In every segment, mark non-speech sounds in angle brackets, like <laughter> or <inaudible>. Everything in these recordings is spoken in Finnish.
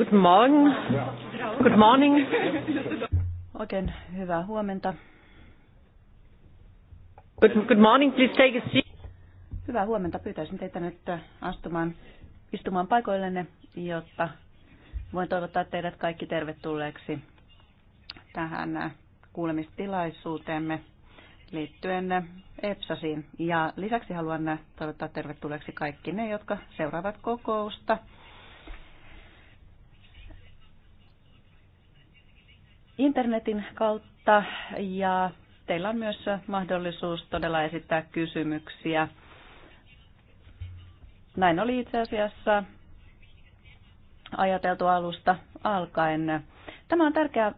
Guten Morgen. Good morning. Oikein hyvää huomenta. Good, good morning, please take a seat. Hyvää huomenta. Pyytäisin teitä nyt astumaan, istumaan paikoillenne, jotta voin toivottaa teidät kaikki tervetulleeksi tähän kuulemistilaisuuteemme liittyen EPSASiin. Ja lisäksi haluan toivottaa tervetulleeksi kaikki ne, jotka seuraavat kokousta internetin kautta ja teillä on myös mahdollisuus todella esittää kysymyksiä. Näin oli itse asiassa ajateltu alusta alkaen. Tämä on tärkeä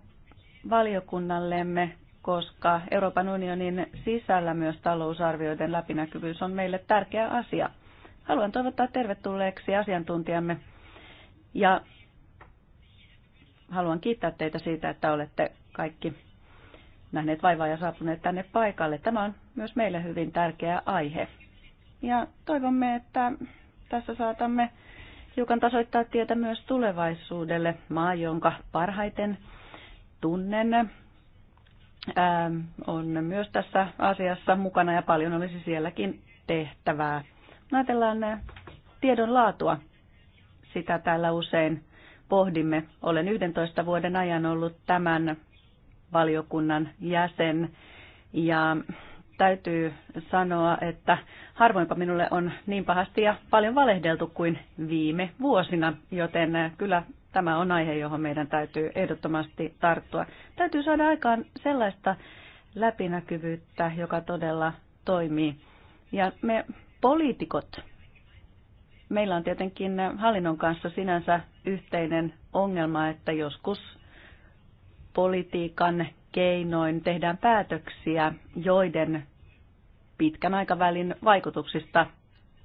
valiokunnallemme, koska Euroopan unionin sisällä myös talousarvioiden läpinäkyvyys on meille tärkeä asia. Haluan toivottaa tervetulleeksi asiantuntijamme ja haluan kiittää teitä siitä, että olette kaikki nähneet vaivaa ja saapuneet tänne paikalle. Tämä on myös meille hyvin tärkeä aihe. Ja toivomme, että tässä saatamme hiukan tasoittaa tietä myös tulevaisuudelle. Maa, jonka parhaiten tunnen, on myös tässä asiassa mukana ja paljon olisi sielläkin tehtävää. Ajatellaan tiedon laatua. Sitä täällä usein pohdimme. Olen 11 vuoden ajan ollut tämän valiokunnan jäsen ja täytyy sanoa, että harvoinpa minulle on niin pahasti ja paljon valehdeltu kuin viime vuosina, joten äh, kyllä tämä on aihe, johon meidän täytyy ehdottomasti tarttua. Täytyy saada aikaan sellaista läpinäkyvyyttä, joka todella toimii. Ja me poliitikot Meillä on tietenkin hallinnon kanssa sinänsä yhteinen ongelma, että joskus politiikan keinoin tehdään päätöksiä, joiden pitkän aikavälin vaikutuksista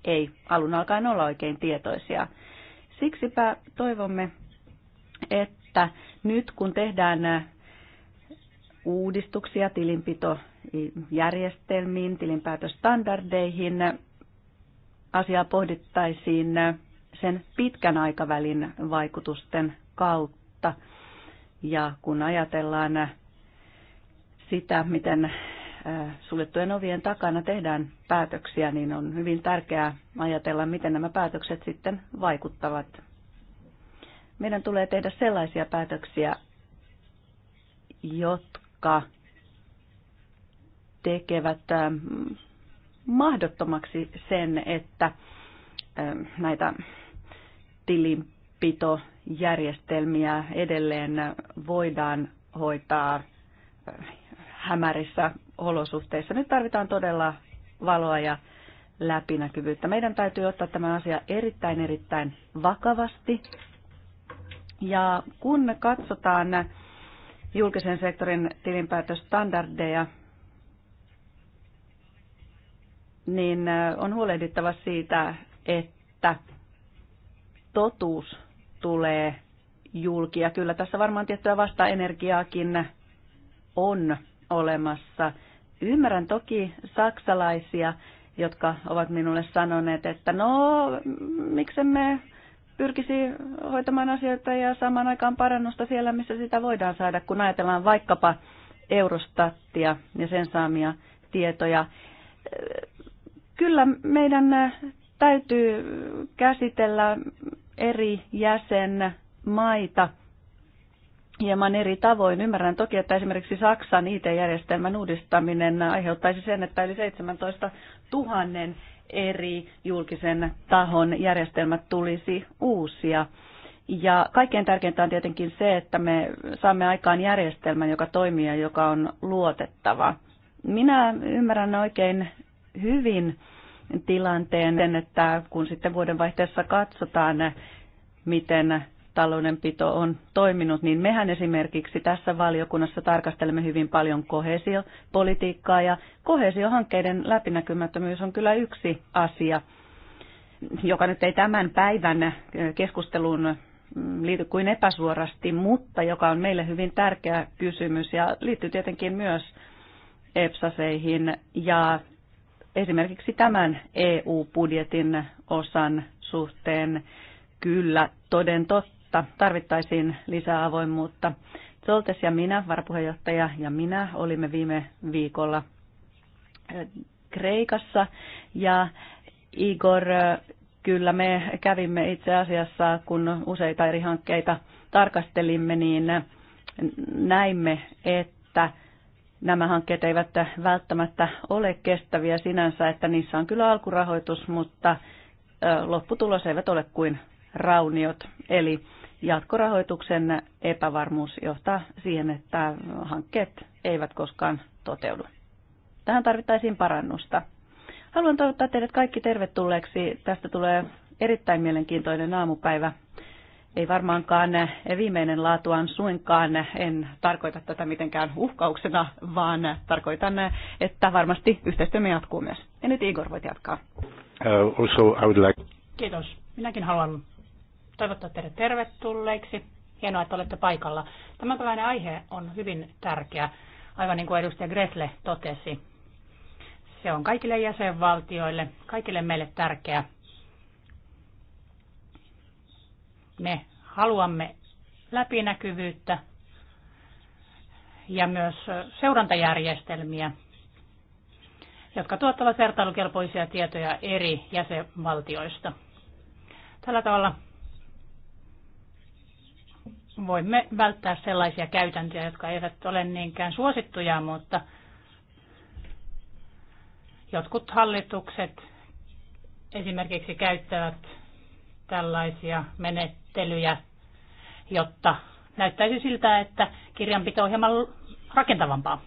ei alun alkaen olla oikein tietoisia. Siksipä toivomme, että nyt kun tehdään uudistuksia tilinpitojärjestelmiin, tilinpäätöstandardeihin, asiaa pohdittaisiin sen pitkän aikavälin vaikutusten kautta. Ja kun ajatellaan sitä, miten äh, suljettujen ovien takana tehdään päätöksiä, niin on hyvin tärkeää ajatella, miten nämä päätökset sitten vaikuttavat. Meidän tulee tehdä sellaisia päätöksiä, jotka tekevät ähm, mahdottomaksi sen, että näitä tilinpitojärjestelmiä edelleen voidaan hoitaa hämärissä olosuhteissa. Nyt tarvitaan todella valoa ja läpinäkyvyyttä. Meidän täytyy ottaa tämä asia erittäin erittäin vakavasti. Ja kun me katsotaan julkisen sektorin tilinpäätöstandardeja, niin on huolehdittava siitä, että totuus tulee julki. Ja kyllä tässä varmaan tiettyä vastaenergiaakin on olemassa. Ymmärrän toki saksalaisia, jotka ovat minulle sanoneet, että no, miksemme pyrkisi hoitamaan asioita ja saamaan aikaan parannusta siellä, missä sitä voidaan saada, kun ajatellaan vaikkapa Eurostattia ja sen saamia tietoja. Kyllä meidän täytyy käsitellä eri jäsenmaita hieman eri tavoin. Ymmärrän toki, että esimerkiksi Saksan IT-järjestelmän uudistaminen aiheuttaisi sen, että yli 17 000 eri julkisen tahon järjestelmät tulisi uusia. Ja kaikkein tärkeintä on tietenkin se, että me saamme aikaan järjestelmän, joka toimii ja joka on luotettava. Minä ymmärrän oikein hyvin tilanteen, että kun sitten vuodenvaihteessa katsotaan, miten taloudenpito on toiminut, niin mehän esimerkiksi tässä valiokunnassa tarkastelemme hyvin paljon kohesiopolitiikkaa ja kohesiohankkeiden läpinäkymättömyys on kyllä yksi asia, joka nyt ei tämän päivän keskusteluun liity kuin epäsuorasti, mutta joka on meille hyvin tärkeä kysymys ja liittyy tietenkin myös EPSASeihin ja esimerkiksi tämän EU-budjetin osan suhteen kyllä toden totta tarvittaisiin lisää avoimuutta. Soltes ja minä, varapuheenjohtaja ja minä, olimme viime viikolla Kreikassa ja Igor, kyllä me kävimme itse asiassa, kun useita eri hankkeita tarkastelimme, niin näimme, että nämä hankkeet eivät välttämättä ole kestäviä sinänsä, että niissä on kyllä alkurahoitus, mutta lopputulos eivät ole kuin rauniot. Eli jatkorahoituksen epävarmuus johtaa siihen, että hankkeet eivät koskaan toteudu. Tähän tarvittaisiin parannusta. Haluan toivottaa teidät kaikki tervetulleeksi. Tästä tulee erittäin mielenkiintoinen aamupäivä ei varmaankaan viimeinen laatuaan suinkaan, en tarkoita tätä mitenkään uhkauksena, vaan tarkoitan, että varmasti yhteistyömme jatkuu myös. Ja nyt Igor voit jatkaa. Uh, also I would like... Kiitos. Minäkin haluan toivottaa teidät tervetulleiksi. Hienoa, että olette paikalla. Tämänpäiväinen aihe on hyvin tärkeä, aivan niin kuin edustaja Gressle totesi. Se on kaikille jäsenvaltioille, kaikille meille tärkeä Me haluamme läpinäkyvyyttä ja myös seurantajärjestelmiä, jotka tuottavat vertailukelpoisia tietoja eri jäsenvaltioista. Tällä tavalla voimme välttää sellaisia käytäntöjä, jotka eivät ole niinkään suosittuja, mutta jotkut hallitukset esimerkiksi käyttävät tällaisia menettelyjä menettelyjä, jotta näyttäisi siltä, että kirjanpito on hieman rakentavampaa.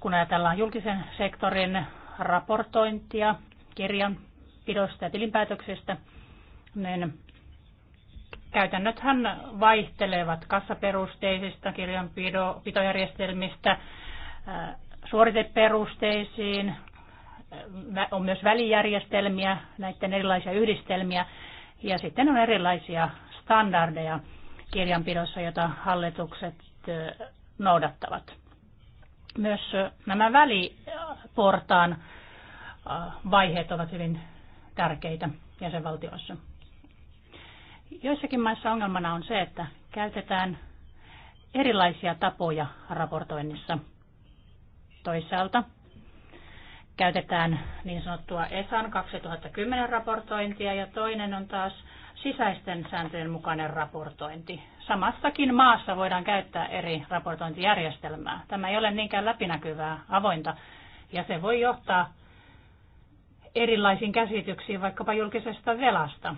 Kun ajatellaan julkisen sektorin raportointia, kirjanpidosta ja tilinpäätöksestä, niin käytännöthän vaihtelevat kassaperusteisista kirjanpitojärjestelmistä suoriteperusteisiin, on myös välijärjestelmiä, näiden erilaisia yhdistelmiä ja sitten on erilaisia standardeja kirjanpidossa, joita hallitukset noudattavat. Myös nämä väliportaan vaiheet ovat hyvin tärkeitä jäsenvaltioissa. Joissakin maissa ongelmana on se, että käytetään erilaisia tapoja raportoinnissa. Toisaalta käytetään niin sanottua ESAN 2010 raportointia ja toinen on taas sisäisten sääntöjen mukainen raportointi. Samassakin maassa voidaan käyttää eri raportointijärjestelmää. Tämä ei ole niinkään läpinäkyvää, avointa ja se voi johtaa erilaisiin käsityksiin vaikkapa julkisesta velasta.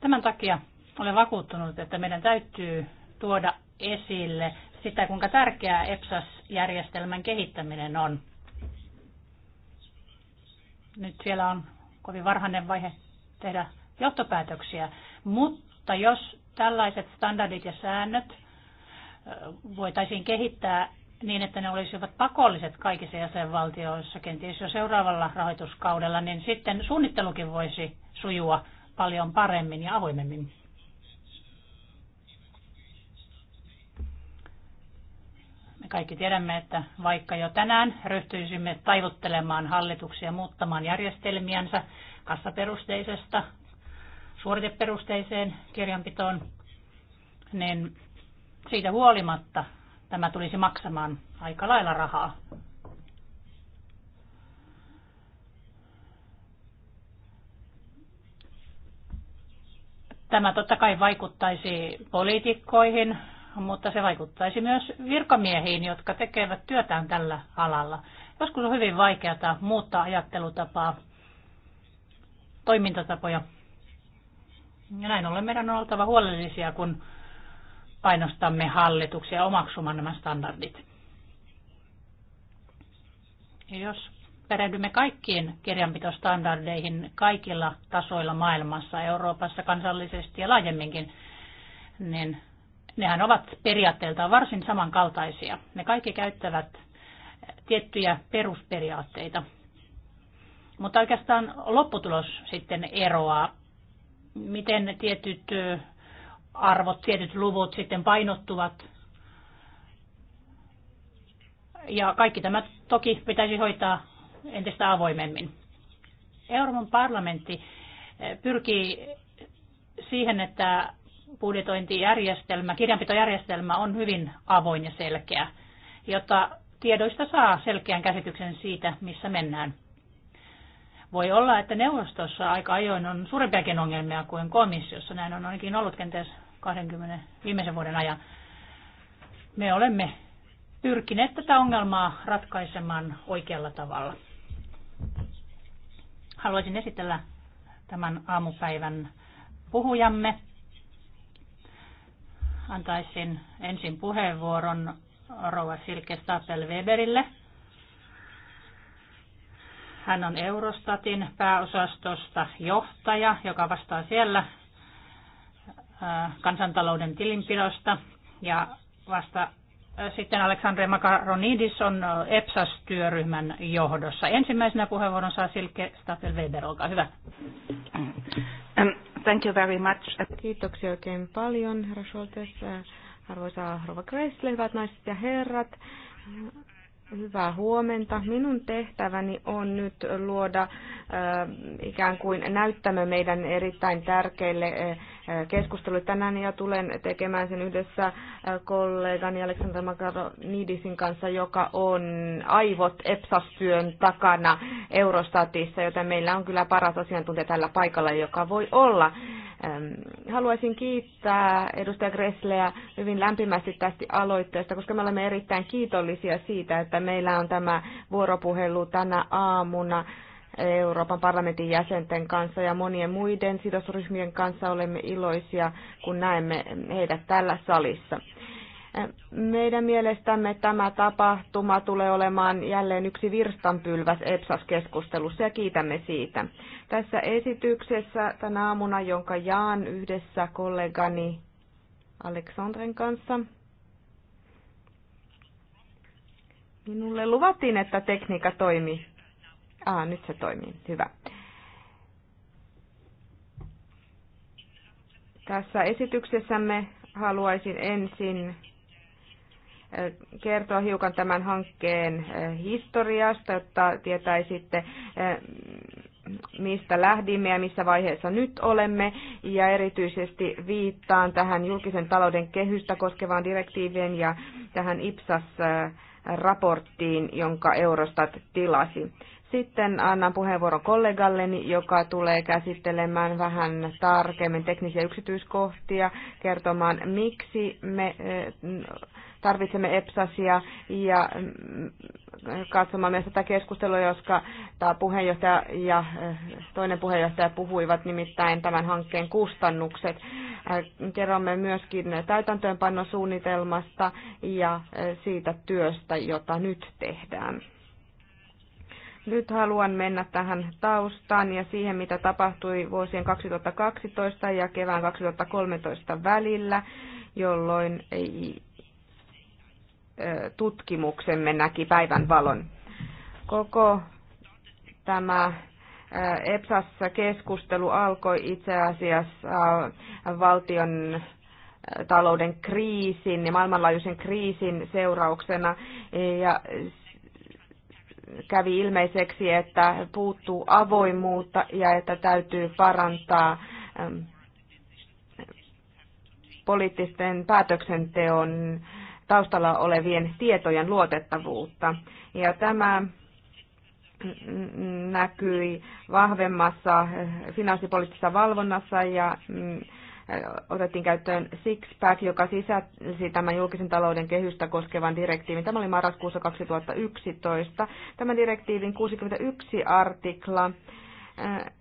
Tämän takia olen vakuuttunut, että meidän täytyy tuoda esille sitä, kuinka tärkeää EPSAS-järjestelmän kehittäminen on. Nyt vielä on kovin varhainen vaihe tehdä johtopäätöksiä, mutta jos tällaiset standardit ja säännöt voitaisiin kehittää niin, että ne olisivat pakolliset kaikissa jäsenvaltioissa, kenties jo seuraavalla rahoituskaudella, niin sitten suunnittelukin voisi sujua paljon paremmin ja avoimemmin. Me kaikki tiedämme, että vaikka jo tänään ryhtyisimme taivuttelemaan hallituksia muuttamaan järjestelmiänsä kassaperusteisesta suoriteperusteiseen kirjanpitoon, niin siitä huolimatta tämä tulisi maksamaan aika lailla rahaa. Tämä totta kai vaikuttaisi poliitikkoihin, mutta se vaikuttaisi myös virkamiehiin, jotka tekevät työtään tällä alalla. Joskus on hyvin vaikeaa muuttaa ajattelutapaa, toimintatapoja. Ja näin ollen meidän on oltava huolellisia, kun painostamme hallituksia omaksumaan nämä standardit. Ja jos perehdymme kaikkiin kirjanpitostandardeihin kaikilla tasoilla maailmassa, Euroopassa, kansallisesti ja laajemminkin, niin Nehän ovat periaatteeltaan varsin samankaltaisia. Ne kaikki käyttävät tiettyjä perusperiaatteita. Mutta oikeastaan lopputulos sitten eroaa. Miten tietyt arvot, tietyt luvut sitten painottuvat. Ja kaikki tämä toki pitäisi hoitaa entistä avoimemmin. Euroopan parlamentti pyrkii siihen, että budjetointijärjestelmä, kirjanpitojärjestelmä on hyvin avoin ja selkeä, jotta tiedoista saa selkeän käsityksen siitä, missä mennään. Voi olla, että neuvostossa aika ajoin on suurempiakin ongelmia kuin komissiossa. Näin on ainakin ollut kenties 20 viimeisen vuoden ajan. Me olemme pyrkineet tätä ongelmaa ratkaisemaan oikealla tavalla. Haluaisin esitellä tämän aamupäivän puhujamme antaisin ensin puheenvuoron rouva Silke Stapel-Weberille. Hän on Eurostatin pääosastosta johtaja, joka vastaa siellä kansantalouden tilinpidosta. Ja vasta sitten Aleksandre Makaronidis on EPSAS-työryhmän johdossa. Ensimmäisenä puheenvuoron saa Silke Stapel-Weber, olkaa hyvä. Thank you very much. Kiitoksia oikein paljon, herra Scholtes, arvoisa rouva Gressle, hyvät naiset ja herrat. Hyvää huomenta. Minun tehtäväni on nyt luoda äh, ikään kuin näyttämö meidän erittäin tärkeille äh, keskusteluille tänään ja tulen tekemään sen yhdessä äh, kollegani Aleksandra Makaronidisin kanssa, joka on aivot EPSAS-työn takana Eurostatissa, joten meillä on kyllä paras asiantuntija tällä paikalla, joka voi olla. Haluaisin kiittää edustaja Gressleä hyvin lämpimästi tästä aloitteesta, koska me olemme erittäin kiitollisia siitä, että että meillä on tämä vuoropuhelu tänä aamuna Euroopan parlamentin jäsenten kanssa ja monien muiden sidosryhmien kanssa olemme iloisia, kun näemme heidät tällä salissa. Meidän mielestämme tämä tapahtuma tulee olemaan jälleen yksi virstanpylväs EPSAS-keskustelussa ja kiitämme siitä. Tässä esityksessä tänä aamuna, jonka jaan yhdessä kollegani Aleksandren kanssa, Minulle luvattiin, että tekniikka toimii. Ah, nyt se toimii. Hyvä. Tässä esityksessämme haluaisin ensin kertoa hiukan tämän hankkeen historiasta, jotta tietäisitte, mistä lähdimme ja missä vaiheessa nyt olemme. Ja erityisesti viittaan tähän julkisen talouden kehystä koskevaan direktiiveen ja tähän IPSAS-raporttiin, äh, jonka Eurostat tilasi. Sitten annan puheenvuoron kollegalleni, joka tulee käsittelemään vähän tarkemmin teknisiä yksityiskohtia, kertomaan miksi me eh, tarvitsemme EPSASia ja mm, katsomaan myös tätä keskustelua, joska tämä puheenjohtaja ja eh, toinen puheenjohtaja puhuivat nimittäin tämän hankkeen kustannukset. Eh, kerromme myöskin täytäntöönpannosuunnitelmasta ja siitä työstä, jota nyt tehdään. Nyt haluan mennä tähän taustaan ja siihen, mitä tapahtui vuosien 2012 ja kevään 2013 välillä, jolloin tutkimuksemme näki päivän valon. Koko tämä EPSassa keskustelu alkoi itse asiassa valtion talouden kriisin ja maailmanlaajuisen kriisin seurauksena ja kävi ilmeiseksi, että puuttuu avoimuutta ja että täytyy parantaa ähm, poliittisten päätöksenteon taustalla olevien tietojen luotettavuutta. Ja tämä näkyi vahvemmassa äh, finanssipoliittisessa valvonnassa ja mm, otettiin käyttöön Sixpack, joka sisälsi tämän julkisen talouden kehystä koskevan direktiivin. Tämä oli marraskuussa 2011. Tämän direktiivin 61 artikla eh,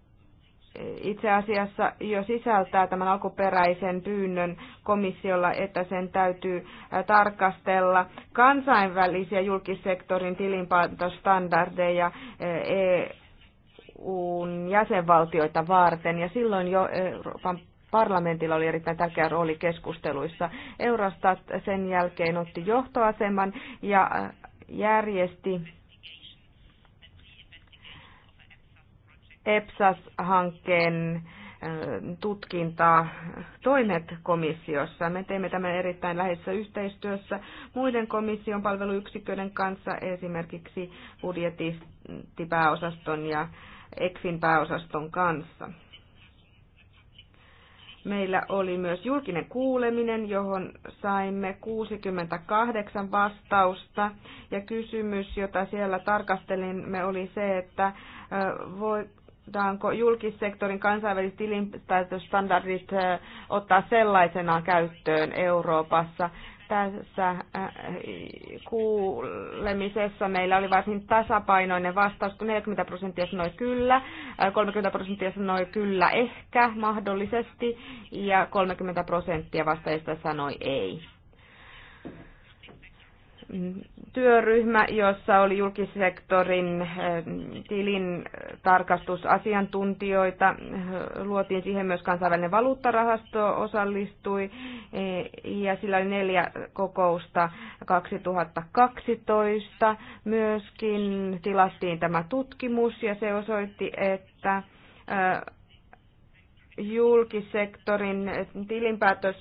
itse asiassa jo sisältää tämän alkuperäisen pyynnön komissiolla, että sen täytyy eh, tarkastella kansainvälisiä julkisektorin tilinpantostandardeja EUn eh, e jäsenvaltioita varten. Ja silloin jo Euroopan parlamentilla oli erittäin tärkeä rooli keskusteluissa. Eurostat sen jälkeen otti johtoaseman ja äh, järjesti EPSAS-hankkeen äh, tutkintaa toimet komissiossa. Me teimme tämän erittäin läheisessä yhteistyössä muiden komission palveluyksiköiden kanssa, esimerkiksi budjettipääosaston ja ECFin pääosaston kanssa. Meillä oli myös julkinen kuuleminen, johon saimme 68 vastausta. Ja kysymys, jota siellä tarkastelimme, oli se, että voi, voidaanko julkissektorin kansainväliset tilinpäätösstandardit ottaa sellaisenaan käyttöön Euroopassa tässä äh, kuulemisessa meillä oli varsin tasapainoinen vastaus, kun 40 prosenttia sanoi kyllä, 30 äh, prosenttia sanoi kyllä ehkä, mahdollisesti, ja 30 prosenttia vastaajista sanoi ei työryhmä, jossa oli julkisektorin eh, tilin tarkastusasiantuntijoita. Luotiin siihen myös kansainvälinen valuuttarahasto osallistui eh, ja sillä oli neljä kokousta 2012. Myöskin tilattiin tämä tutkimus ja se osoitti, että eh, julkisektorin tilinpäätös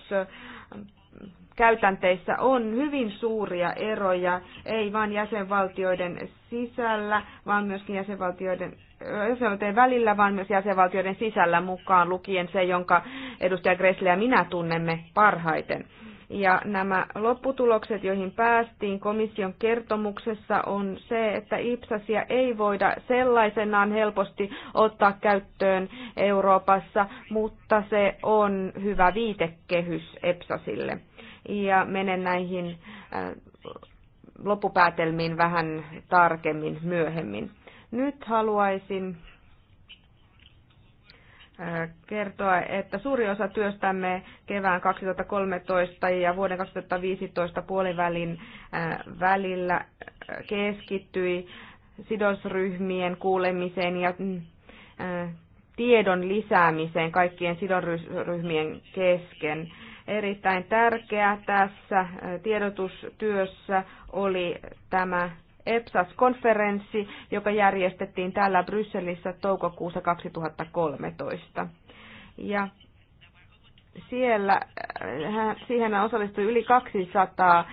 käytänteissä on hyvin suuria eroja, ei vain jäsenvaltioiden sisällä, vaan myöskin jäsenvaltioiden jäsenvaltioiden välillä, vaan myös jäsenvaltioiden sisällä mukaan lukien se, jonka edustaja Gressle ja minä tunnemme parhaiten. Ja nämä lopputulokset, joihin päästiin komission kertomuksessa, on se, että IPSASia ei voida sellaisenaan helposti ottaa käyttöön Euroopassa, mutta se on hyvä viitekehys EPSASille ja menen näihin äh, loppupäätelmiin vähän tarkemmin myöhemmin. Nyt haluaisin äh, kertoa, että suuri osa työstämme kevään 2013 ja vuoden 2015 puolivälin äh, välillä keskittyi sidosryhmien kuulemiseen ja mm, tiedon lisäämiseen kaikkien sidosryhmien kesken erittäin tärkeä tässä äh, tiedotustyössä oli tämä EPSAS-konferenssi, joka järjestettiin täällä Brysselissä toukokuussa 2013. Ja siellä äh, siihen osallistui yli 200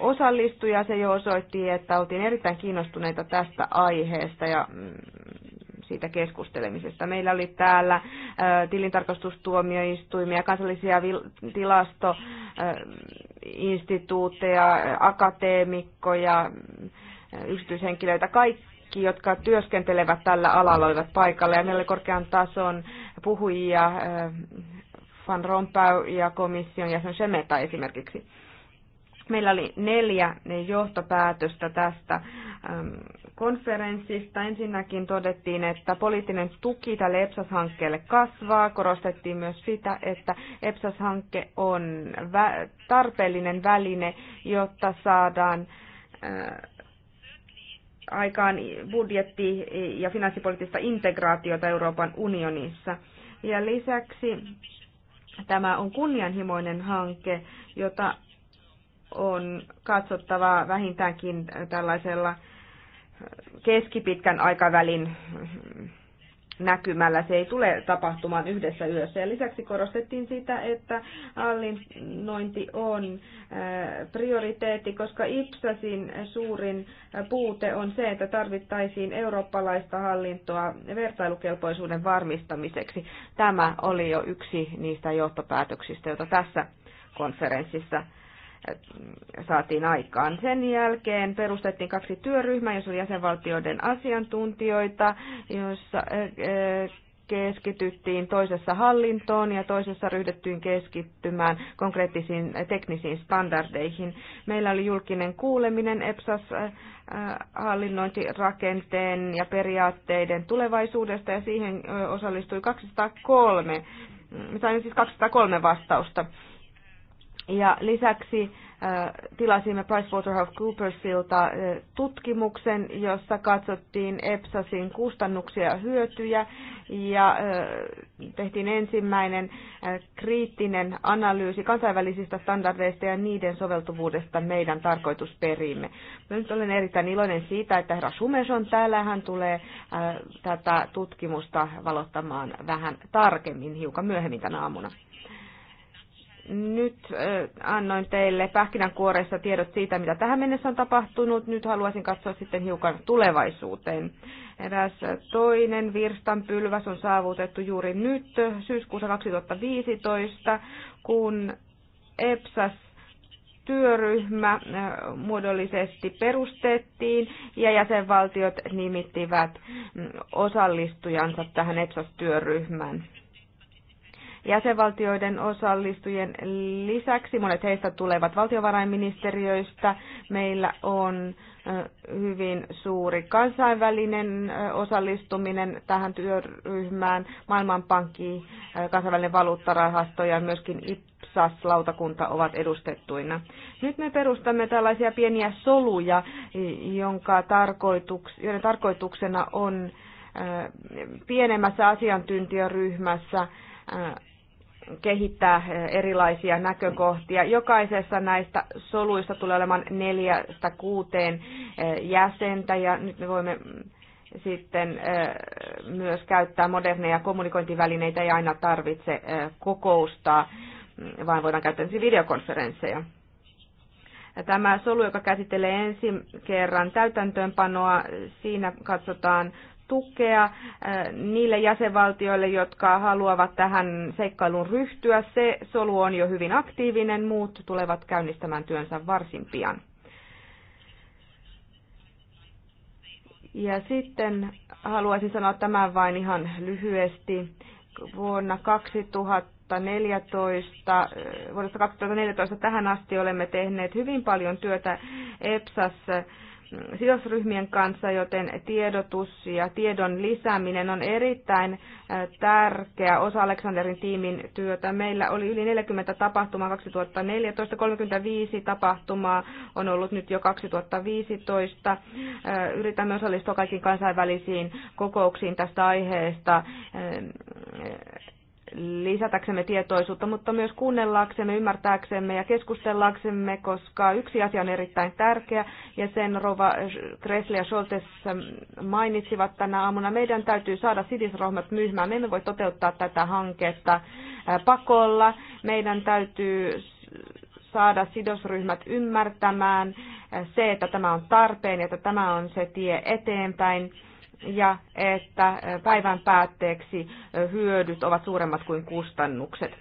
osallistujaa. Se jo osoitti, että oltiin erittäin kiinnostuneita tästä aiheesta ja mm, siitä keskustelemisesta. Meillä oli täällä tilintarkastustuomioistuimia, kansallisia tilastoinstituutteja, akateemikkoja, yksityishenkilöitä, kaikki jotka työskentelevät tällä alalla, olivat paikalla. Ja meillä oli korkean tason puhujia, Van Rompuy ja komission sen Semeta esimerkiksi. Meillä oli neljä johtopäätöstä tästä konferenssista. Ensinnäkin todettiin, että poliittinen tuki tälle EPSAS-hankkeelle kasvaa. Korostettiin myös sitä, että EPSAS-hankke on tarpeellinen väline, jotta saadaan äh, aikaan budjetti- ja finanssipoliittista integraatiota Euroopan unionissa. Ja lisäksi tämä on kunnianhimoinen hanke, jota on katsottava vähintäänkin tällaisella keskipitkän aikavälin näkymällä. Se ei tule tapahtumaan yhdessä yössä. Ja lisäksi korostettiin sitä, että hallinnointi on äh, prioriteetti, koska IPSASin suurin puute on se, että tarvittaisiin eurooppalaista hallintoa vertailukelpoisuuden varmistamiseksi. Tämä oli jo yksi niistä johtopäätöksistä, joita tässä konferenssissa Äh, saatiin aikaan. Sen jälkeen perustettiin kaksi työryhmää, jossa oli jäsenvaltioiden asiantuntijoita, joissa äh, äh, keskityttiin toisessa hallintoon ja toisessa ryhdyttiin keskittymään konkreettisiin teknisiin standardeihin. Meillä oli julkinen kuuleminen EPSAS hallinnointirakenteen ja periaatteiden tulevaisuudesta ja siihen osallistui 203, me mm, siis 203 vastausta. Ja lisäksi äh, tilasimme PricewaterhouseCoopersilta äh, tutkimuksen, jossa katsottiin EPSASin kustannuksia ja hyötyjä ja äh, tehtiin ensimmäinen kriittinen analyysi kansainvälisistä standardeista ja niiden soveltuvuudesta meidän tarkoitusperimme. Nyt olen erittäin iloinen siitä, että herra Sumes on täällä. Hän tulee tätä tutkimusta valottamaan vähän tarkemmin hiukan myöhemmin tänä aamuna. Nyt annoin teille pähkinänkuoreissa tiedot siitä, mitä tähän mennessä on tapahtunut. Nyt haluaisin katsoa sitten hiukan tulevaisuuteen. Eräs toinen virstanpylväs on saavutettu juuri nyt syyskuussa 2015, kun EPSAS työryhmä muodollisesti perustettiin ja jäsenvaltiot nimittivät mm, osallistujansa tähän EPSAS-työryhmään jäsenvaltioiden osallistujien lisäksi. Monet heistä tulevat valtiovarainministeriöistä. Meillä on hyvin suuri kansainvälinen osallistuminen tähän työryhmään, Maailmanpankki, kansainvälinen valuuttarahasto ja myöskin IPSAS-lautakunta ovat edustettuina. Nyt me perustamme tällaisia pieniä soluja, jonka tarkoituks, joiden tarkoituksena on pienemmässä asiantuntijaryhmässä kehittää eh, erilaisia näkökohtia. Jokaisessa näistä soluista tulee olemaan neljästä kuuteen eh, jäsentä ja nyt me voimme sitten eh, myös käyttää moderneja kommunikointivälineitä, ei aina tarvitse kokoustaa, mm, vaan voidaan käyttää videokonferensseja. Tämä solu, joka käsittelee ensi kerran täytäntöönpanoa, siinä katsotaan tukea äh, niille jäsenvaltioille, jotka haluavat tähän seikkailuun ryhtyä. Se solu on jo hyvin aktiivinen, muut tulevat käynnistämään työnsä varsin pian. Ja sitten haluaisin sanoa tämän vain ihan lyhyesti. Vuonna 2014, äh, vuodesta 2014 tähän asti olemme tehneet hyvin paljon työtä EPSAS sidosryhmien kanssa, joten tiedotus ja tiedon lisääminen on erittäin tärkeä osa Aleksanderin tiimin työtä. Meillä oli yli 40 tapahtumaa 2014, 35 tapahtumaa on ollut nyt jo 2015. Yritämme osallistua kaikkiin kansainvälisiin kokouksiin tästä aiheesta lisätäksemme tietoisuutta, mutta myös kuunnellaksemme, ymmärtääksemme ja keskustellaksemme, koska yksi asia on erittäin tärkeä ja sen Rova Gressle ja Scholtes mainitsivat tänä aamuna. Meidän täytyy saada sidisrohmat myymään. Me emme voi toteuttaa tätä hanketta pakolla. Meidän täytyy saada sidosryhmät ymmärtämään se, että tämä on tarpeen ja että tämä on se tie eteenpäin ja että päivän päätteeksi hyödyt ovat suuremmat kuin kustannukset.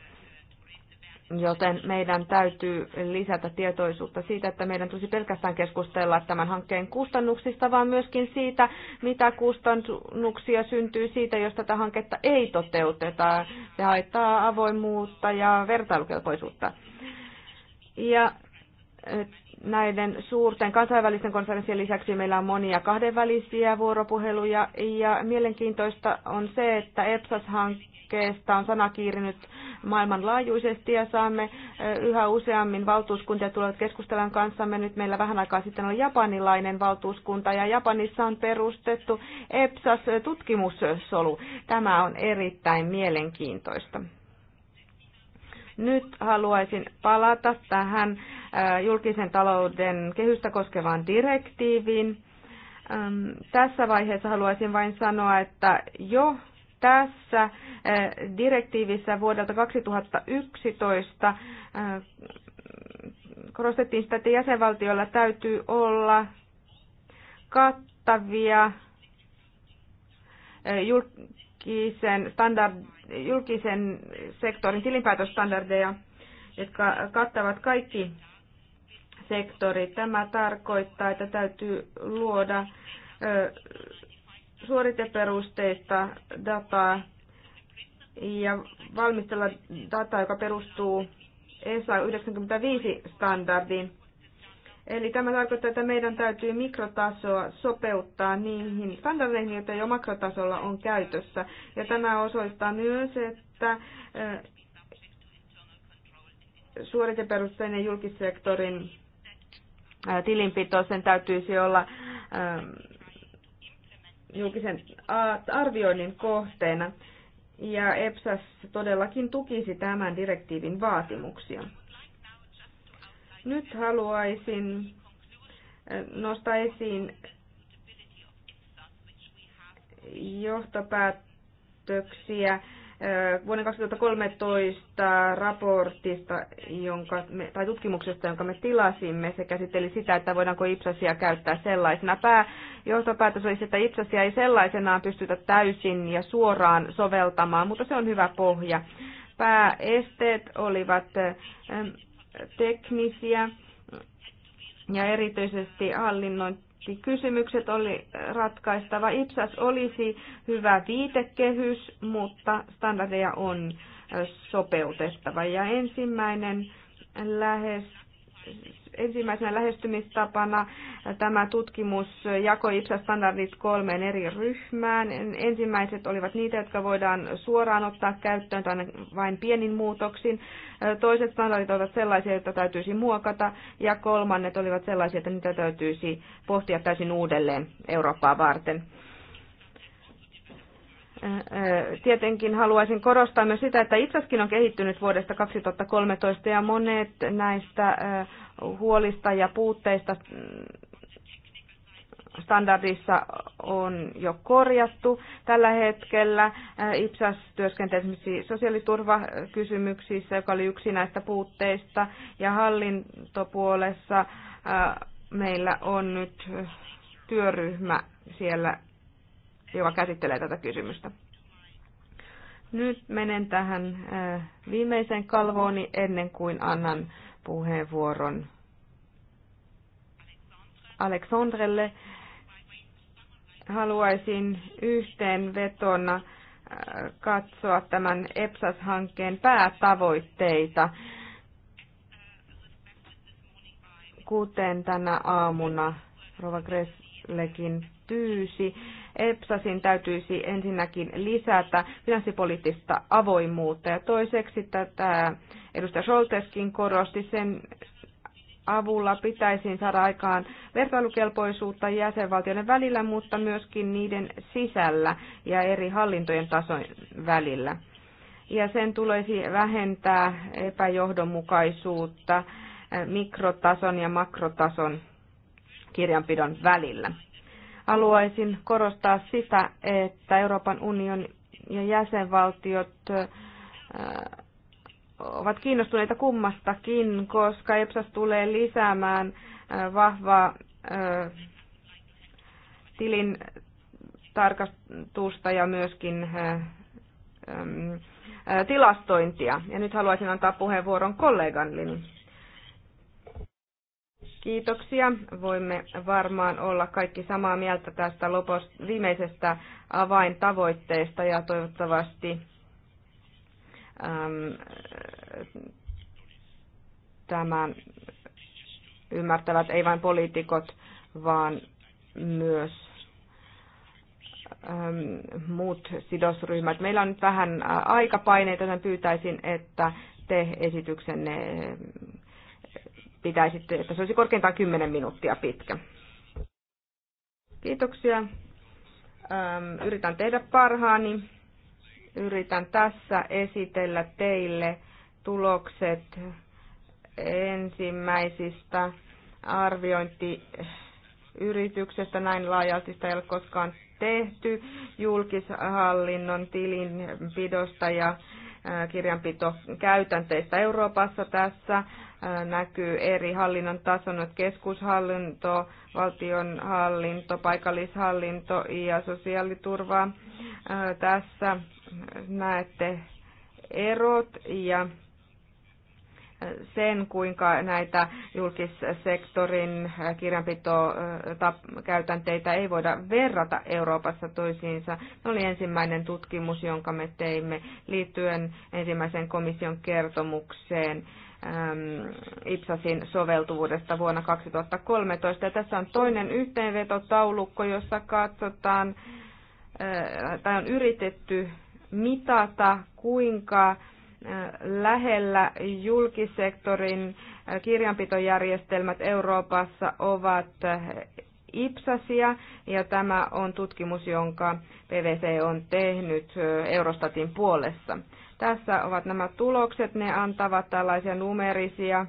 Joten meidän täytyy lisätä tietoisuutta siitä, että meidän tulisi pelkästään keskustella tämän hankkeen kustannuksista, vaan myöskin siitä, mitä kustannuksia syntyy siitä, jos tätä hanketta ei toteuteta. Se haittaa avoimuutta ja vertailukelpoisuutta. Ja näiden suurten kansainvälisten konferenssien lisäksi meillä on monia kahdenvälisiä vuoropuheluja ja mielenkiintoista on se, että EPSAS-hankkeesta on sana kiirinyt maailmanlaajuisesti ja saamme yhä useammin valtuuskuntia tulevat keskustelemaan kanssamme. Nyt meillä vähän aikaa sitten on japanilainen valtuuskunta ja Japanissa on perustettu EPSAS-tutkimussolu. Tämä on erittäin mielenkiintoista. Nyt haluaisin palata tähän julkisen talouden kehystä koskevaan direktiiviin. Tässä vaiheessa haluaisin vain sanoa, että jo tässä direktiivissä vuodelta 2011 korostettiin sitä, että jäsenvaltioilla täytyy olla kattavia julkisen standard julkisen sektorin tilinpäätöstandardeja, jotka kattavat kaikki sektorit. Tämä tarkoittaa, että täytyy luoda suoriteperusteista dataa ja valmistella dataa, joka perustuu ESA 95-standardiin. Eli tämä tarkoittaa, että meidän täytyy mikrotasoa sopeuttaa niihin standardeihin, joita jo makrotasolla on käytössä. Ja tämä osoittaa myös, että eh, suoriteperusteinen julkissektorin eh, tilinpito, sen täytyisi olla eh, julkisen arvioinnin kohteena. Ja EPSAS todellakin tukisi tämän direktiivin vaatimuksia. Nyt haluaisin äh, nostaa esiin johtopäätöksiä äh, vuoden 2013 raportista, jonka me, tai tutkimuksesta, jonka me tilasimme. Se käsitteli sitä, että voidaanko IPSASia käyttää sellaisena. Pääjohtopäätös olisi, että IPSASia ei sellaisenaan pystytä täysin ja suoraan soveltamaan, mutta se on hyvä pohja. Pääesteet olivat äh, teknisiä ja erityisesti hallinnointikysymykset oli ratkaistava. IPSAS olisi hyvä viitekehys, mutta standardeja on sopeutettava. Ja ensimmäinen lähes ensimmäisenä lähestymistapana tämä tutkimus jakoi IPSA-standardit kolmeen eri ryhmään. Ensimmäiset olivat niitä, jotka voidaan suoraan ottaa käyttöön tai vain pienin muutoksin. Toiset standardit olivat sellaisia, joita täytyisi muokata. Ja kolmannet olivat sellaisia, että niitä täytyisi pohtia täysin uudelleen Eurooppaa varten. Tietenkin haluaisin korostaa myös sitä, että itsekin on kehittynyt vuodesta 2013 ja monet näistä huolista ja puutteista mm, standardissa on jo korjattu tällä hetkellä. IPSAS työskentelee esimerkiksi sosiaaliturvakysymyksissä, joka oli yksi näistä puutteista, ja hallintopuolessa meillä on nyt työryhmä siellä joka käsittelee tätä kysymystä. Nyt menen tähän äh, viimeiseen kalvooni ennen kuin annan puheenvuoron Aleksandrelle. Haluaisin yhteenvetona äh, katsoa tämän EPSAS-hankkeen päätavoitteita, kuten tänä aamuna Rova Gresslekin pyysi EPSASin täytyisi ensinnäkin lisätä finanssipoliittista avoimuutta ja toiseksi tätä edustaja Scholteskin korosti sen avulla pitäisi saada aikaan vertailukelpoisuutta jäsenvaltioiden välillä, mutta myöskin niiden sisällä ja eri hallintojen tasojen välillä. Ja sen tulisi vähentää epäjohdonmukaisuutta mikrotason ja makrotason kirjanpidon välillä. Haluaisin korostaa sitä, että Euroopan union ja jäsenvaltiot ovat kiinnostuneita kummastakin, koska EPSAS tulee lisäämään vahvaa tilin tarkastusta ja myöskin tilastointia. Ja nyt haluaisin antaa puheenvuoron kollegalleni. Kiitoksia. Voimme varmaan olla kaikki samaa mieltä tästä lopos, viimeisestä avaintavoitteesta ja toivottavasti äm, tämä ymmärtävät ei vain poliitikot, vaan myös äm, muut sidosryhmät. Meillä on nyt vähän aikapaineita, joten pyytäisin, että te esityksenne pitäisi, että se olisi korkeintaan 10 minuuttia pitkä. Kiitoksia. Yritän tehdä parhaani. Yritän tässä esitellä teille tulokset ensimmäisistä arviointiyrityksestä. Näin laajalti sitä ei ole koskaan tehty julkishallinnon tilinpidosta ja kirjanpitokäytänteistä Euroopassa. Tässä näkyy eri hallinnon tasonot, keskushallinto, valtionhallinto, paikallishallinto ja sosiaaliturva. Tässä näette erot ja sen, kuinka näitä julkissektorin kirjanpitokäytänteitä ei voida verrata Euroopassa toisiinsa. Se oli ensimmäinen tutkimus, jonka me teimme liittyen ensimmäisen komission kertomukseen IPSASin soveltuvuudesta vuonna 2013. Ja tässä on toinen yhteenvetotaulukko, jossa katsotaan, tai on yritetty mitata, kuinka lähellä julkisektorin kirjanpitojärjestelmät Euroopassa ovat IPSASia, ja tämä on tutkimus, jonka PVC on tehnyt Eurostatin puolessa. Tässä ovat nämä tulokset, ne antavat tällaisia numerisia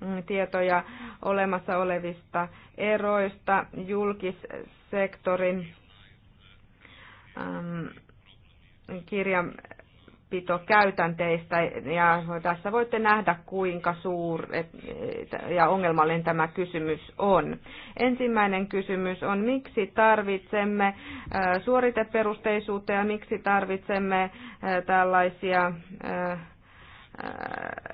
mm, tietoja olemassa olevista eroista julkissektorin kirjan käytänteistä ja tässä voitte nähdä, kuinka suur ja ongelmallinen tämä kysymys on. Ensimmäinen kysymys on, miksi tarvitsemme suoriteperusteisuutta ja miksi tarvitsemme tällaisia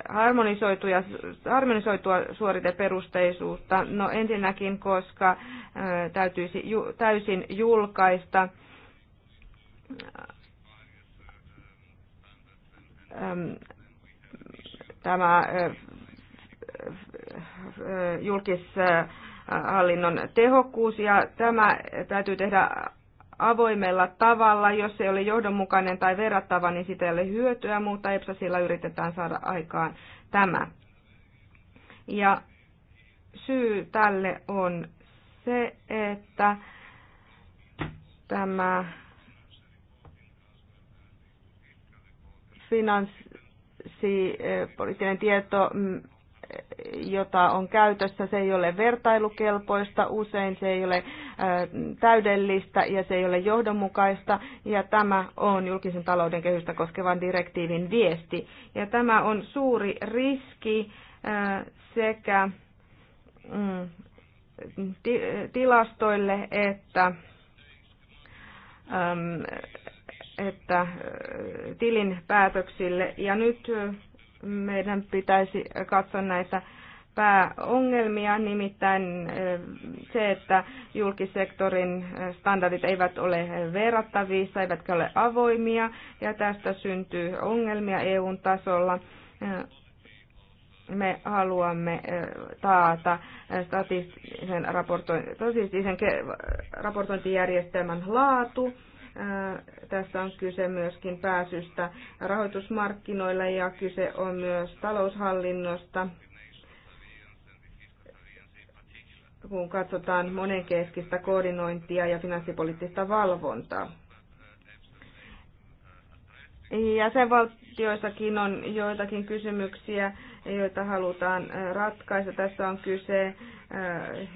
harmonisoituja, harmonisoitua suoriteperusteisuutta? No ensinnäkin, koska täytyisi täysin julkaista Ähm, tämä äh, äh, julkishallinnon tehokkuus ja tämä täytyy tehdä avoimella tavalla. Jos se ei ole johdonmukainen tai verrattava, niin sitä ei ole hyötyä, mutta EPSASilla yritetään saada aikaan tämä. Ja syy tälle on se, että tämä finanssipoliittinen tieto, mm, jota on käytössä, se ei ole vertailukelpoista, usein se ei ole täydellistä ja se ei ole johdonmukaista. Ja tämä on julkisen talouden kehystä koskevan direktiivin viesti. Ja tämä on suuri riski sekä mm, tilastoille että että äh, tilin päätöksille. Ja nyt äh, meidän pitäisi katsoa näitä pääongelmia, nimittäin äh, se, että julkisektorin standardit eivät ole verrattavissa, eivätkä ole avoimia, ja tästä syntyy ongelmia EUn tasolla. Me haluamme taata statistisen raportointijärjestelmän laatu, tässä on kyse myöskin pääsystä rahoitusmarkkinoille ja kyse on myös taloushallinnosta. kun katsotaan monenkeskistä koordinointia ja finanssipoliittista valvontaa. Jäsenvaltioissakin on joitakin kysymyksiä, joita halutaan äh, ratkaista. Tässä on kyse äh,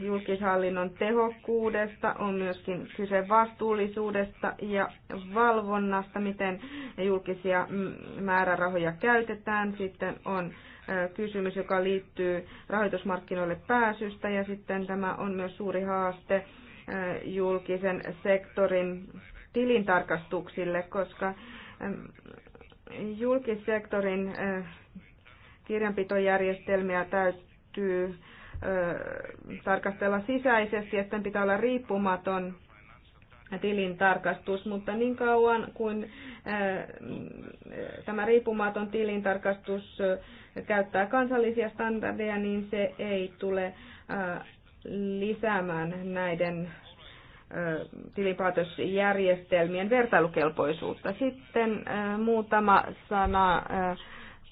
julkishallinnon tehokkuudesta, on myöskin kyse vastuullisuudesta ja valvonnasta, miten julkisia mm, määrärahoja käytetään. Sitten on äh, kysymys, joka liittyy rahoitusmarkkinoille pääsystä ja sitten tämä on myös suuri haaste julkisen sektorin tilintarkastuksille, koska mm, julkissektorin Kirjanpitojärjestelmiä täytyy tarkastella sisäisesti, että pitää olla riippumaton tilintarkastus, mutta niin kauan kuin tämä riippumaton tilintarkastus käyttää kansallisia standardeja, niin se ei tule lisäämään näiden tilinpäätösjärjestelmien vertailukelpoisuutta. Sitten muutama sana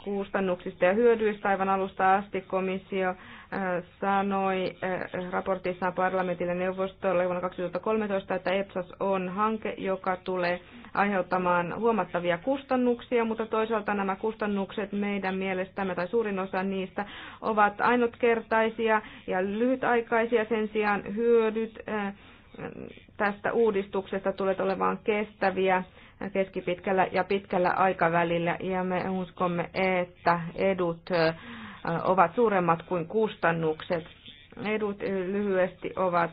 kustannuksista ja hyödyistä. Aivan alusta asti komissio äh, sanoi äh, raportissaan parlamentille neuvostolle vuonna 2013, että EPSAS on hanke, joka tulee aiheuttamaan huomattavia kustannuksia, mutta toisaalta nämä kustannukset meidän mielestämme tai suurin osa niistä ovat ainutkertaisia ja lyhytaikaisia sen sijaan hyödyt äh, tästä uudistuksesta tulevat olemaan kestäviä keskipitkällä ja pitkällä aikavälillä ja me uskomme, että edut ovat suuremmat kuin kustannukset. Edut lyhyesti ovat,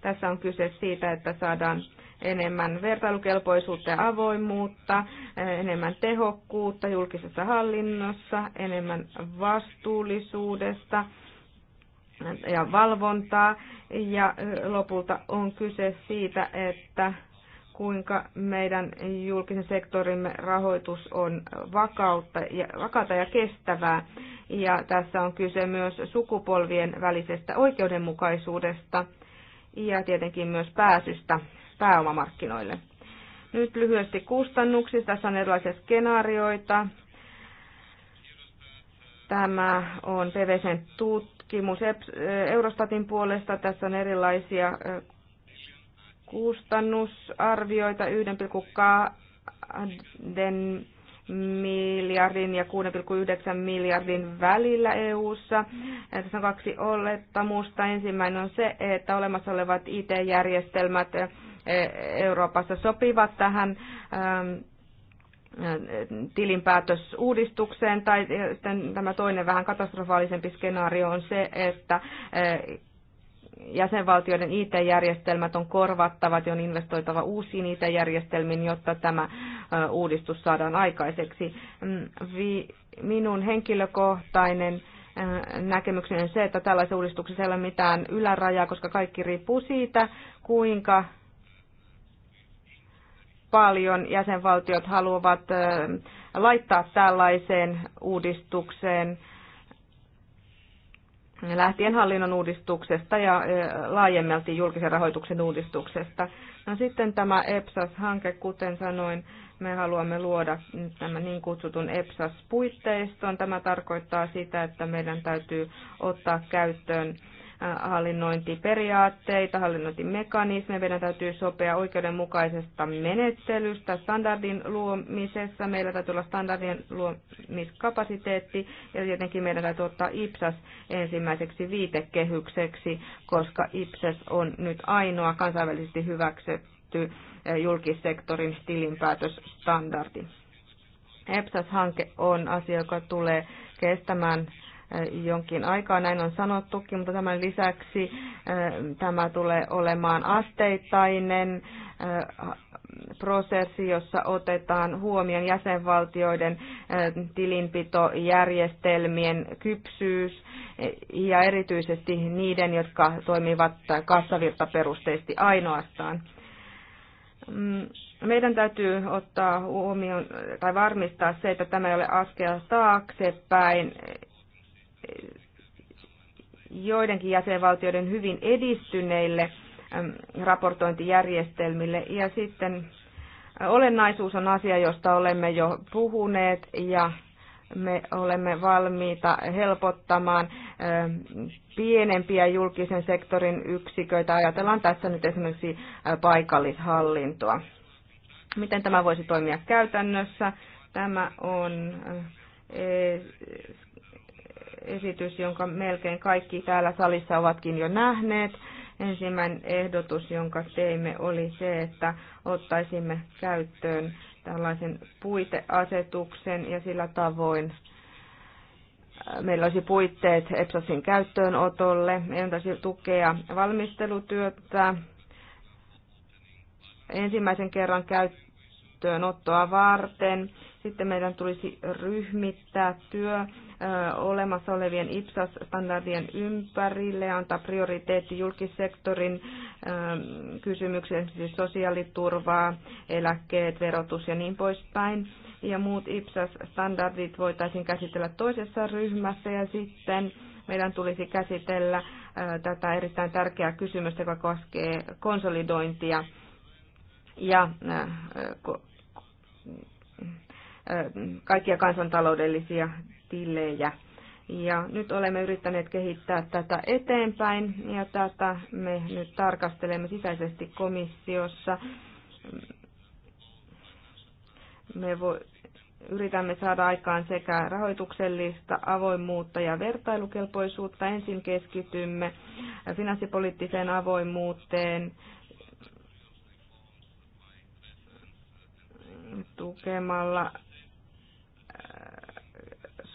tässä on kyse siitä, että saadaan enemmän vertailukelpoisuutta ja avoimuutta, enemmän tehokkuutta julkisessa hallinnossa, enemmän vastuullisuudesta ja valvontaa. Ja lopulta on kyse siitä, että kuinka meidän julkisen sektorimme rahoitus on vakautta ja, vakaata ja kestävää. Ja tässä on kyse myös sukupolvien välisestä oikeudenmukaisuudesta ja tietenkin myös pääsystä pääomamarkkinoille. Nyt lyhyesti kustannuksista. Tässä on erilaisia skenaarioita. Tämä on PVCn tutkimus Eurostatin puolesta. Tässä on erilaisia kustannusarvioita 1,2 miljardin ja 6,9 miljardin välillä EU:ssa. Tässä on kaksi olettamusta. Ensimmäinen on se, että olemassa olevat IT-järjestelmät e, Euroopassa sopivat tähän ähm, tilinpäätösuudistukseen, tai sitten tämä toinen vähän katastrofaalisempi skenaario on se, että e, jäsenvaltioiden IT-järjestelmät on korvattavat ja on investoitava uusiin IT-järjestelmiin, jotta tämä uudistus saadaan aikaiseksi. Mm, minun henkilökohtainen näkemykseni on se, että tällaisessa uudistuksessa ei ole mitään ylärajaa, koska kaikki riippuu siitä, kuinka paljon jäsenvaltiot haluavat laittaa tällaiseen uudistukseen – lähtien hallinnon uudistuksesta ja e, laajemmalti julkisen rahoituksen uudistuksesta. No sitten tämä EPSAS-hanke, kuten sanoin, me haluamme luoda tämän niin kutsutun EPSAS-puitteiston. Tämä tarkoittaa sitä, että meidän täytyy ottaa käyttöön hallinnointiperiaatteita, hallinnointimekanismeja. Meidän täytyy sopia oikeudenmukaisesta menettelystä, standardin luomisessa. Meillä täytyy olla standardin luomiskapasiteetti ja tietenkin meidän täytyy ottaa IPSAS ensimmäiseksi viitekehykseksi, koska IPSAS on nyt ainoa kansainvälisesti hyväksytty eh, julkissektorin tilinpäätösstandardi. EPSAS-hanke on asia, joka tulee kestämään Äh, jonkin aikaa, näin on sanottukin, mutta tämän lisäksi äh, tämä tulee olemaan asteittainen äh, prosessi, jossa otetaan huomioon jäsenvaltioiden tilinpitojärjestelmien kypsyys ja erityisesti niiden, jotka toimivat kassavirtaperusteisesti ainoastaan. Mm, meidän täytyy ottaa huomioon tai varmistaa se, että tämä ei ole askel taaksepäin joidenkin jäsenvaltioiden hyvin edistyneille raportointijärjestelmille. Ja sitten olennaisuus on asia, josta olemme jo puhuneet ja me olemme valmiita helpottamaan pienempiä julkisen sektorin yksiköitä. Ajatellaan tässä nyt esimerkiksi paikallishallintoa. Miten tämä voisi toimia käytännössä? Tämä on esitys, jonka melkein kaikki täällä salissa ovatkin jo nähneet. Ensimmäinen ehdotus, jonka teimme, oli se, että ottaisimme käyttöön tällaisen puiteasetuksen ja sillä tavoin äh, meillä olisi puitteet EPSASin käyttöönotolle. Me antaisi tukea valmistelutyötä. Ensimmäisen kerran käyttöönottoa varten. Sitten meidän tulisi ryhmittää työ olemassa olevien IPSAS-standardien ympärille ja antaa prioriteetti julkisektorin kysymyksiin, siis sosiaaliturvaa, eläkkeet, verotus ja niin poispäin. Ja muut IPSAS-standardit voitaisiin käsitellä toisessa ryhmässä ja sitten meidän tulisi käsitellä tätä erittäin tärkeää kysymystä, joka koskee konsolidointia ja kaikkia kansantaloudellisia tilejä. Ja nyt olemme yrittäneet kehittää tätä eteenpäin ja tätä me nyt tarkastelemme sisäisesti komissiossa. Me vo, yritämme saada aikaan sekä rahoituksellista avoimuutta ja vertailukelpoisuutta. Ensin keskitymme finanssipoliittiseen avoimuuteen, tukemalla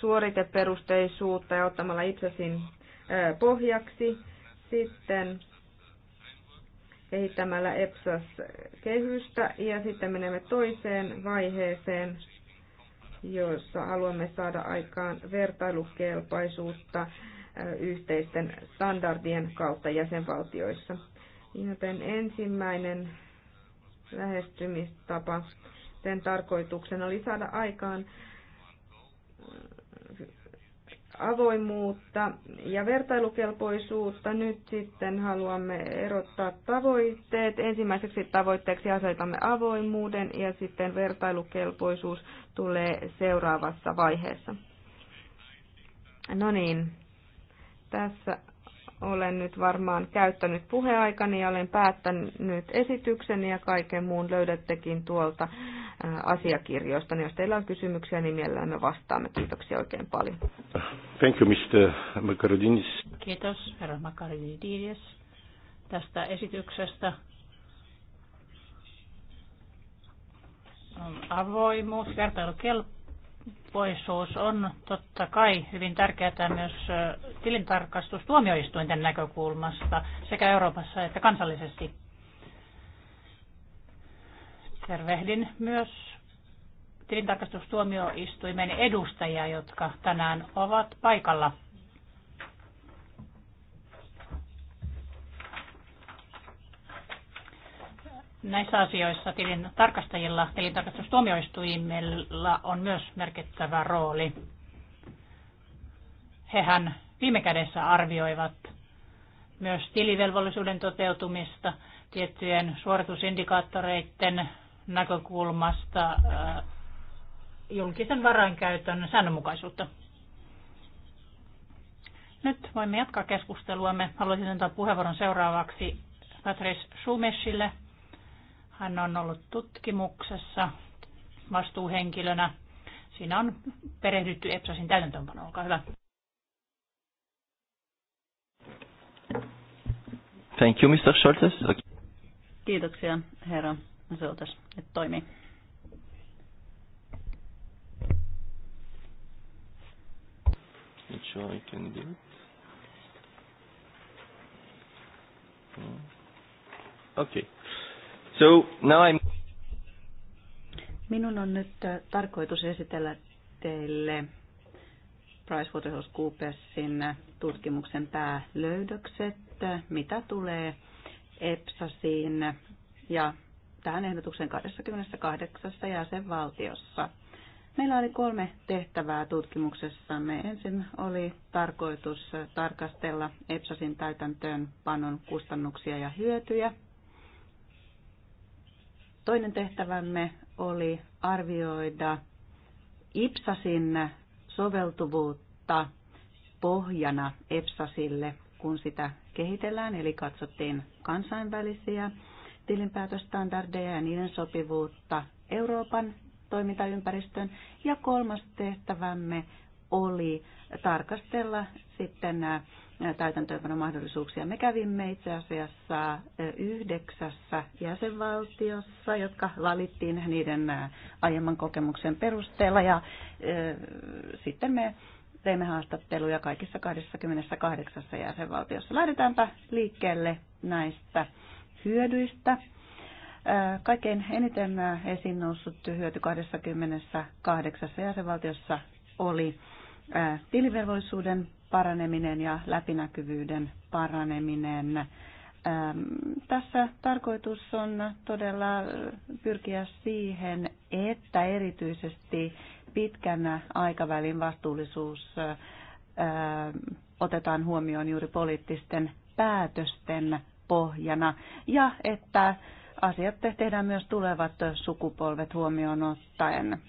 suoriteperusteisuutta ja ottamalla itsesin pohjaksi. Sitten kehittämällä EPSAS-kehystä ja sitten menemme toiseen vaiheeseen, jossa haluamme saada aikaan vertailukelpaisuutta yhteisten standardien kautta jäsenvaltioissa. Joten ensimmäinen lähestymistapa, sen tarkoituksena oli saada aikaan avoimuutta ja vertailukelpoisuutta. Nyt sitten haluamme erottaa tavoitteet. Ensimmäiseksi tavoitteeksi asetamme avoimuuden ja sitten vertailukelpoisuus tulee seuraavassa vaiheessa. No niin, tässä olen nyt varmaan käyttänyt puheaikani ja olen päättänyt esitykseni ja kaiken muun löydättekin tuolta asiakirjoista. Niin jos teillä on kysymyksiä, niin mielellään me vastaamme. Kiitoksia oikein paljon. Thank you, Mr. Makaridis. Kiitos, herra Makaridis, tästä esityksestä. Avoimuus, vertailukelpoisuus on totta kai hyvin tärkeää myös tilintarkastus tuomioistuinten näkökulmasta sekä Euroopassa että kansallisesti Tervehdin myös tilintarkastustuomioistuimen edustajia, jotka tänään ovat paikalla. Näissä asioissa tilin tarkastajilla, tilintarkastustuomioistuimella on myös merkittävä rooli. Hehän viime kädessä arvioivat myös tilivelvollisuuden toteutumista, tiettyjen suoritusindikaattoreiden näkökulmasta äh, julkisen varainkäytön säännönmukaisuutta. Nyt voimme jatkaa keskusteluamme. Haluaisin antaa puheenvuoron seuraavaksi Patrice Schumeschille. Hän on ollut tutkimuksessa vastuuhenkilönä. Siinä on perehdytty EPSASin täytäntöönpano. Olkaa hyvä. Thank you, Mr. Schultz. Okay. Kiitoksia, herra se oltaisiin, että toimii. Which I can do it. Okay. So now I'm... Minun on nyt äh, tarkoitus esitellä teille PricewaterhouseCoopersin äh, tutkimuksen päälöydökset, äh, mitä tulee EPSASiin ja tähän ehdotuksen 28 jäsenvaltiossa. Meillä oli kolme tehtävää tutkimuksessamme. Ensin oli tarkoitus tarkastella EPSASin täytäntöönpanon kustannuksia ja hyötyjä. Toinen tehtävämme oli arvioida IPSASin soveltuvuutta pohjana EPSASille, kun sitä kehitellään, eli katsottiin kansainvälisiä tilinpäätöstandardeja ja niiden sopivuutta Euroopan toimintaympäristöön. Ja kolmas tehtävämme oli tarkastella sitten täytäntöönpanon mahdollisuuksia. Me kävimme itse asiassa yhdeksässä jäsenvaltiossa, jotka valittiin niiden aiemman kokemuksen perusteella ja sitten me teimme haastatteluja kaikissa 28 jäsenvaltiossa. Lähdetäänpä liikkeelle näistä hyödyistä. Kaikkein eniten esiin noussut hyöty 28 jäsenvaltiossa oli tilivelvollisuuden paraneminen ja läpinäkyvyyden paraneminen. Tässä tarkoitus on todella pyrkiä siihen, että erityisesti pitkän aikavälin vastuullisuus otetaan huomioon juuri poliittisten päätösten pohjana ja että asiat tehdään myös tulevat sukupolvet huomioon ottaen.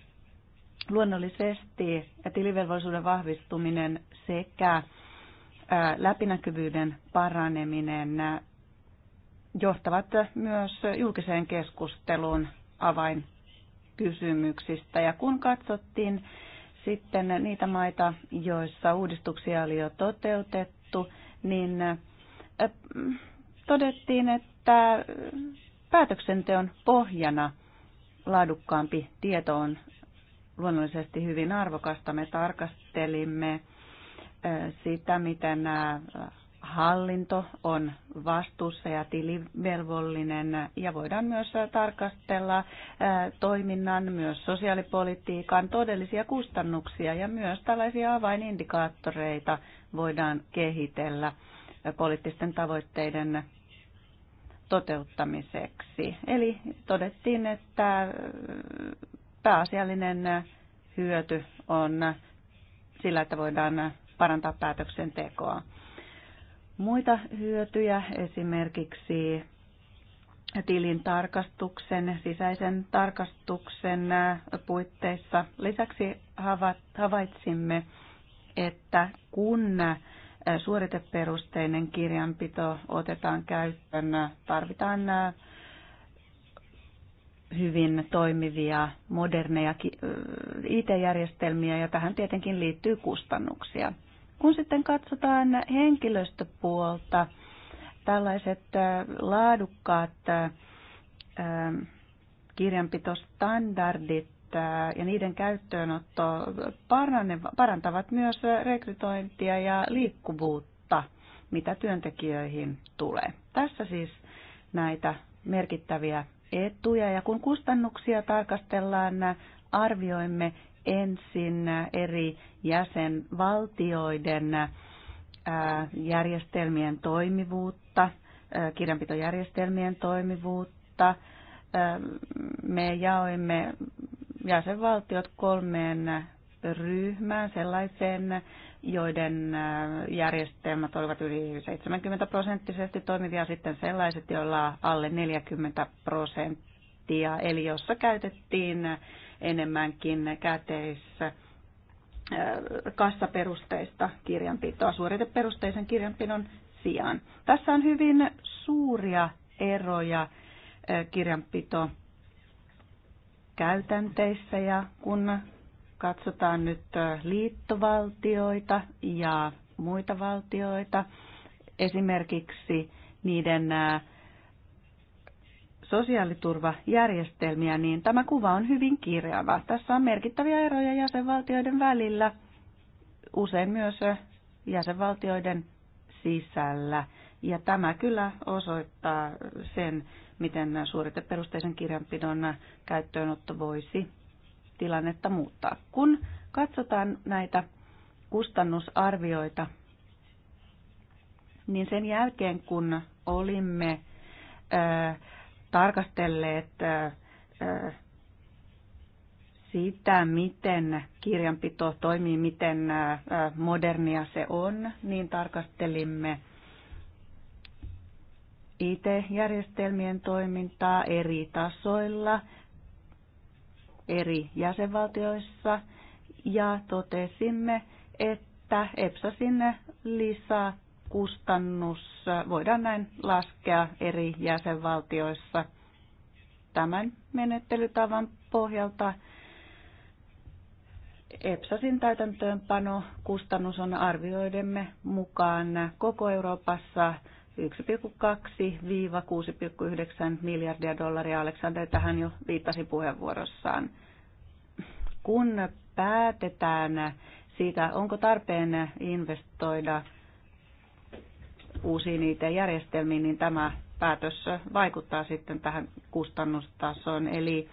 Luonnollisesti tilivelvollisuuden vahvistuminen sekä läpinäkyvyyden paraneminen johtavat myös julkiseen keskusteluun avainkysymyksistä. Ja kun katsottiin sitten niitä maita, joissa uudistuksia oli jo toteutettu, niin todettiin, että päätöksenteon pohjana laadukkaampi tieto on luonnollisesti hyvin arvokasta. Me tarkastelimme sitä, miten hallinto on vastuussa ja tilivelvollinen ja voidaan myös tarkastella toiminnan, myös sosiaalipolitiikan todellisia kustannuksia ja myös tällaisia avainindikaattoreita voidaan kehitellä poliittisten tavoitteiden toteuttamiseksi. Eli todettiin, että äh, pääasiallinen hyöty on sillä, että voidaan parantaa päätöksentekoa. Muita hyötyjä esimerkiksi tilin tarkastuksen, sisäisen tarkastuksen äh, puitteissa. Lisäksi havaitsimme, että kun suoriteperusteinen kirjanpito otetaan käyttöön. Tarvitaan hyvin toimivia, moderneja IT-järjestelmiä ja tähän tietenkin liittyy kustannuksia. Kun sitten katsotaan henkilöstöpuolta, tällaiset laadukkaat kirjanpitostandardit ja niiden käyttöönotto parantavat myös rekrytointia ja liikkuvuutta, mitä työntekijöihin tulee. Tässä siis näitä merkittäviä etuja ja kun kustannuksia tarkastellaan, arvioimme ensin eri jäsenvaltioiden järjestelmien toimivuutta, kirjanpitojärjestelmien toimivuutta. Me jaoimme jäsenvaltiot kolmeen ryhmään sellaiseen, joiden äh, järjestelmät olivat yli 70 prosenttisesti toimivia, sitten sellaiset, joilla alle 40 prosenttia, eli jossa käytettiin enemmänkin käteissä äh, kassaperusteista kirjanpitoa suoriteperusteisen kirjanpidon sijaan. Tässä on hyvin suuria eroja äh, kirjanpito käytänteissä ja kun katsotaan nyt liittovaltioita ja muita valtioita, esimerkiksi niiden sosiaaliturvajärjestelmiä, niin tämä kuva on hyvin kirjava. Tässä on merkittäviä eroja jäsenvaltioiden välillä, usein myös jäsenvaltioiden sisällä. Ja tämä kyllä osoittaa sen, miten suoriteperusteisen kirjanpidon käyttöönotto voisi tilannetta muuttaa. Kun katsotaan näitä kustannusarvioita, niin sen jälkeen kun olimme ää, tarkastelleet ää, sitä, miten kirjanpito toimii, miten modernia se on, niin tarkastelimme IT-järjestelmien toimintaa eri tasoilla, eri jäsenvaltioissa ja totesimme, että lisää kustannus voidaan näin laskea eri jäsenvaltioissa tämän menettelytavan pohjalta. EPSASin täytäntöönpano kustannus on arvioidemme mukaan koko Euroopassa 1,2-6,9 miljardia dollaria. Aleksander tähän jo viittasi puheenvuorossaan. Kun päätetään siitä, onko tarpeen investoida uusiin IT-järjestelmiin, niin tämä päätös vaikuttaa sitten tähän kustannustasoon. Eli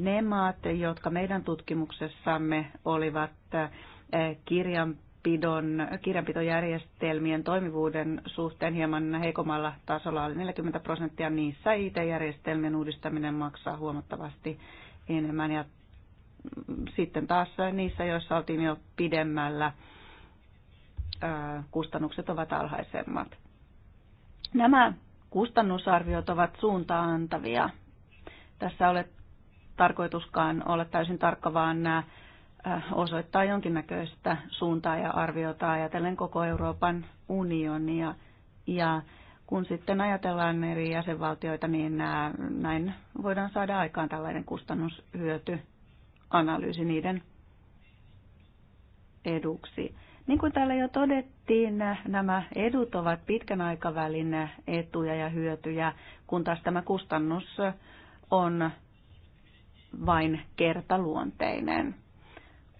ne maat, jotka meidän tutkimuksessamme olivat eh, kirjan kirjanpidon, kirjanpitojärjestelmien toimivuuden suhteen hieman heikommalla tasolla, oli 40 prosenttia niissä IT-järjestelmien uudistaminen maksaa huomattavasti enemmän. Ja sitten taas niissä, joissa oltiin jo pidemmällä, kustannukset ovat alhaisemmat. Nämä kustannusarviot ovat suuntaantavia Tässä olet tarkoituskaan olla täysin tarkka, vaan nämä osoittaa jonkinnäköistä suuntaa ja arviota ajatellen koko Euroopan unionia. Ja kun sitten ajatellaan eri jäsenvaltioita, niin näin voidaan saada aikaan tällainen kustannushyötyanalyysi niiden eduksi. Niin kuin täällä jo todettiin, nämä edut ovat pitkän aikavälin etuja ja hyötyjä, kun taas tämä kustannus on vain kertaluonteinen.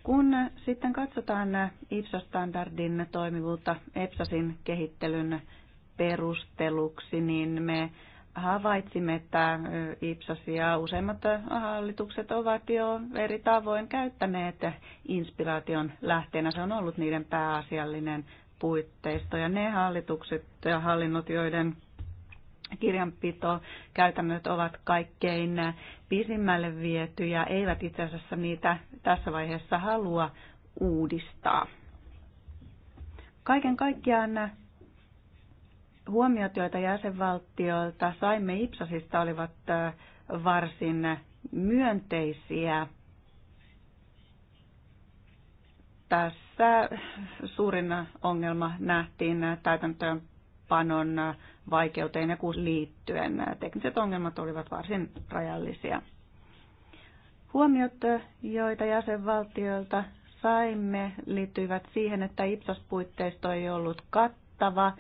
Kun sitten katsotaan IPSA-standardin toimivuutta EPSASin kehittelyn perusteluksi, niin me havaitsimme, että IPSAS ja useimmat hallitukset ovat jo eri tavoin käyttäneet inspiraation lähteenä. Se on ollut niiden pääasiallinen puitteisto. Ja ne hallitukset ja hallinnot, joiden kirjanpito käytännöt ovat kaikkein pisimmälle vietyjä, eivät itse asiassa niitä tässä vaiheessa halua uudistaa. Kaiken kaikkiaan huomiot, joita jäsenvaltioilta saimme Ipsasista, olivat varsin myönteisiä. Tässä suurin ongelma nähtiin täytäntöön täytäntöönpanon vaikeuteen ja kun liittyen. Tekniset ongelmat olivat varsin rajallisia. Huomiot, joita jäsenvaltioilta saimme, liittyivät siihen, että IPSAS-puitteisto ei ollut kattava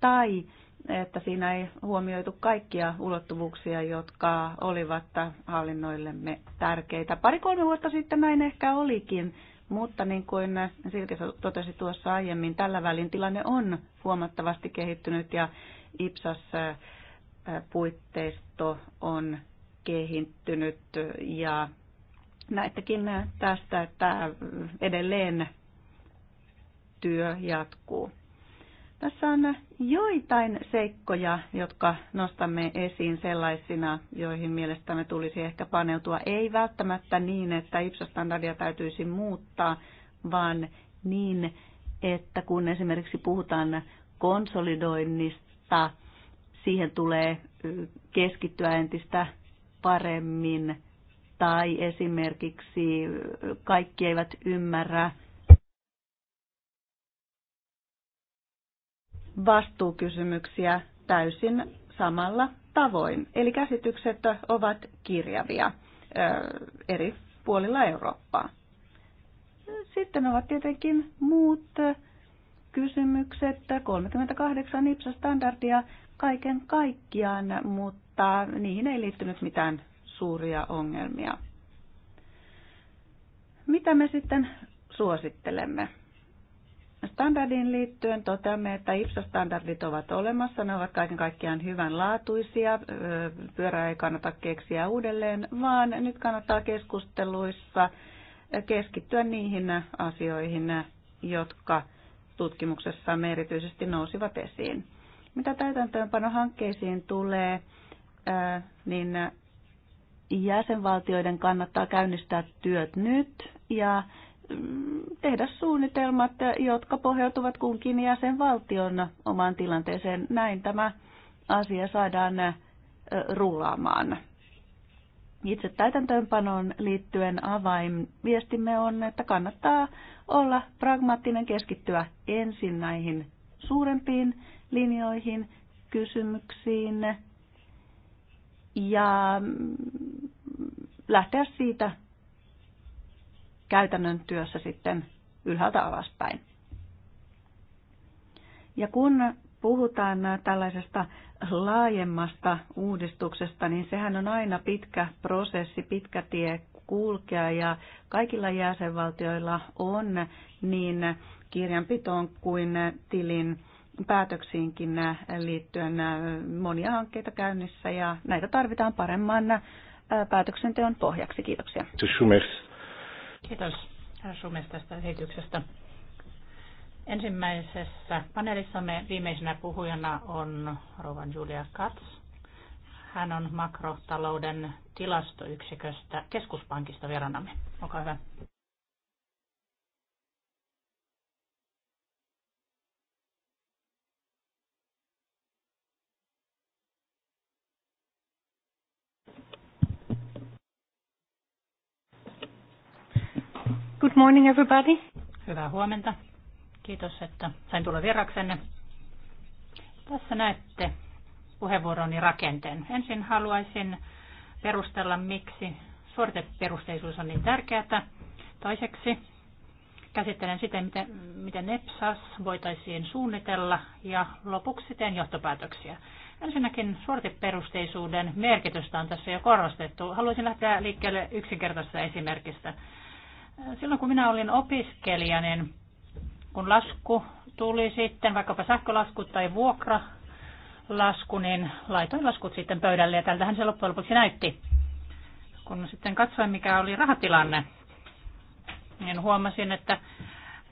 tai että siinä ei huomioitu kaikkia ulottuvuuksia, jotka olivat hallinnoillemme tärkeitä. Pari-kolme vuotta sitten näin ehkä olikin, mutta niin kuin Silke totesi tuossa aiemmin, tällä välin tilanne on huomattavasti kehittynyt ja IPSAS puitteisto on kehittynyt ja näitäkin tästä, että edelleen työ jatkuu. Tässä on joitain seikkoja, jotka nostamme esiin sellaisina, joihin mielestämme tulisi ehkä paneutua. Ei välttämättä niin, että IPSA-standardia täytyisi muuttaa, vaan niin, että kun esimerkiksi puhutaan konsolidoinnista, siihen tulee keskittyä entistä paremmin. Tai esimerkiksi kaikki eivät ymmärrä vastuukysymyksiä täysin samalla tavoin. Eli käsitykset ovat kirjavia eri puolilla Eurooppaa. Sitten ovat tietenkin muut kysymykset, 38 IPSA-standardia kaiken kaikkiaan, mutta niihin ei liittynyt mitään suuria ongelmia. Mitä me sitten suosittelemme? standardiin liittyen toteamme, että IPSA-standardit ovat olemassa. Ne ovat kaiken kaikkiaan hyvänlaatuisia. Pyörää ei kannata keksiä uudelleen, vaan nyt kannattaa keskusteluissa keskittyä niihin asioihin, jotka tutkimuksessa erityisesti nousivat esiin. Mitä täytäntöönpanohankkeisiin tulee, niin jäsenvaltioiden kannattaa käynnistää työt nyt ja tehdä suunnitelmat, jotka pohjautuvat kunkin jäsenvaltion omaan tilanteeseen. Näin tämä asia saadaan rullaamaan. Itse täytäntöönpanoon liittyen avainviestimme on, että kannattaa olla pragmaattinen, keskittyä ensin näihin suurempiin linjoihin, kysymyksiin ja mm, lähteä siitä käytännön työssä sitten ylhäältä alaspäin. Ja kun puhutaan tällaisesta laajemmasta uudistuksesta, niin sehän on aina pitkä prosessi, pitkä tie kulkea ja kaikilla jäsenvaltioilla on niin kirjanpitoon kuin tilin päätöksiinkin liittyen monia hankkeita käynnissä ja näitä tarvitaan paremman päätöksenteon pohjaksi. Kiitoksia. Kiitos herra Sumes tästä esityksestä. Ensimmäisessä paneelissamme viimeisenä puhujana on Rovan Julia Katz. Hän on makrotalouden tilastoyksiköstä keskuspankista vieraanamme. Olkaa hyvä. Good morning everybody. Hyvää huomenta. Kiitos, että sain tulla vieraksenne. Tässä näette puheenvuoroni rakenteen. Ensin haluaisin perustella, miksi suoriteperusteisuus on niin tärkeää. Toiseksi käsittelen sitä, miten, miten EPSAS voitaisiin suunnitella ja lopuksi teen johtopäätöksiä. Ensinnäkin suoriteperusteisuuden merkitystä on tässä jo korostettu. Haluaisin lähteä liikkeelle yksinkertaisesta esimerkistä. Silloin kun minä olin opiskelija, niin kun lasku tuli sitten, vaikkapa sähkölasku tai vuokra, lasku, niin laitoin laskut sitten pöydälle ja tältähän se loppujen lopuksi näytti. Kun sitten katsoin, mikä oli rahatilanne, niin huomasin, että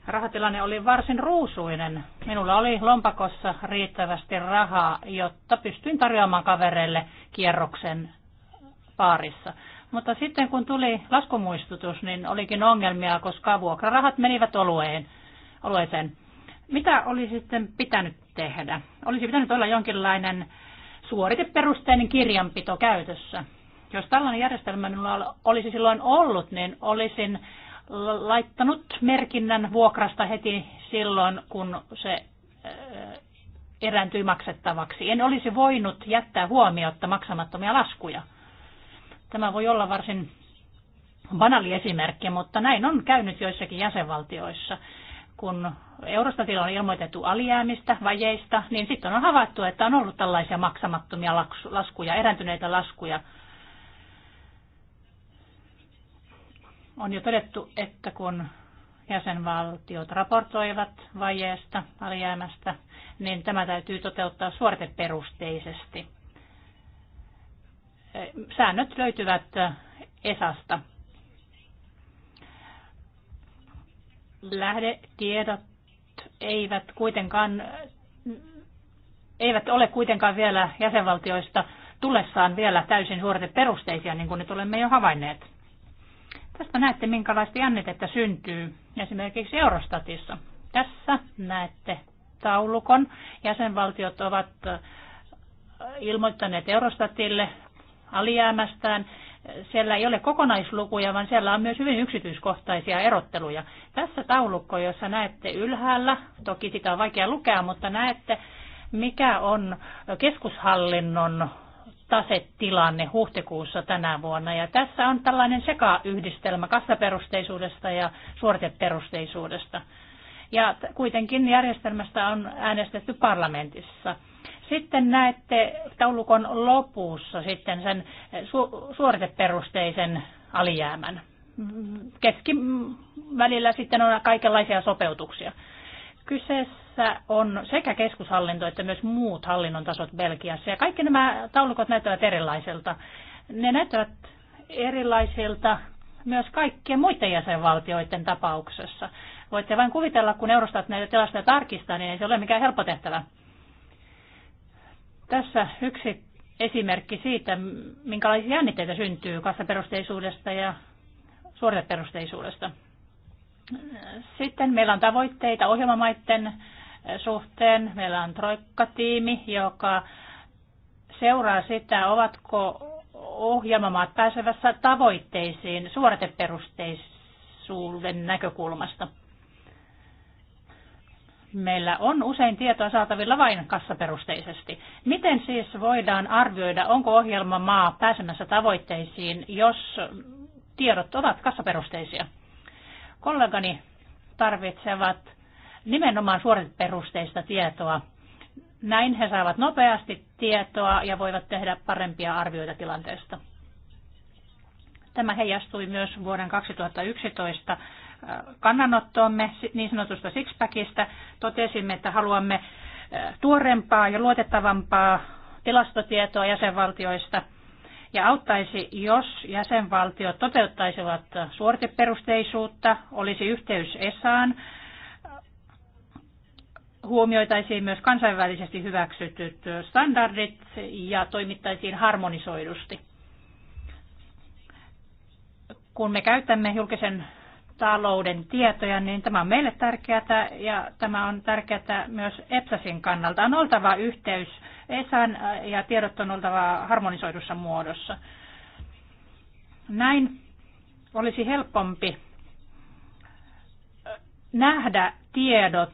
rahatilanne oli varsin ruusuinen. Minulla oli lompakossa riittävästi rahaa, jotta pystyin tarjoamaan kavereille kierroksen paarissa. Mutta sitten kun tuli laskumuistutus, niin olikin ongelmia, koska vuokrarahat menivät olueen, olueeseen. Mitä oli sitten pitänyt tehdä? Olisi pitänyt olla jonkinlainen suoriteperusteinen kirjanpito käytössä. Jos tällainen järjestelmä minulla olisi silloin ollut, niin olisin laittanut merkinnän vuokrasta heti silloin, kun se eh, erääntyi maksettavaksi. En olisi voinut jättää huomiotta maksamattomia laskuja. Tämä voi olla varsin banali esimerkki, mutta näin on käynyt joissakin jäsenvaltioissa. Kun Eurostatilla on ilmoitettu alijäämistä, vajeista, niin sitten on havaittu, että on ollut tällaisia maksamattomia laskuja, erääntyneitä laskuja. On jo todettu, että kun jäsenvaltiot raportoivat vajeesta, alijäämästä, niin tämä täytyy toteuttaa suoriteperusteisesti Säännöt löytyvät ESAsta. Lähdetiedot eivät kuitenkaan eivät ole kuitenkaan vielä jäsenvaltioista tullessaan vielä täysin perusteisia, niin kuin nyt olemme jo havainneet. Tästä näette, minkälaista jännitettä syntyy esimerkiksi Eurostatissa. Tässä näette taulukon. Jäsenvaltiot ovat ilmoittaneet Eurostatille alijäämästään. Siellä ei ole kokonaislukuja, vaan siellä on myös hyvin yksityiskohtaisia erotteluja. Tässä taulukko, jossa näette ylhäällä, toki sitä on vaikea lukea, mutta näette, mikä on keskushallinnon tasetilanne huhtikuussa tänä vuonna. Ja tässä on tällainen sekayhdistelmä kassaperusteisuudesta ja suoriteperusteisuudesta. Ja kuitenkin järjestelmästä on äänestetty parlamentissa. Sitten näette taulukon lopussa sitten sen su- suoriteperusteisen alijäämän. Keskivälillä sitten on kaikenlaisia sopeutuksia. Kyseessä on sekä keskushallinto että myös muut hallinnon tasot Belgiassa. Ja kaikki nämä taulukot näyttävät erilaiselta. Ne näyttävät erilaisilta myös kaikkien muiden jäsenvaltioiden tapauksessa. Voitte vain kuvitella, kun Eurostat näitä tilastoja tarkistaa, niin ei se ole mikään helppo tehtävä. Tässä yksi esimerkki siitä, minkälaisia jännitteitä syntyy kassaperusteisuudesta ja suoriteperusteisuudesta. Sitten meillä on tavoitteita ohjelmamaiden suhteen. Meillä on troikkatiimi, joka seuraa sitä, ovatko ohjelmamaat pääsevässä tavoitteisiin suoriteperusteisuuden näkökulmasta meillä on usein tietoa saatavilla vain kassaperusteisesti. Miten siis voidaan arvioida, onko ohjelma maa pääsemässä tavoitteisiin, jos tiedot ovat kassaperusteisia? Kollegani tarvitsevat nimenomaan suoriteperusteista tietoa. Näin he saavat nopeasti tietoa ja voivat tehdä parempia arvioita tilanteesta. Tämä heijastui myös vuoden 2011 kannanottoomme niin sanotusta sixpackista. Totesimme, että haluamme äh, tuorempaa ja luotettavampaa tilastotietoa jäsenvaltioista ja auttaisi, jos jäsenvaltiot toteuttaisivat suoriteperusteisuutta, olisi yhteys ESAan, huomioitaisiin myös kansainvälisesti hyväksytyt standardit ja toimittaisiin harmonisoidusti. Kun me käytämme julkisen talouden tietoja, niin tämä on meille tärkeää ja tämä on tärkeää myös EPSASin kannalta. On oltava yhteys ESAN ja tiedot on oltava harmonisoidussa muodossa. Näin olisi helpompi nähdä tiedot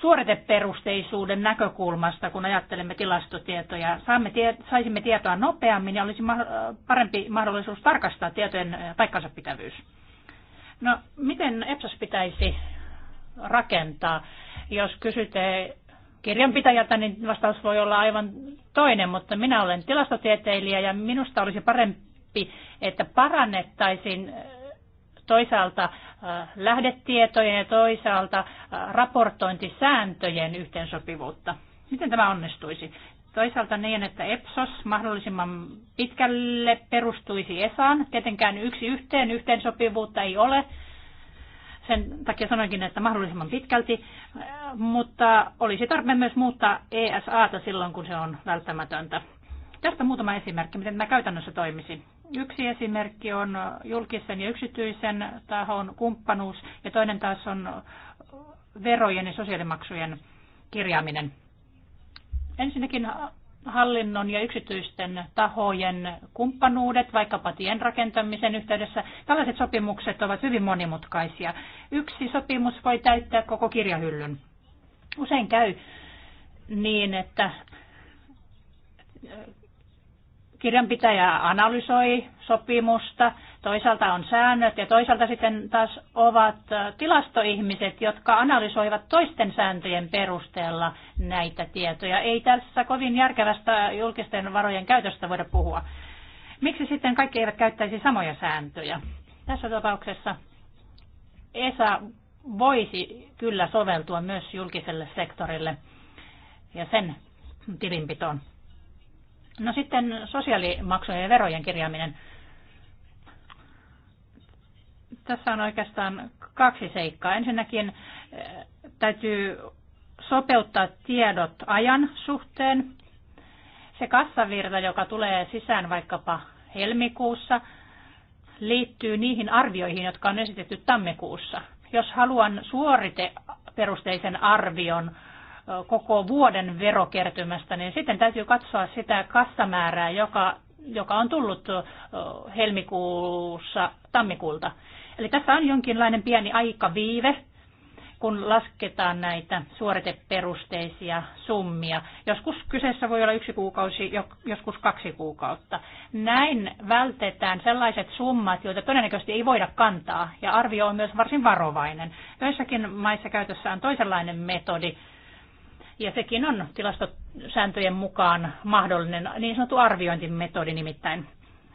suoriteperusteisuuden näkökulmasta, kun ajattelemme tilastotietoja. Saamme tie, saisimme tietoa nopeammin ja olisi ma- parempi mahdollisuus tarkastaa tietojen paikkansa pitävyys. No, miten EPSAS pitäisi rakentaa? Jos kysytte kirjanpitäjältä, niin vastaus voi olla aivan toinen, mutta minä olen tilastotieteilijä ja minusta olisi parempi, että parannettaisiin toisaalta äh, lähdetietojen ja toisaalta äh, raportointisääntöjen yhteensopivuutta. Miten tämä onnistuisi? Toisaalta niin, että EPSOS mahdollisimman pitkälle perustuisi ESAan. Tietenkään yksi yhteen yhteensopivuutta ei ole. Sen takia sanoinkin, että mahdollisimman pitkälti, äh, mutta olisi tarpeen myös muuttaa ESAta silloin, kun se on välttämätöntä. Tästä muutama esimerkki, miten tämä käytännössä toimisi. Yksi esimerkki on julkisen ja yksityisen tahon kumppanuus ja toinen taas on verojen ja sosiaalimaksujen kirjaaminen. Ensinnäkin hallinnon ja yksityisten tahojen kumppanuudet, vaikkapa tien rakentamisen yhteydessä. Tällaiset sopimukset ovat hyvin monimutkaisia. Yksi sopimus voi täyttää koko kirjahyllyn. Usein käy niin, että kirjanpitäjä analysoi sopimusta, toisaalta on säännöt ja toisaalta sitten taas ovat äh, tilastoihmiset, jotka analysoivat toisten sääntöjen perusteella näitä tietoja. Ei tässä kovin järkevästä julkisten varojen käytöstä voida puhua. Miksi sitten kaikki eivät käyttäisi samoja sääntöjä? Tässä tapauksessa ESA voisi kyllä soveltua myös julkiselle sektorille ja sen tilinpitoon. No sitten sosiaalimaksujen ja verojen kirjaaminen. Tässä on oikeastaan kaksi seikkaa. Ensinnäkin eh, täytyy sopeuttaa tiedot ajan suhteen. Se kassavirta, joka tulee sisään vaikkapa helmikuussa, liittyy niihin arvioihin, jotka on esitetty tammikuussa. Jos haluan suoriteperusteisen arvion koko vuoden verokertymästä, niin sitten täytyy katsoa sitä kassamäärää, joka, joka on tullut helmikuussa tammikuulta. Eli tässä on jonkinlainen pieni aikaviive, kun lasketaan näitä suoriteperusteisia summia. Joskus kyseessä voi olla yksi kuukausi, joskus kaksi kuukautta. Näin vältetään sellaiset summat, joita todennäköisesti ei voida kantaa, ja arvio on myös varsin varovainen. Joissakin maissa käytössä on toisenlainen metodi, ja sekin on tilastosääntöjen mukaan mahdollinen niin sanottu arviointimetodi nimittäin.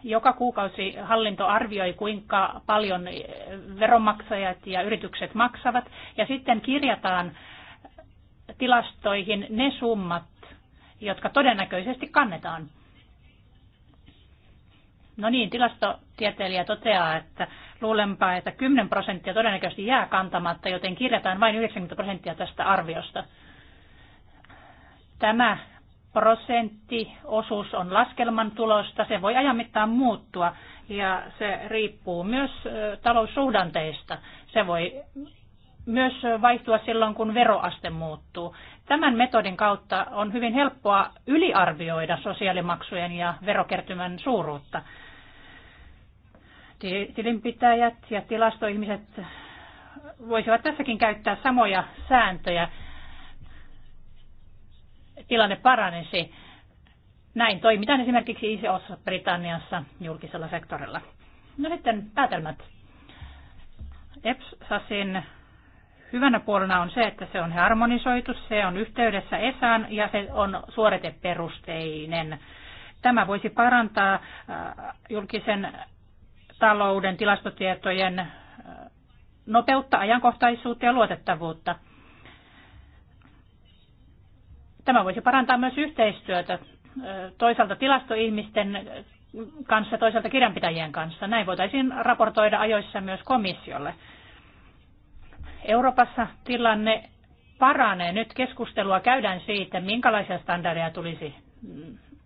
Joka kuukausi hallinto arvioi, kuinka paljon veronmaksajat ja yritykset maksavat, ja sitten kirjataan tilastoihin ne summat, jotka todennäköisesti kannetaan. No niin, tilastotieteilijä toteaa, että luulenpa, että 10 prosenttia todennäköisesti jää kantamatta, joten kirjataan vain 90 prosenttia tästä arviosta. Tämä prosenttiosuus on laskelman tulosta, se voi ajan mittaan muuttua ja se riippuu myös taloussuhdanteista. Se voi myös vaihtua silloin, kun veroaste muuttuu. Tämän metodin kautta on hyvin helppoa yliarvioida sosiaalimaksujen ja verokertymän suuruutta. Tilinpitäjät ja tilastoihmiset voisivat tässäkin käyttää samoja sääntöjä tilanne paranisi. Näin toimitaan esimerkiksi isossa Britanniassa julkisella sektorilla. No sitten päätelmät. EPSASin hyvänä puolena on se, että se on harmonisoitu, se on yhteydessä ESAan ja se on suoriteperusteinen. Tämä voisi parantaa äh, julkisen talouden tilastotietojen äh, nopeutta, ajankohtaisuutta ja luotettavuutta – Tämä voisi parantaa myös yhteistyötä toisaalta tilastoihmisten kanssa, toisaalta kirjanpitäjien kanssa. Näin voitaisiin raportoida ajoissa myös komissiolle. Euroopassa tilanne paranee. Nyt keskustelua käydään siitä, minkälaisia standardeja tulisi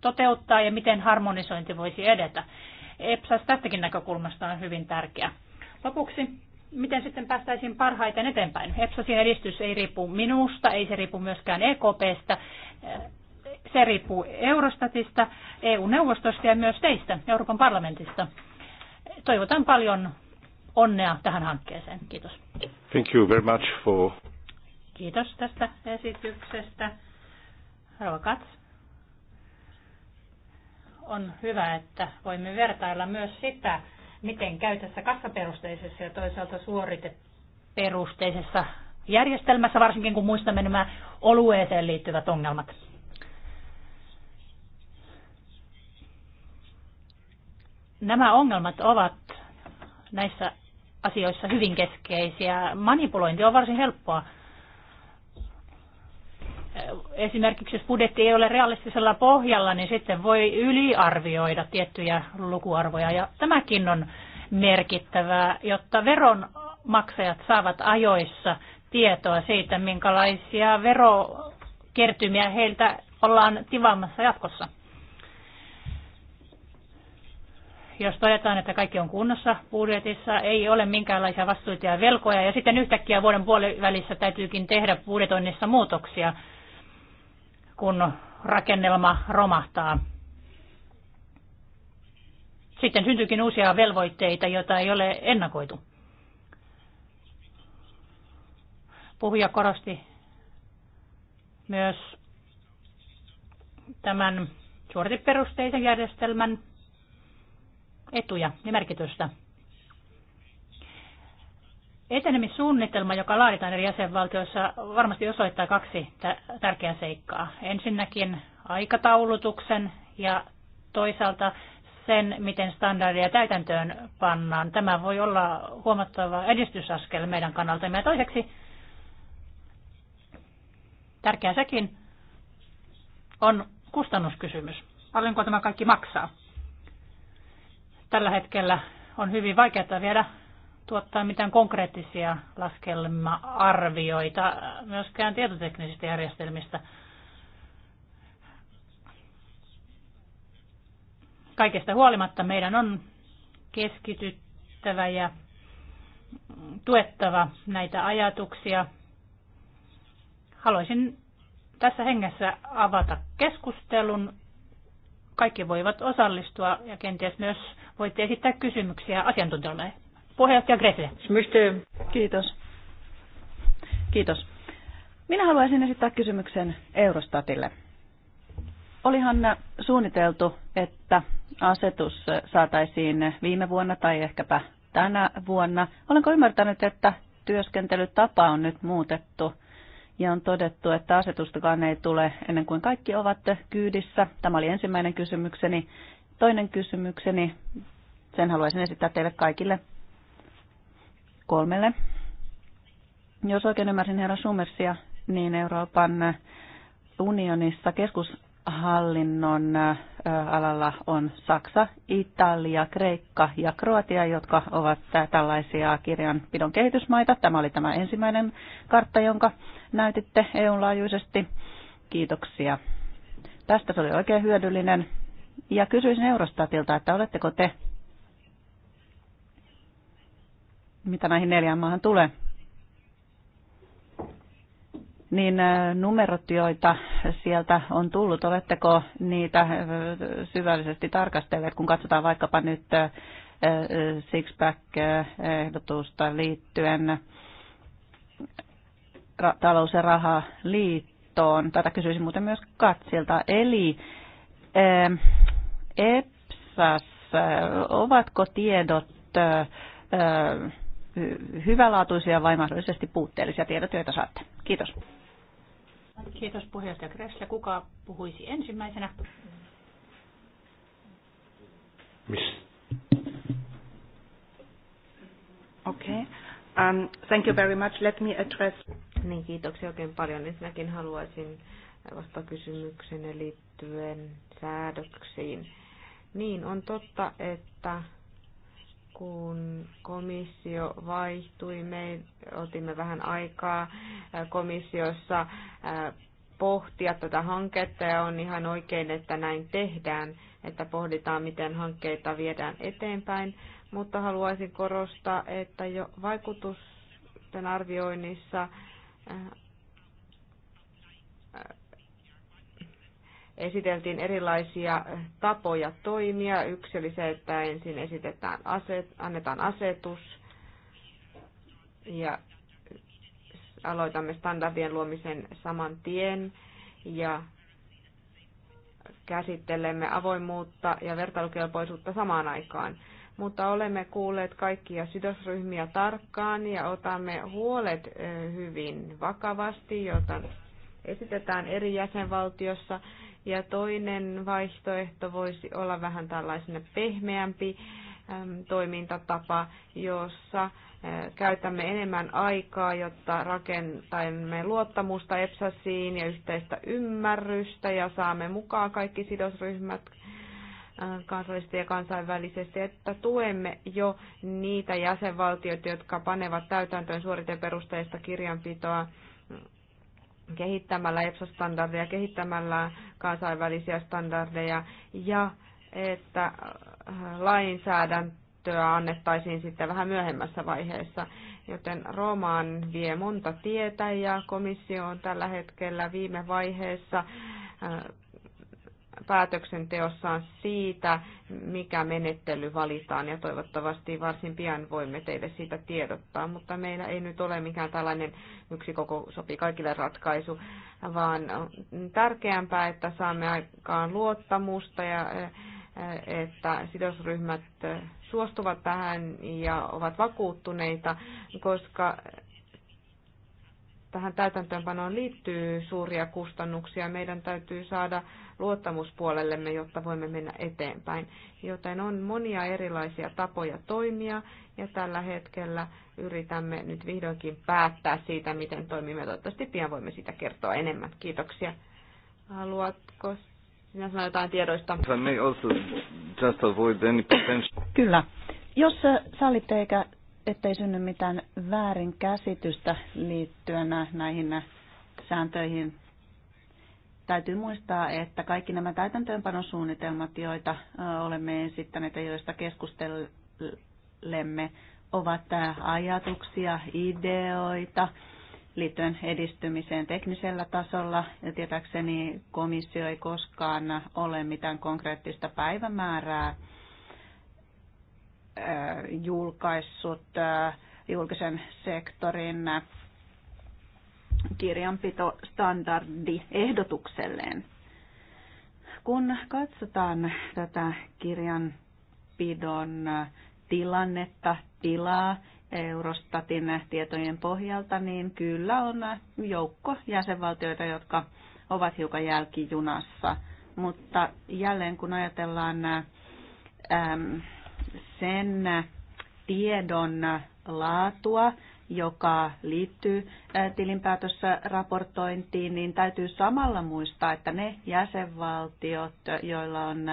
toteuttaa ja miten harmonisointi voisi edetä. EPSAS tästäkin näkökulmasta on hyvin tärkeä. Lopuksi miten sitten päästäisiin parhaiten eteenpäin. EPSOSin edistys ei riipu minusta, ei se riipu myöskään EKPstä, se riippuu Eurostatista, EU-neuvostosta ja myös teistä, Euroopan parlamentista. Toivotan paljon onnea tähän hankkeeseen. Kiitos. Thank you very much for... Kiitos tästä esityksestä. Rova Katz. On hyvä, että voimme vertailla myös sitä, miten käy tässä kassaperusteisessa ja toisaalta suoriteperusteisessa järjestelmässä, varsinkin kun muistamme nämä olueeseen liittyvät ongelmat. Nämä ongelmat ovat näissä asioissa hyvin keskeisiä. Manipulointi on varsin helppoa esimerkiksi jos budjetti ei ole realistisella pohjalla, niin sitten voi yliarvioida tiettyjä lukuarvoja. Ja tämäkin on merkittävää, jotta veronmaksajat saavat ajoissa tietoa siitä, minkälaisia verokertymiä heiltä ollaan tivaamassa jatkossa. Jos todetaan, että kaikki on kunnossa budjetissa, ei ole minkäänlaisia vastuita ja velkoja, ja sitten yhtäkkiä vuoden puolivälissä täytyykin tehdä budjetoinnissa muutoksia, kun rakennelma romahtaa. Sitten syntyykin uusia velvoitteita, joita ei ole ennakoitu. Puhuja korosti myös tämän suoriteperusteisen järjestelmän etuja ja merkitystä. Etenemissuunnitelma, joka laaditaan eri jäsenvaltioissa, varmasti osoittaa kaksi tärkeää seikkaa. Ensinnäkin aikataulutuksen ja toisaalta sen, miten standardia täytäntöön pannaan. Tämä voi olla huomattava edistysaskel meidän kannalta. Ja toiseksi tärkeä sekin on kustannuskysymys. Paljonko tämä kaikki maksaa? Tällä hetkellä on hyvin vaikeaa viedä tuottaa mitään konkreettisia laskelma-arvioita myöskään tietoteknisistä järjestelmistä. Kaikesta huolimatta meidän on keskityttävä ja tuettava näitä ajatuksia. Haluaisin tässä hengessä avata keskustelun. Kaikki voivat osallistua ja kenties myös voitte esittää kysymyksiä asiantuntijoille puheenjohtaja Grefle. Kiitos. Kiitos. Minä haluaisin esittää kysymyksen Eurostatille. Olihan suunniteltu, että asetus saataisiin viime vuonna tai ehkäpä tänä vuonna. Olenko ymmärtänyt, että työskentelytapa on nyt muutettu ja on todettu, että asetustakaan ei tule ennen kuin kaikki ovat kyydissä? Tämä oli ensimmäinen kysymykseni. Toinen kysymykseni, sen haluaisin esittää teille kaikille kolmelle. Jos oikein ymmärsin herra Summersia, niin Euroopan unionissa keskushallinnon alalla on Saksa, Italia, Kreikka ja Kroatia, jotka ovat tällaisia kirjanpidon kehitysmaita. Tämä oli tämä ensimmäinen kartta, jonka näytitte EUn laajuisesti. Kiitoksia. Tästä se oli oikein hyödyllinen. Ja kysyisin Eurostatilta, että oletteko te mitä näihin neljään maahan tulee, niin äh, numerot, joita sieltä on tullut, oletteko niitä äh, syvällisesti tarkastelleet, kun katsotaan vaikkapa nyt äh, Sixpack-ehdotusta liittyen talous- ja rahaliittoon. Tätä kysyisin muuten myös Katsilta. Eli ähm, EPSAS, ovatko tiedot hyvälaatuisia vai mahdollisesti puutteellisia tiedot, joita saatte. Kiitos. Kiitos puheenjohtaja Kressle. Kuka puhuisi ensimmäisenä? Miss. Okay. Um, thank you very much. Let me address... Niin, kiitoksia oikein paljon. Ensinnäkin haluaisin vastata kysymykseen liittyen säädöksiin. Niin, on totta, että kun komissio vaihtui, me otimme vähän aikaa komissiossa pohtia tätä hanketta ja on ihan oikein, että näin tehdään, että pohditaan, miten hankkeita viedään eteenpäin, mutta haluaisin korostaa, että jo vaikutusten arvioinnissa esiteltiin erilaisia tapoja toimia. Yksi oli se, että ensin esitetään aset, annetaan asetus ja aloitamme standardien luomisen saman tien ja käsittelemme avoimuutta ja vertailukelpoisuutta samaan aikaan. Mutta olemme kuulleet kaikkia sidosryhmiä tarkkaan ja otamme huolet eh, hyvin vakavasti, joita esitetään eri jäsenvaltiossa ja toinen vaihtoehto voisi olla vähän tällaisena pehmeämpi toimintatapa, jossa käytämme enemmän aikaa, jotta rakentamme luottamusta EPSASiin ja yhteistä ymmärrystä ja saamme mukaan kaikki sidosryhmät kansallisesti ja kansainvälisesti, että tuemme jo niitä jäsenvaltioita, jotka panevat täytäntöön suoriteperusteista kirjanpitoa kehittämällä EPSO-standardeja, kehittämällä kansainvälisiä standardeja ja että äh, lainsäädäntöä annettaisiin sitten vähän myöhemmässä vaiheessa. Joten Roomaan vie monta tietä ja komissio on tällä hetkellä viime vaiheessa äh, päätöksenteossaan siitä, mikä menettely valitaan ja toivottavasti varsin pian voimme teille siitä tiedottaa, mutta meillä ei nyt ole mikään tällainen yksi koko sopii kaikille ratkaisu, vaan tärkeämpää, että saamme aikaan luottamusta ja eh, eh, että sidosryhmät eh, suostuvat tähän ja ovat vakuuttuneita, koska tähän täytäntöönpanoon liittyy suuria kustannuksia. Meidän täytyy saada luottamuspuolellemme, jotta voimme mennä eteenpäin. Joten on monia erilaisia tapoja toimia ja tällä hetkellä yritämme nyt vihdoinkin päättää siitä, miten toimimme. Toivottavasti pian voimme sitä kertoa enemmän. Kiitoksia. Haluatko sinä sanoa jotain tiedoista? Kyllä. Jos sallitte eikä ettei synny mitään väärinkäsitystä liittyen näihin sääntöihin Täytyy muistaa, että kaikki nämä täytäntöönpanosuunnitelmat, joita olemme esittäneet ja joista keskustelemme, ovat ajatuksia, ideoita liittyen edistymiseen teknisellä tasolla. Ja tietääkseni komissio ei koskaan ole mitään konkreettista päivämäärää julkaissut julkisen sektorin ehdotukselleen, Kun katsotaan tätä kirjanpidon tilannetta, tilaa Eurostatin tietojen pohjalta, niin kyllä on joukko jäsenvaltioita, jotka ovat hiukan jälkijunassa. Mutta jälleen kun ajatellaan sen tiedon laatua, joka liittyy tilinpäätössä raportointiin, niin täytyy samalla muistaa, että ne jäsenvaltiot, joilla on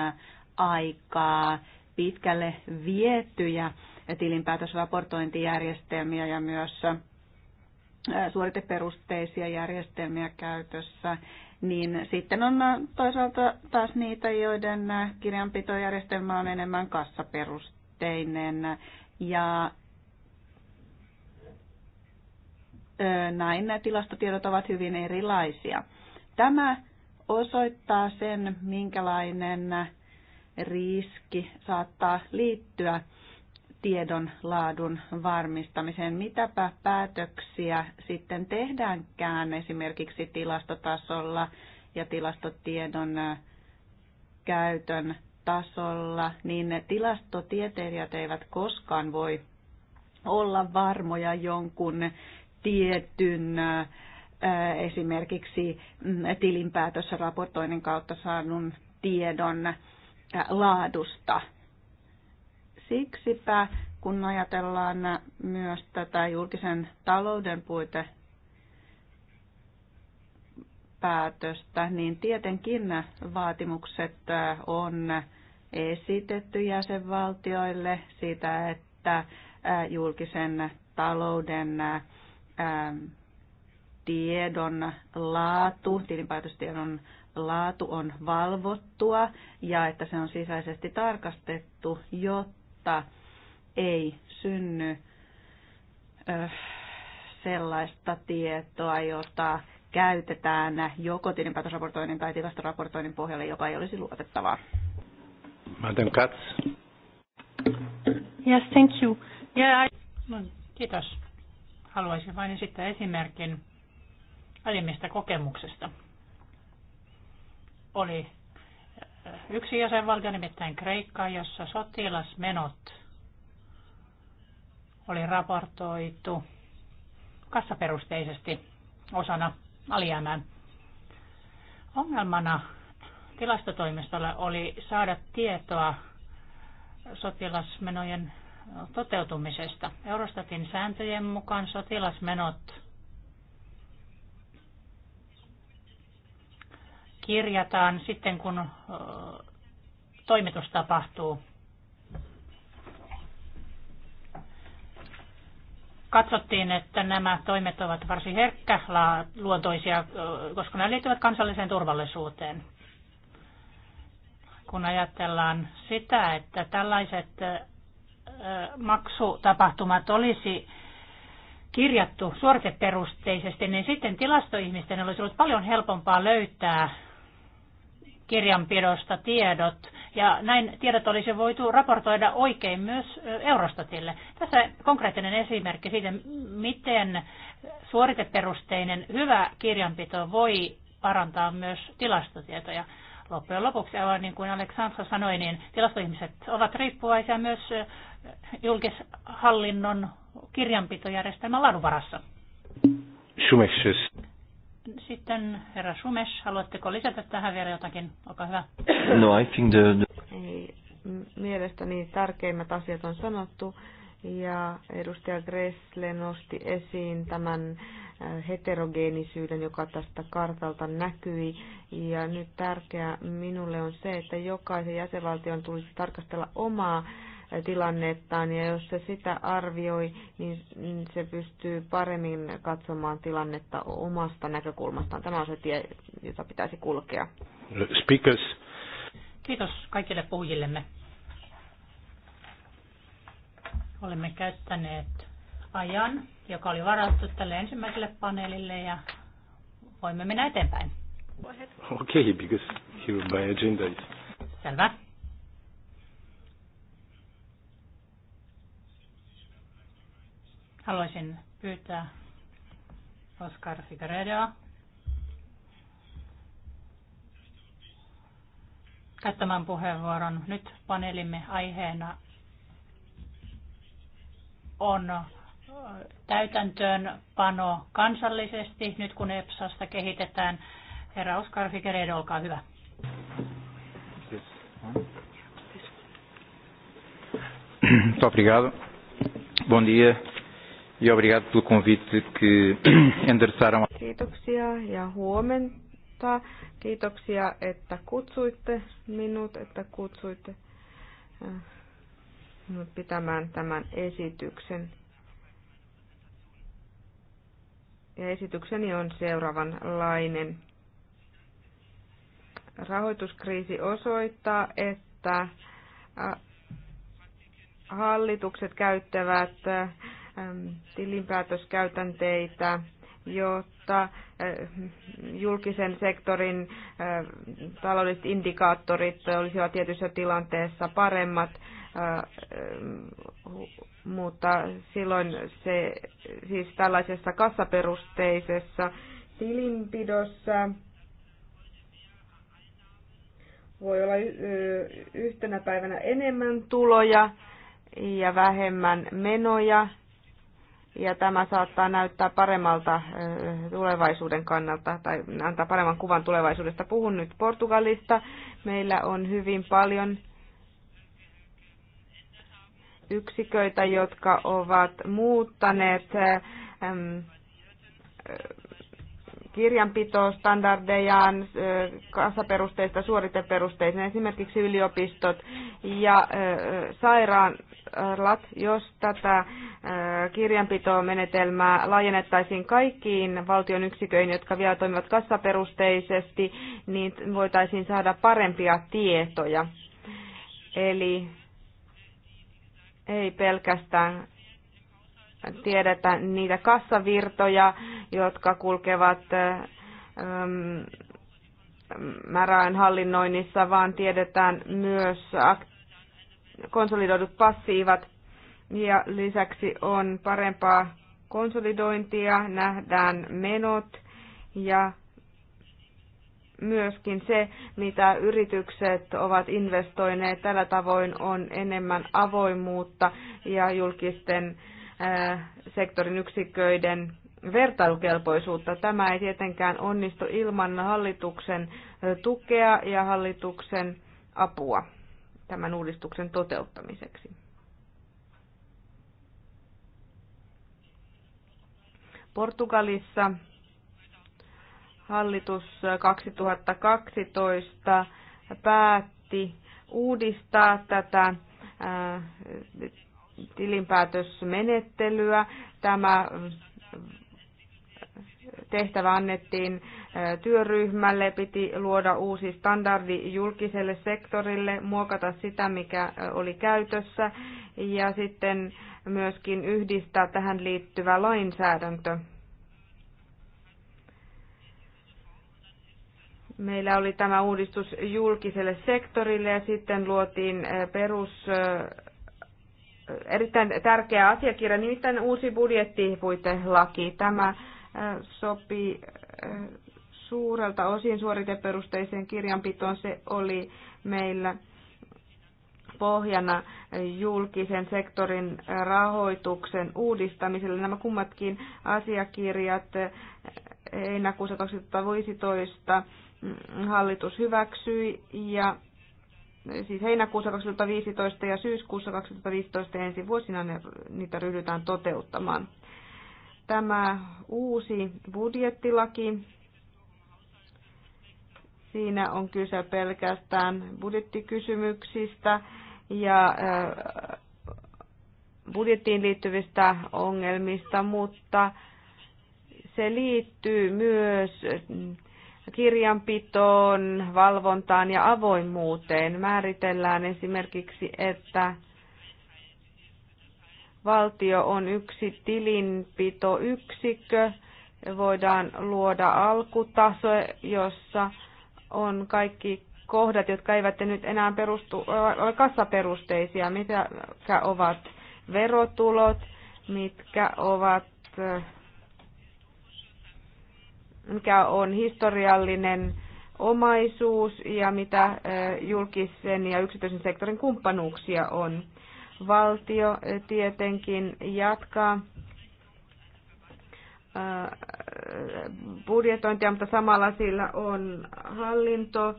aikaa pitkälle vietyjä tilinpäätösraportointijärjestelmiä ja myös suoriteperusteisia järjestelmiä käytössä, niin sitten on toisaalta taas niitä, joiden kirjanpitojärjestelmä on enemmän kassaperusteinen. Ja näin nämä tilastotiedot ovat hyvin erilaisia. Tämä osoittaa sen, minkälainen riski saattaa liittyä tiedon laadun varmistamiseen. Mitäpä päätöksiä sitten tehdäänkään esimerkiksi tilastotasolla ja tilastotiedon käytön tasolla, niin tilastotieteilijät eivät koskaan voi olla varmoja jonkun tietyn esimerkiksi mm, tilinpäätössä raportoinnin kautta saadun tiedon laadusta. Siksipä, kun ajatellaan myös tätä julkisen talouden puite päätöstä, niin tietenkin vaatimukset on esitetty jäsenvaltioille siitä, että julkisen talouden Ähm, tiedon laatu, tilinpäätöstiedon laatu on valvottua ja että se on sisäisesti tarkastettu, jotta ei synny äh, sellaista tietoa, jota käytetään joko tilinpäätösraportoinnin tai tilastoraportoinnin pohjalle, joka ei olisi luotettavaa. Madam Katz. Yes, thank you. Yeah, I... no, niin, kiitos. Haluaisin vain esittää esimerkin aiemmista kokemuksesta. Oli äh, yksi jäsenvaltio, nimittäin Kreikka, jossa sotilasmenot oli raportoitu kassaperusteisesti osana alijäämään. Ongelmana tilastotoimistolla oli saada tietoa sotilasmenojen toteutumisesta. Eurostatin sääntöjen mukaan sotilasmenot kirjataan sitten, kun toimitus tapahtuu. Katsottiin, että nämä toimet ovat varsin herkkä luontoisia, koska ne liittyvät kansalliseen turvallisuuteen. Kun ajatellaan sitä, että tällaiset maksutapahtumat olisi kirjattu suoriteperusteisesti, niin sitten tilastoihmisten olisi ollut paljon helpompaa löytää kirjanpidosta tiedot, ja näin tiedot olisi voitu raportoida oikein myös Eurostatille. Tässä konkreettinen esimerkki siitä, miten suoriteperusteinen hyvä kirjanpito voi parantaa myös tilastotietoja loppujen lopuksi, aivan niin kuin Aleksandra sanoi, niin tilastoihmiset ovat riippuvaisia myös eh, julkishallinnon kirjanpitojärjestelmän laadun varassa. Schumechis. Siis. Sitten herra Sumes, haluatteko lisätä tähän vielä jotakin? Olkaa hyvä. No, I think the... Mielestäni tärkeimmät asiat on sanottu ja edustaja Gressle nosti esiin tämän äh, heterogeenisyyden, joka tästä kartalta näkyi. Ja nyt tärkeää minulle on se, että jokaisen jäsenvaltion tulisi tarkastella omaa äh, tilannettaan ja jos se sitä arvioi, niin se pystyy paremmin katsomaan tilannetta omasta näkökulmastaan. Tämä on se tie, jota pitäisi kulkea. Speakers. Kiitos kaikille puhujillemme. Olemme käyttäneet ajan, joka oli varattu tälle ensimmäiselle paneelille ja voimme mennä eteenpäin. Okay, because here my agenda is... Selvä. Haluaisin pyytää Oscar Figueredoa käyttämään puheenvuoron. Nyt paneelimme aiheena on täytäntöönpano kansallisesti, nyt kun EPSasta kehitetään. Herra Oskar Figueredo, olkaa hyvä. Muito obrigado. Bom dia e obrigado pelo convite que <coughs> endereçaram. Kiitoksia ja huomenta. Kiitoksia, että kutsuitte minut, että kutsuitte äh, pitämään tämän esityksen. Ja esitykseni on seuraavanlainen. Rahoituskriisi osoittaa, että hallitukset käyttävät tilinpäätöskäytänteitä jotta eh, julkisen sektorin eh, taloudelliset indikaattorit olisivat tietyssä tilanteessa paremmat, eh, mutta silloin se siis tällaisessa kassaperusteisessa tilinpidossa voi olla yhtenä päivänä enemmän tuloja ja vähemmän menoja ja tämä saattaa näyttää paremmalta tulevaisuuden kannalta tai antaa paremman kuvan tulevaisuudesta. Puhun nyt Portugalista. Meillä on hyvin paljon yksiköitä, jotka ovat muuttaneet kirjanpitostandardejaan, kassaperusteista suoriteperusteista, esimerkiksi yliopistot ja sairaalat, jos tätä kirjanpitomenetelmää laajennettaisiin kaikkiin valtion yksiköihin, jotka vielä toimivat kassaperusteisesti, niin voitaisiin saada parempia tietoja. Eli ei pelkästään tiedetä niitä kassavirtoja, jotka kulkevat ähm, määräajan hallinnoinnissa, vaan tiedetään myös konsolidoidut passiivat. Ja lisäksi on parempaa konsolidointia, nähdään menot ja myöskin se, mitä yritykset ovat investoineet. Tällä tavoin on enemmän avoimuutta ja julkisten sektorin yksiköiden vertailukelpoisuutta. Tämä ei tietenkään onnistu ilman hallituksen tukea ja hallituksen apua tämän uudistuksen toteuttamiseksi. Portugalissa hallitus 2012 päätti uudistaa tätä tilinpäätösmenettelyä. Tämä mm, tehtävä annettiin työryhmälle, piti luoda uusi standardi julkiselle sektorille, muokata sitä, mikä oli käytössä ja sitten myöskin yhdistää tähän liittyvä lainsäädäntö. Meillä oli tämä uudistus julkiselle sektorille ja sitten luotiin perus erittäin tärkeä asiakirja, nimittäin uusi budjettipuitelaki. Tämä äh, sopii äh, suurelta osin suoriteperusteiseen kirjanpitoon. Se oli meillä pohjana julkisen sektorin rahoituksen uudistamiselle. Nämä kummatkin asiakirjat äh, heinäkuussa 2015 mm, hallitus hyväksyi ja siis heinäkuussa 2015 ja syyskuussa 2015 ja ensi vuosina ne, niitä ryhdytään toteuttamaan. Tämä uusi budjettilaki, siinä on kyse pelkästään budjettikysymyksistä ja budjettiin liittyvistä ongelmista, mutta se liittyy myös kirjanpitoon, valvontaan ja avoimuuteen. Määritellään esimerkiksi, että valtio on yksi tilinpitoyksikkö. Voidaan luoda alkutaso, jossa on kaikki kohdat, jotka eivät nyt enää perustu, ole kassaperusteisia, mitkä ovat verotulot, mitkä ovat mikä on historiallinen omaisuus ja mitä julkisen ja yksityisen sektorin kumppanuuksia on. Valtio tietenkin jatkaa budjetointia, mutta samalla sillä on hallinto,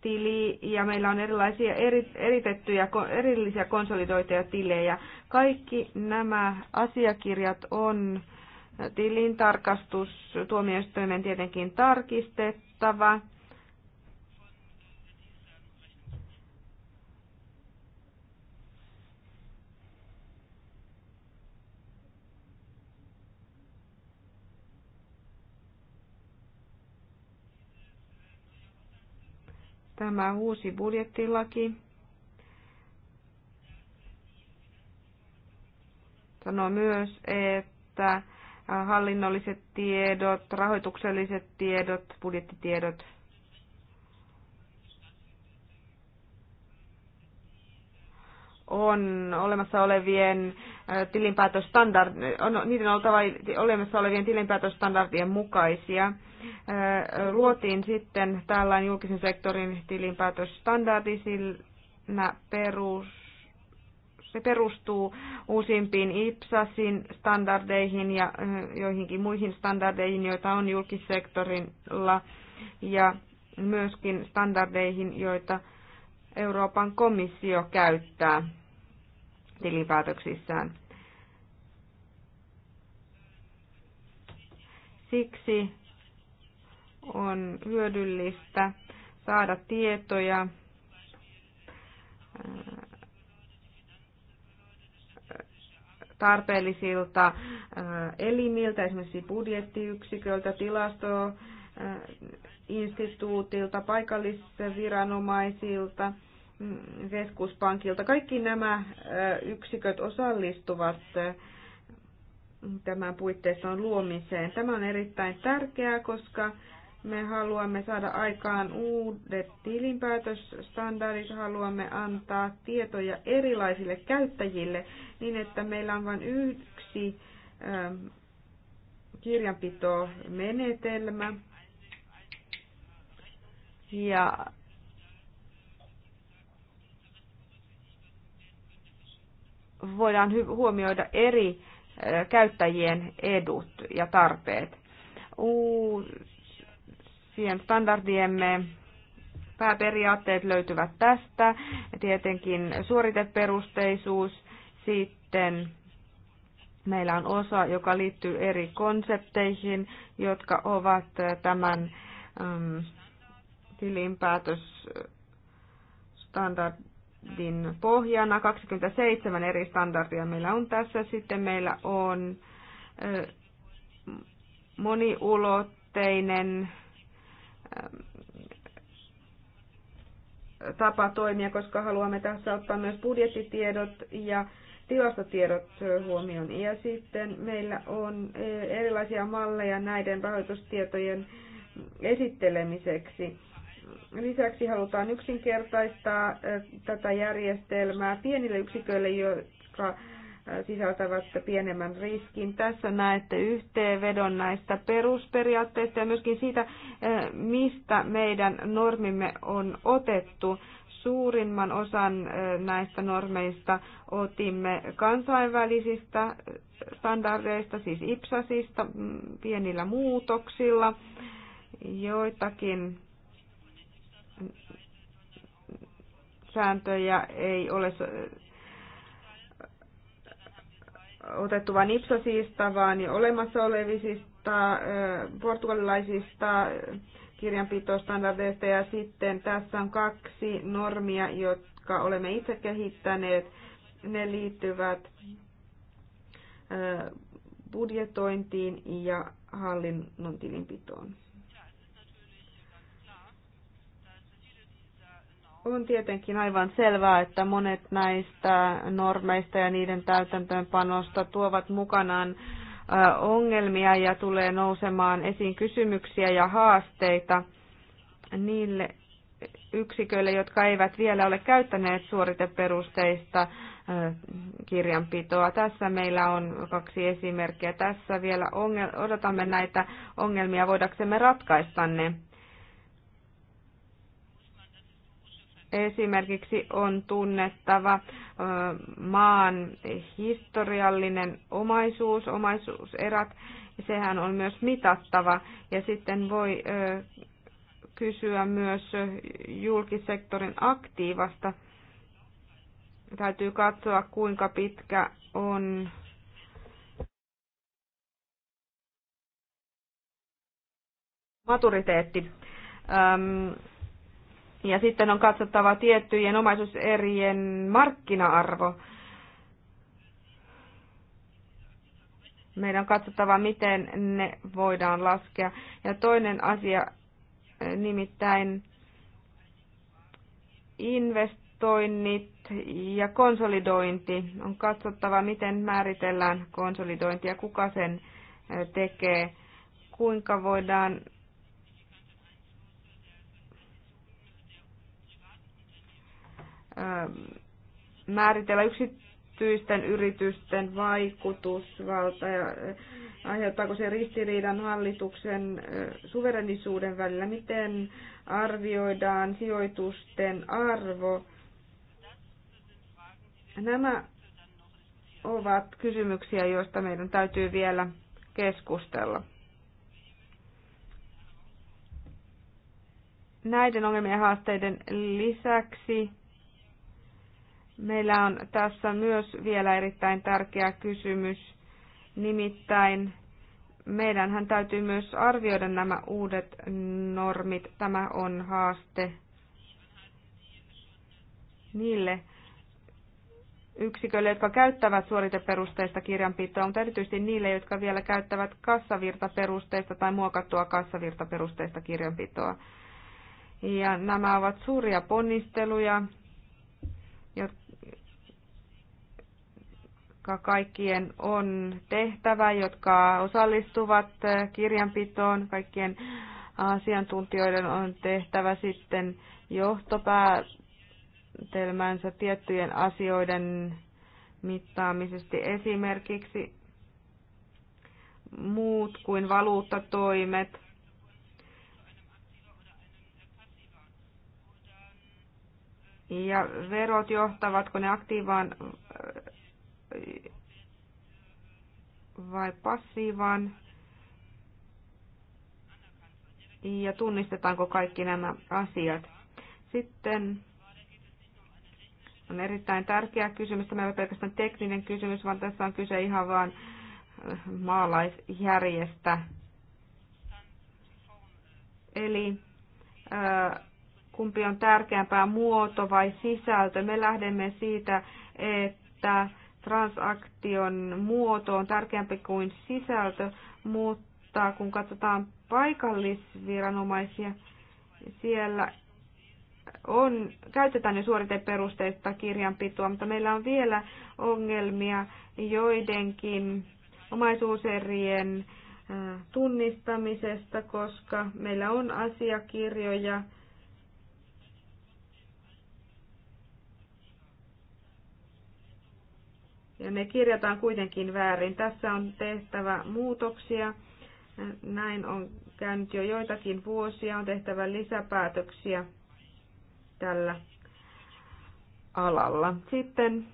tili ja meillä on erilaisia eri, eritettyjä, erillisiä konsolidoituja tilejä. Kaikki nämä asiakirjat on äh, Tilintarkastus tuomioistuimen tietenkin tarkistettava. tämä uusi budjettilaki sanoo myös, että hallinnolliset tiedot, rahoitukselliset tiedot, budjettitiedot. On olemassa olevien tilinpäätöstandardien, on, niiden on oltava olemassa olevien tilinpäätöstandardien mukaisia. Luotiin sitten tällainen julkisen sektorin tilinpäätöstandardi sillä perus se perustuu uusimpiin IPSASin standardeihin ja joihinkin muihin standardeihin, joita on julkisektorilla ja myöskin standardeihin, joita Euroopan komissio käyttää tilinpäätöksissään. Siksi on hyödyllistä saada tietoja tarpeellisilta elimiltä, esimerkiksi budjettiyksiköltä, tilasto instituutilta, paikallisviranomaisilta, mm, keskuspankilta. Kaikki nämä yksiköt osallistuvat tämän puitteiston luomiseen. Tämä on erittäin tärkeää, koska me haluamme saada aikaan uudet tilinpäätösstandardit, haluamme antaa tietoja erilaisille käyttäjille niin, että meillä on vain yksi ähm, kirjanpitomenetelmä. Ja voidaan huomioida eri äh, käyttäjien edut ja tarpeet. Uusi siihen standardiemme pääperiaatteet löytyvät tästä. Tietenkin suoriteperusteisuus, sitten meillä on osa, joka liittyy eri konsepteihin, jotka ovat tämän äm, mm, standardin pohjana. 27 eri standardia meillä on tässä. Sitten meillä on moniulotteinen tapa toimia, koska haluamme tässä ottaa myös budjettitiedot ja tilastotiedot huomioon. Ja sitten meillä on e, erilaisia malleja näiden rahoitustietojen esittelemiseksi. Lisäksi halutaan yksinkertaistaa tätä järjestelmää pienille yksiköille, jotka Äh, sisältävät pienemmän riskin. Tässä näette yhteenvedon näistä perusperiaatteista ja myöskin siitä, äh, mistä meidän normimme on otettu. Suurimman osan äh, näistä normeista otimme kansainvälisistä standardeista, siis IPSASista, mm, pienillä muutoksilla. Joitakin sääntöjä ei ole otettu vain Ipsosista, vaan olemassa olevisista portugalilaisista kirjanpitostandardeista ja sitten tässä on kaksi normia, jotka olemme itse kehittäneet. Ne liittyvät budjetointiin ja hallinnon tilinpitoon. on tietenkin aivan selvää, että monet näistä normeista ja niiden täytäntöönpanosta tuovat mukanaan ongelmia ja tulee nousemaan esiin kysymyksiä ja haasteita niille yksiköille, jotka eivät vielä ole käyttäneet suoriteperusteista kirjanpitoa. Tässä meillä on kaksi esimerkkiä. Tässä vielä odotamme näitä ongelmia, voidaksemme ratkaista ne Esimerkiksi on tunnettava maan historiallinen omaisuus, omaisuuserät, sehän on myös mitattava. Ja sitten voi kysyä myös julkisektorin aktiivasta. Täytyy katsoa, kuinka pitkä on maturiteetti. Ja sitten on katsottava tiettyjen omaisuuserien markkina-arvo. Meidän on katsottava, miten ne voidaan laskea. Ja toinen asia, nimittäin investoinnit ja konsolidointi. On katsottava, miten määritellään konsolidointi ja kuka sen tekee, kuinka voidaan Ähm, määritellä yksityisten yritysten vaikutusvalta ja äh, aiheuttaako se ristiriidan hallituksen äh, suverenisuuden välillä? Miten arvioidaan sijoitusten arvo? Nämä ovat kysymyksiä, joista meidän täytyy vielä keskustella. Näiden ongelmien haasteiden lisäksi Meillä on tässä myös vielä erittäin tärkeä kysymys, nimittäin meidänhän täytyy myös arvioida nämä uudet normit. Tämä on haaste niille yksiköille, jotka käyttävät suoriteperusteista kirjanpitoa, mutta erityisesti niille, jotka vielä käyttävät kassavirtaperusteista tai muokattua kassavirtaperusteista kirjanpitoa. Ja nämä ovat suuria ponnisteluja jotka kaikkien on tehtävä, jotka osallistuvat kirjanpitoon, kaikkien asiantuntijoiden on tehtävä sitten johtopäätelmänsä tiettyjen asioiden mittaamisesti. Esimerkiksi muut kuin valuuttatoimet Ja verot johtavatko ne aktiivaan äh, vai passiivaan? Ja tunnistetaanko kaikki nämä asiat? Sitten on erittäin tärkeä kysymys. Tämä ei ole pelkästään tekninen kysymys, vaan tässä on kyse ihan vain äh, maalaisjärjestä. Eli äh, kumpi on tärkeämpää, muoto vai sisältö. Me lähdemme siitä, että transaktion muoto on tärkeämpi kuin sisältö, mutta kun katsotaan paikallisviranomaisia, siellä on, käytetään jo suoriteperusteista kirjanpitoa, mutta meillä on vielä ongelmia joidenkin omaisuuserien tunnistamisesta, koska meillä on asiakirjoja, ja ne kirjataan kuitenkin väärin. Tässä on tehtävä muutoksia. Näin on käynyt jo joitakin vuosia, on tehtävä lisäpäätöksiä tällä alalla. Sitten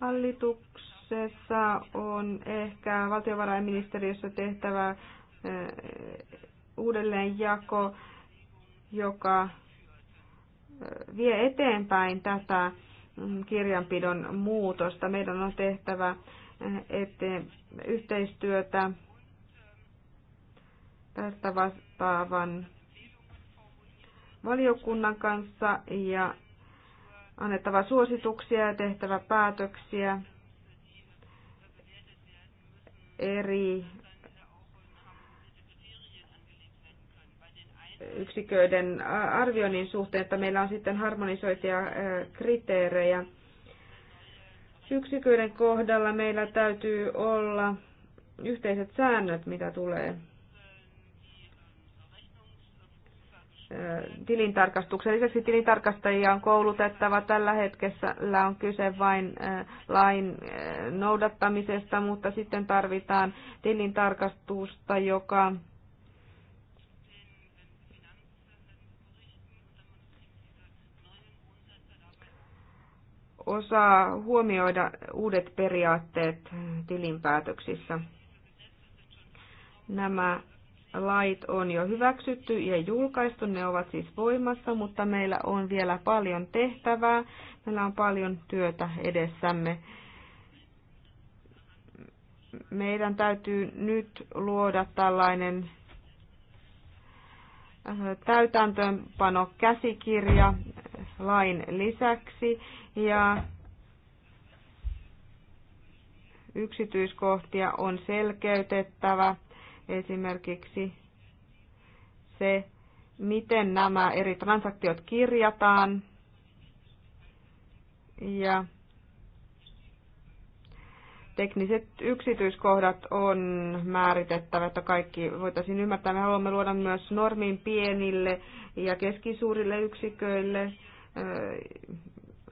hallituksessa on ehkä valtiovarainministeriössä tehtävä eh, uudelleenjako, joka eh, vie eteenpäin tätä kirjanpidon muutosta. Meidän on tehtävä eh, eteen yhteistyötä tästä vastaavan valiokunnan kanssa ja annettava suosituksia ja tehtävä päätöksiä eri yksiköiden arvioinnin suhteen, että meillä on sitten harmonisoitia kriteerejä. Yksiköiden kohdalla meillä täytyy olla yhteiset säännöt, mitä tulee tilintarkastuksen. Lisäksi tilintarkastajia on koulutettava. Tällä hetkellä on kyse vain lain noudattamisesta, mutta sitten tarvitaan tilintarkastusta, joka osaa huomioida uudet periaatteet tilinpäätöksissä. Nämä lait on jo hyväksytty ja julkaistu, ne ovat siis voimassa, mutta meillä on vielä paljon tehtävää, meillä on paljon työtä edessämme. Meidän täytyy nyt luoda tällainen äh, täytäntöönpano käsikirja lain lisäksi ja yksityiskohtia on selkeytettävä, esimerkiksi se, miten nämä eri transaktiot kirjataan ja tekniset yksityiskohdat on määritettävä, että kaikki voitaisiin ymmärtää. Me haluamme luoda myös normin pienille ja keskisuurille yksiköille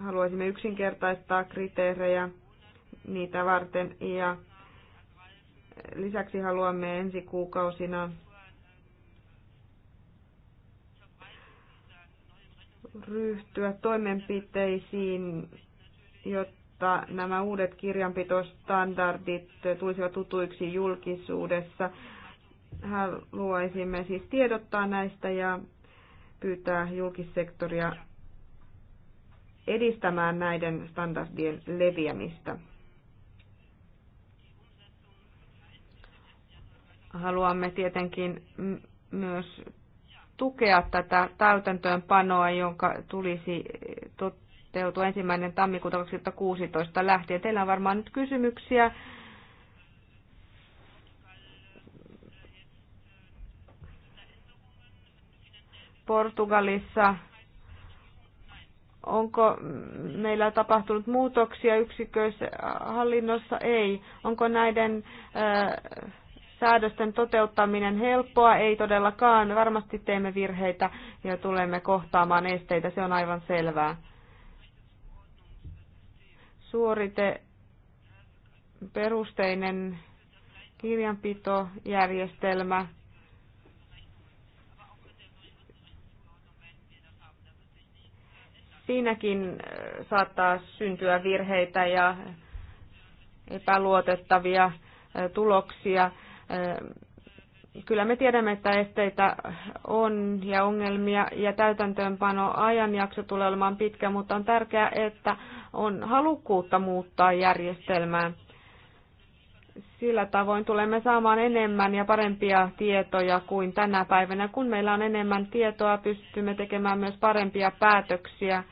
haluaisimme yksinkertaistaa kriteerejä niitä varten ja lisäksi haluamme ensi kuukausina ryhtyä toimenpiteisiin, jotta nämä uudet kirjanpitostandardit tulisivat tutuiksi julkisuudessa. Haluaisimme siis tiedottaa näistä ja pyytää julkissektoria edistämään näiden standardien leviämistä. Haluamme tietenkin myös tukea tätä täytäntöönpanoa, jonka tulisi toteutua ensimmäinen tammikuuta 2016 lähtien. Teillä on varmaan nyt kysymyksiä. Portugalissa Onko meillä tapahtunut muutoksia yksiköissä hallinnossa? Ei. Onko näiden säädösten toteuttaminen helppoa? Ei todellakaan. Varmasti teemme virheitä ja tulemme kohtaamaan esteitä, se on aivan selvää. Suorite perusteinen kirjanpitojärjestelmä Siinäkin äh, saattaa syntyä virheitä ja epäluotettavia äh, tuloksia. Äh, kyllä me tiedämme, että esteitä on ja ongelmia ja täytäntöönpano ajanjakso tulee olemaan pitkä, mutta on tärkeää, että on halukkuutta muuttaa järjestelmää. Sillä tavoin tulemme saamaan enemmän ja parempia tietoja kuin tänä päivänä. Kun meillä on enemmän tietoa, pystymme tekemään myös parempia päätöksiä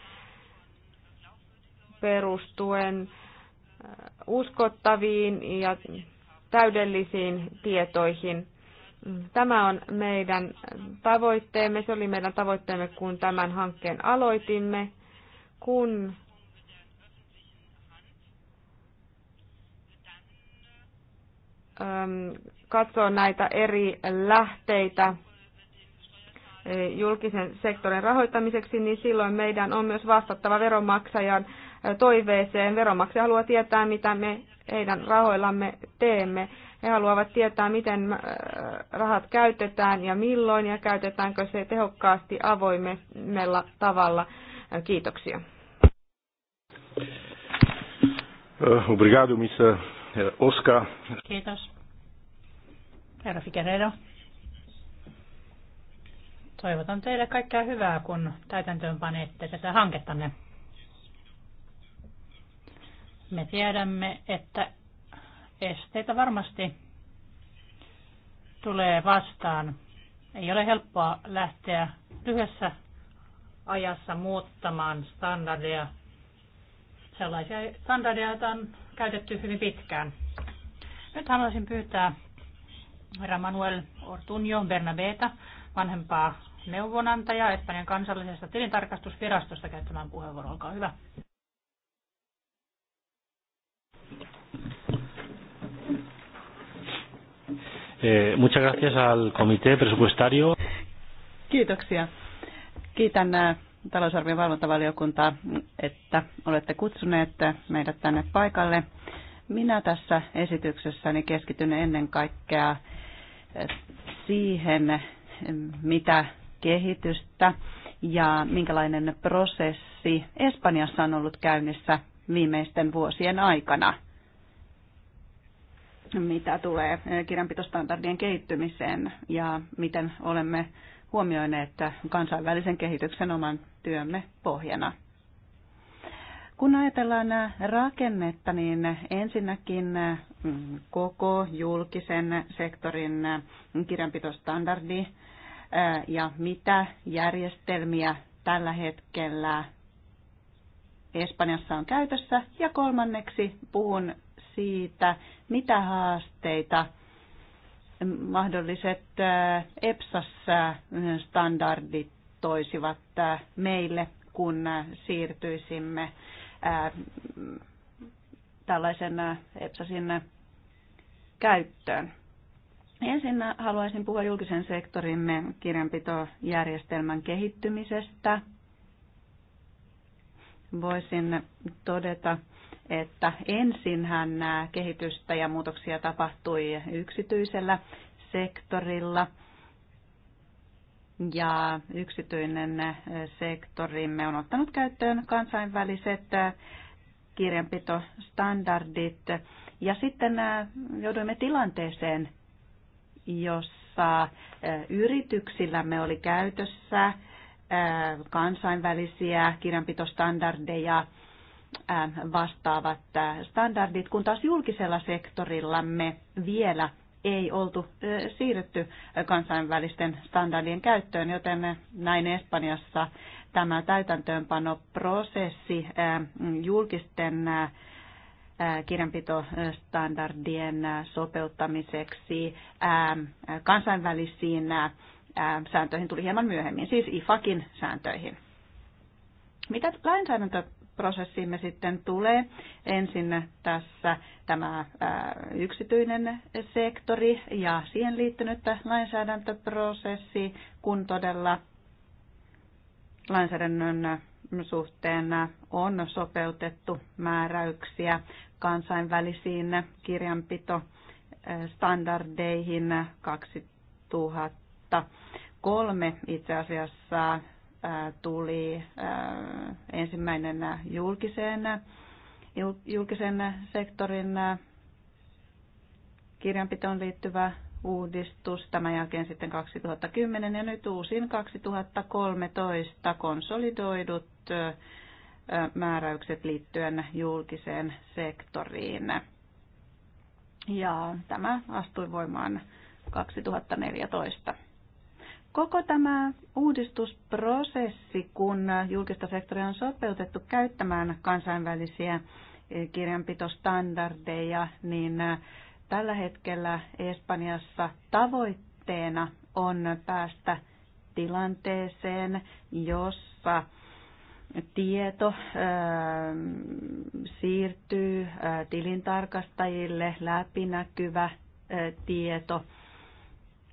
perustuen äh, uskottaviin ja täydellisiin tietoihin. Tämä on meidän tavoitteemme, se oli meidän tavoitteemme, kun tämän hankkeen aloitimme. Kun Ähm, katsoo näitä eri lähteitä e, julkisen sektorin rahoittamiseksi, niin silloin meidän on myös vastattava veronmaksajan e, toiveeseen. Veronmaksaja haluaa tietää, mitä me heidän rahoillamme teemme. He haluavat tietää, miten e, rahat käytetään ja milloin ja käytetäänkö se tehokkaasti avoimella tavalla. Kiitoksia. Eh, obrigado, missä herra Oska. Kiitos. Herra Figueredo. Toivotan teille kaikkea hyvää, kun täytäntöön panette tätä hankettanne. Me tiedämme, että esteitä varmasti tulee vastaan. Ei ole helppoa lähteä lyhyessä ajassa muuttamaan standardia sellaisia standardeja, joita on käytetty hyvin pitkään. Nyt haluaisin pyytää herra Manuel Ortunio Bernabeta, vanhempaa neuvonantajaa Espanjan kansallisesta tilintarkastusvirastosta käyttämään puheenvuoron. Olkaa hyvä. Eh, muchas gracias al comité presupuestario. Kiitoksia. Kiitän eh, talousarvion valvontavaliokuntaa, että olette kutsuneet meidät tänne paikalle. Minä tässä esityksessäni keskityn ennen kaikkea eh, siihen, mitä kehitystä ja minkälainen prosessi Espanjassa on ollut käynnissä viimeisten vuosien aikana, mitä tulee eh, kirjanpitostandardien kehittymiseen ja miten olemme huomioineet kansainvälisen kehityksen oman työmme pohjana. Kun ajatellaan rakennetta, niin ensinnäkin mm, koko julkisen sektorin mm, kirjanpitostandardi äh, ja mitä järjestelmiä tällä hetkellä Espanjassa on käytössä. Ja kolmanneksi puhun siitä, mitä haasteita mahdolliset EPSAS-standardit toisivat meille, kun siirtyisimme tällaisen EPSASin käyttöön. Ensin haluaisin puhua julkisen sektorimme kirjanpitojärjestelmän kehittymisestä. Voisin todeta, että ensinhän kehitystä ja muutoksia tapahtui yksityisellä sektorilla. Ja yksityinen sektorimme on ottanut käyttöön kansainväliset kirjanpitostandardit. Ja sitten jouduimme tilanteeseen, jossa yrityksillämme oli käytössä kansainvälisiä kirjanpitostandardeja – vastaavat standardit, kun taas julkisella sektorillamme vielä ei oltu siirretty kansainvälisten standardien käyttöön, joten näin Espanjassa tämä täytäntöönpanoprosessi julkisten kirjanpitostandardien sopeuttamiseksi kansainvälisiin sääntöihin tuli hieman myöhemmin, siis IFAKin sääntöihin. Mitä lainsäädäntö prosessiimme sitten tulee. Ensin tässä tämä äh, yksityinen sektori ja siihen liittynyt lainsäädäntöprosessi, kun todella lainsäädännön suhteen on sopeutettu määräyksiä kansainvälisiin kirjanpitostandardeihin 2003 itse asiassa tuli ensimmäinen julkiseen, julkisen sektorin kirjanpitoon liittyvä uudistus, tämän jälkeen sitten 2010 ja nyt uusin 2013 konsolidoidut määräykset liittyen julkiseen sektoriin. Ja tämä astui voimaan 2014. Koko tämä uudistusprosessi, kun julkista sektoria on sopeutettu käyttämään kansainvälisiä eh, kirjanpitostandardeja, niin eh, tällä hetkellä Espanjassa tavoitteena on päästä tilanteeseen, jossa tieto eh, siirtyy tilintarkastajille läpinäkyvä tieto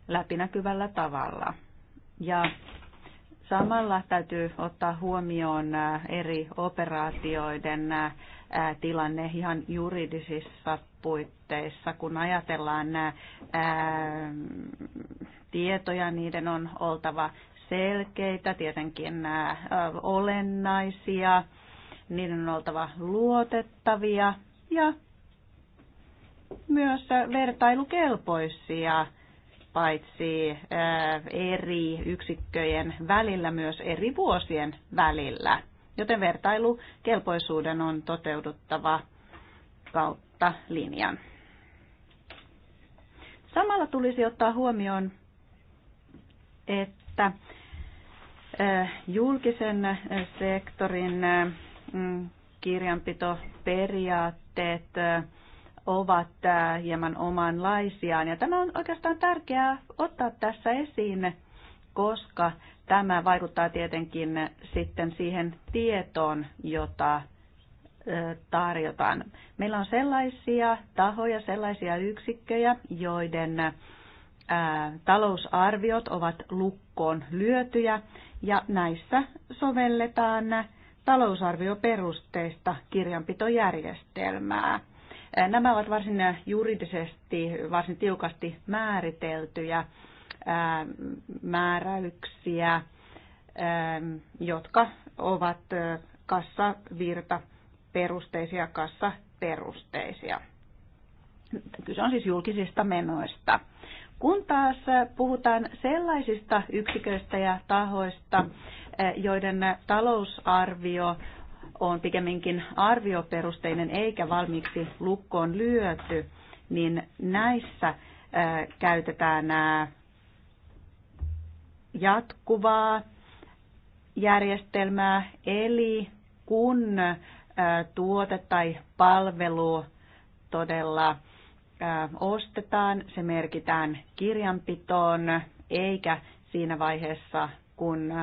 läpinäkyvällä tavalla. Ja samalla täytyy ottaa huomioon eri operaatioiden tilanne ihan juridisissa puitteissa, kun ajatellaan nämä tietoja, niiden on oltava selkeitä, tietenkin nämä olennaisia, niiden on oltava luotettavia ja myös vertailukelpoisia paitsi äh, eri yksikköjen välillä myös eri vuosien välillä, joten vertailukelpoisuuden on toteuduttava kautta linjan. Samalla tulisi ottaa huomioon, että äh, julkisen äh, sektorin mm, kirjanpitoperiaatteet periaatteet ovat äh, hieman omanlaisiaan. Ja tämä on oikeastaan tärkeää ottaa tässä esiin, koska tämä vaikuttaa tietenkin sitten siihen tietoon, jota tarjotaan. Meillä on sellaisia tahoja, sellaisia yksikköjä, joiden talousarviot ovat lukkoon lyötyjä ja näissä sovelletaan talousarvioperusteista kirjanpitojärjestelmää. Nämä ovat varsin juridisesti, varsin tiukasti määriteltyjä määräyksiä, jotka ovat kassavirta perusteisia, kassaperusteisia. Kyse on siis julkisista menoista. Kun taas puhutaan sellaisista yksiköistä ja tahoista, joiden talousarvio on pikemminkin arvioperusteinen eikä valmiiksi lukkoon lyöty, niin näissä käytetään jatkuvaa järjestelmää, eli kun tuote tai palvelu todella ostetaan, se merkitään kirjanpitoon, eikä siinä vaiheessa, kun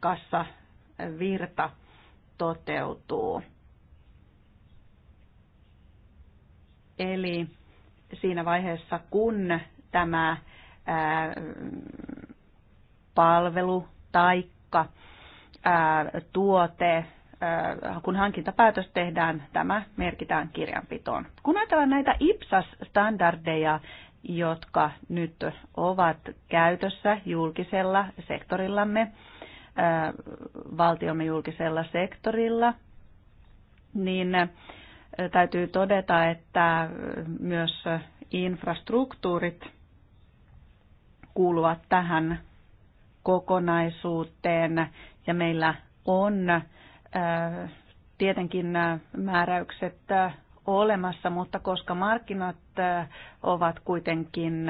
kassa virta toteutuu. Eli siinä vaiheessa, kun tämä ää, palvelu taikka ää, tuote, ää, kun hankintapäätös tehdään, tämä merkitään kirjanpitoon. Kun ajatellaan näitä IPSAS-standardeja, jotka nyt ovat käytössä julkisella sektorillamme, valtiomme julkisella sektorilla, niin täytyy todeta, että myös infrastruktuurit kuuluvat tähän kokonaisuuteen ja meillä on tietenkin määräykset olemassa, mutta koska markkinat ovat kuitenkin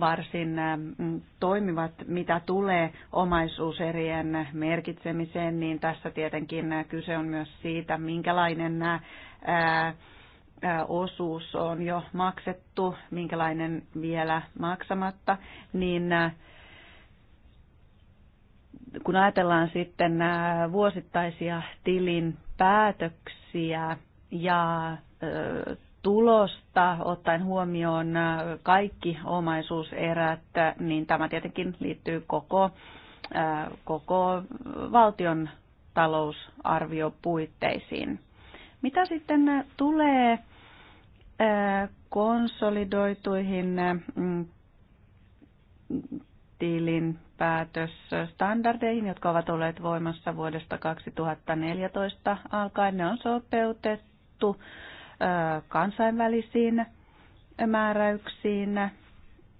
varsin mm, toimivat, mitä tulee omaisuuserien merkitsemiseen, niin tässä tietenkin kyse on myös siitä, minkälainen osuus on jo maksettu, minkälainen vielä maksamatta, niin kun ajatellaan sitten vuosittaisia tilin päätöksiä ja tulosta, ottaen huomioon äh, kaikki omaisuuserät, niin tämä tietenkin liittyy koko, äh, koko valtion talousarviopuitteisiin. Mitä sitten tulee äh, konsolidoituihin mm, tilin päätösstandardeihin, jotka ovat olleet voimassa vuodesta 2014 alkaen, ne on sopeutettu kansainvälisiin määräyksiin.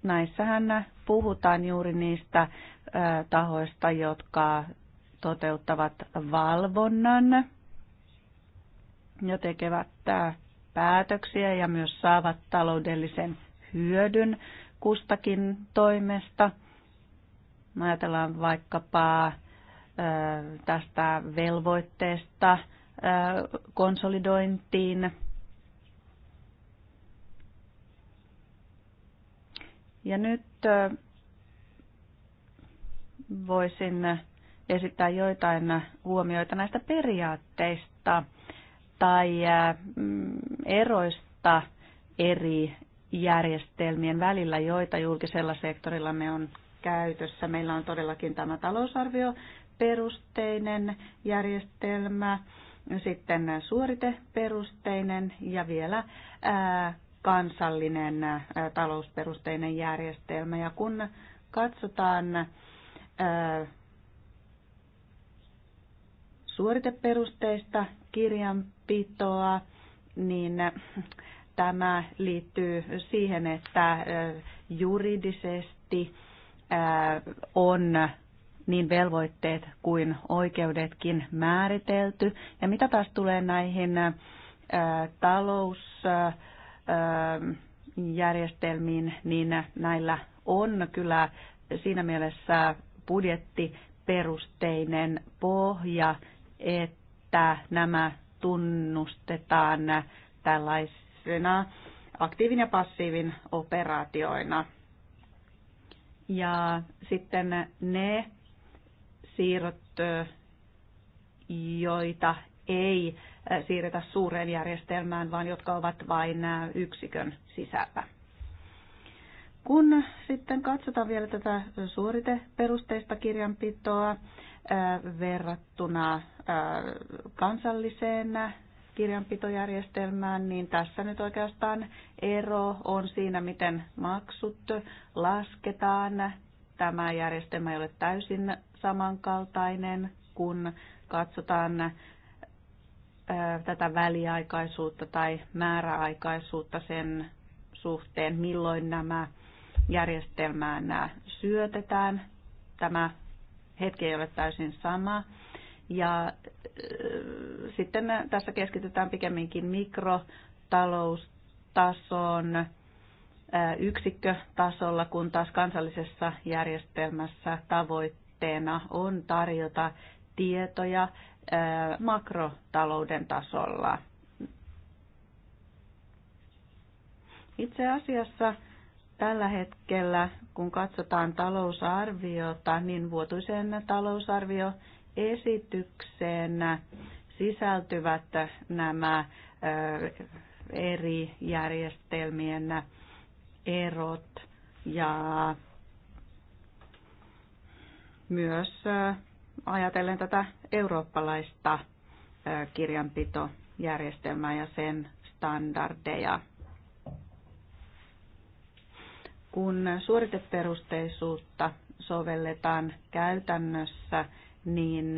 Näissähän puhutaan juuri niistä tahoista, jotka toteuttavat valvonnan ja tekevät päätöksiä ja myös saavat taloudellisen hyödyn kustakin toimesta. Ajatellaan vaikkapa tästä velvoitteesta konsolidointiin ja nyt voisin esittää joitain huomioita näistä periaatteista tai mm, eroista eri järjestelmien välillä, joita julkisella sektorilla me on käytössä. Meillä on todellakin tämä talousarvio perusteinen järjestelmä, sitten suoriteperusteinen ja vielä kansallinen talousperusteinen järjestelmä. Ja kun katsotaan suoriteperusteista kirjanpitoa, niin tämä liittyy siihen, että juridisesti on niin velvoitteet kuin oikeudetkin määritelty. Ja mitä taas tulee näihin talous- Ähm, järjestelmiin, niin näillä on kyllä siinä mielessä budjettiperusteinen pohja, että nämä tunnustetaan tällaisena aktiivin ja passiivin operaatioina. Ja sitten ne siirrot, joita ei äh, siirretä suureen järjestelmään, vaan jotka ovat vain äh, yksikön sisällä. Kun sitten katsotaan vielä tätä suoriteperusteista kirjanpitoa äh, verrattuna kansalliseen kirjanpitojärjestelmään, niin tässä nyt oikeastaan ero on siinä, miten maksut lasketaan. Tämä järjestelmä ei ole täysin samankaltainen, kun katsotaan tätä väliaikaisuutta tai määräaikaisuutta sen suhteen, milloin nämä järjestelmään nämä syötetään. Tämä hetki ei ole täysin sama. Ja sitten tässä keskitytään pikemminkin mikrotaloustason yksikkötasolla, kun taas kansallisessa järjestelmässä tavoitteena on tarjota tietoja makrotalouden tasolla. Itse asiassa tällä hetkellä, kun katsotaan talousarviota, niin vuotuisen talousarvioesitykseen sisältyvät nämä eri järjestelmien erot ja myös ajatellen tätä eurooppalaista kirjanpitojärjestelmää ja sen standardeja. Kun suoriteperusteisuutta sovelletaan käytännössä, niin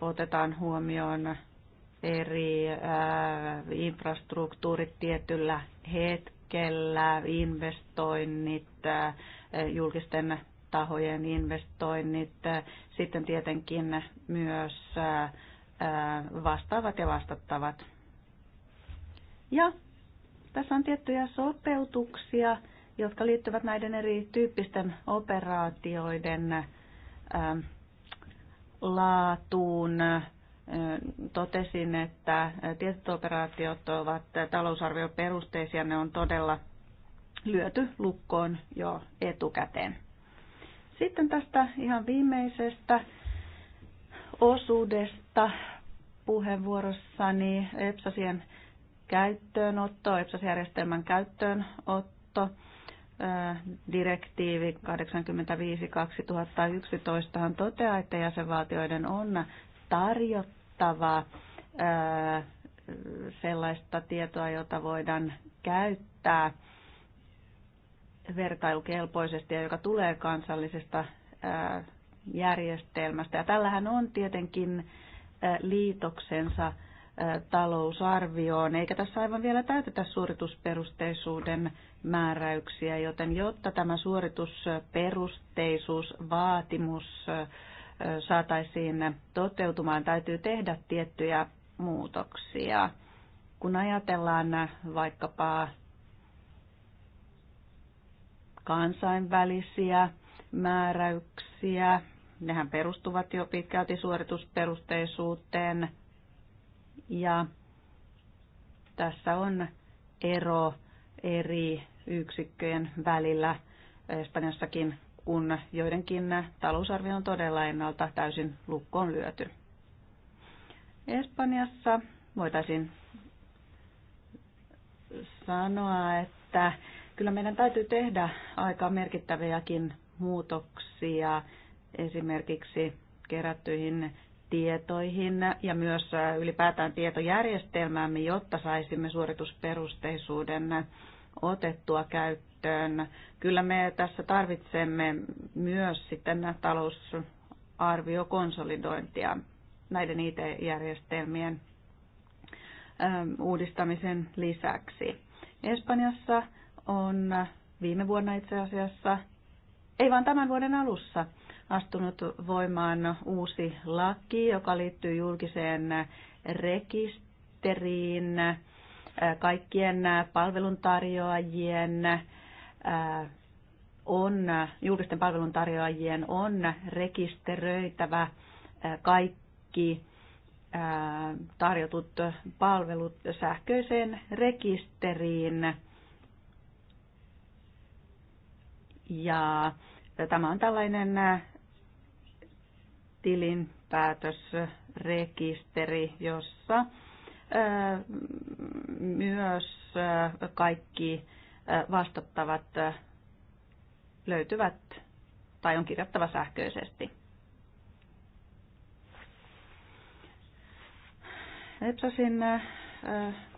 otetaan huomioon eri infrastruktuurit tietyllä hetkellä liikkeellä, investoinnit, julkisten tahojen investoinnit, sitten tietenkin myös vastaavat ja vastattavat. Ja tässä on tiettyjä sopeutuksia, jotka liittyvät näiden eri tyyppisten operaatioiden laatuun, totesin, että tietyt operaatiot ovat talousarvioperusteisia, ne on todella lyöty lukkoon jo etukäteen. Sitten tästä ihan viimeisestä osuudesta puheenvuorossani EPSASien käyttöönotto, EPSAS-järjestelmän käyttöönotto. Direktiivi 85-2011 toteaa, että jäsenvaltioiden on tarjottu kattavaa sellaista tietoa, jota voidaan käyttää vertailukelpoisesti ja joka tulee kansallisesta järjestelmästä. Ja tällähän on tietenkin liitoksensa talousarvioon, eikä tässä aivan vielä täytetä suoritusperusteisuuden määräyksiä, joten jotta tämä suoritusperusteisuusvaatimus vaatimus saataisiin toteutumaan, täytyy tehdä tiettyjä muutoksia. Kun ajatellaan vaikkapa kansainvälisiä määräyksiä, nehän perustuvat jo pitkälti suoritusperusteisuuteen ja tässä on ero eri yksikköjen välillä. Espanjassakin kun joidenkin talousarvio on todella ennalta täysin lukkoon lyöty. Espanjassa voitaisiin sanoa, että kyllä meidän täytyy tehdä aika merkittäviäkin muutoksia esimerkiksi kerättyihin tietoihin ja myös ylipäätään tietojärjestelmäämme, jotta saisimme suoritusperusteisuuden otettua käyttöön käyttöön. Kyllä me tässä tarvitsemme myös sitten talousarviokonsolidointia näiden IT-järjestelmien ähm, uudistamisen lisäksi. Espanjassa on viime vuonna itse asiassa, ei vaan tämän vuoden alussa, astunut voimaan uusi laki, joka liittyy julkiseen rekisteriin äh, kaikkien palveluntarjoajien on, julkisten palveluntarjoajien on rekisteröitävä kaikki tarjotut palvelut sähköiseen rekisteriin. Ja tämä on tällainen tilinpäätösrekisteri, jossa myös kaikki vastattavat löytyvät tai on kirjattava sähköisesti. EPSOSin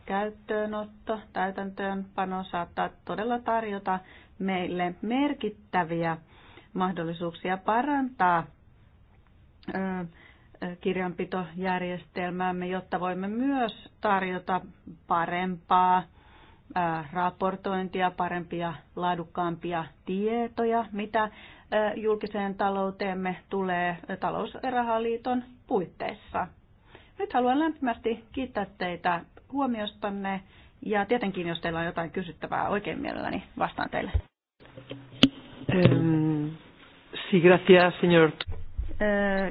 käyttöönotto, täytäntöönpano saattaa todella tarjota meille merkittäviä mahdollisuuksia parantaa kirjanpitojärjestelmäämme, jotta voimme myös tarjota parempaa raportointia, parempia, laadukkaampia tietoja, mitä julkiseen talouteemme tulee talous- ja rahaliiton puitteissa. Nyt haluan lämpimästi kiittää teitä huomiostanne ja tietenkin, jos teillä on jotain kysyttävää, oikein mielelläni vastaan teille.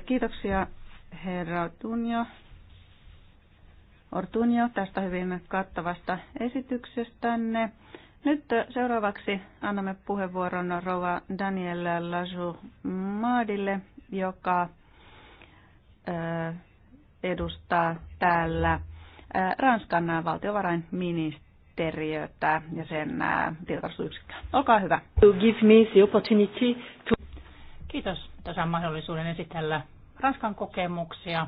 Kiitoksia, herra Tunjo. Ortunio tästä hyvin kattavasta esityksestänne. Nyt seuraavaksi annamme puheenvuoron rouva Danielle Laju Maadille, joka edustaa täällä Ranskan valtiovarainministeriötä ja sen tilkastusyksikköä. Olkaa hyvä. give me the opportunity to... Kiitos. Tässä saan mahdollisuuden esitellä Ranskan kokemuksia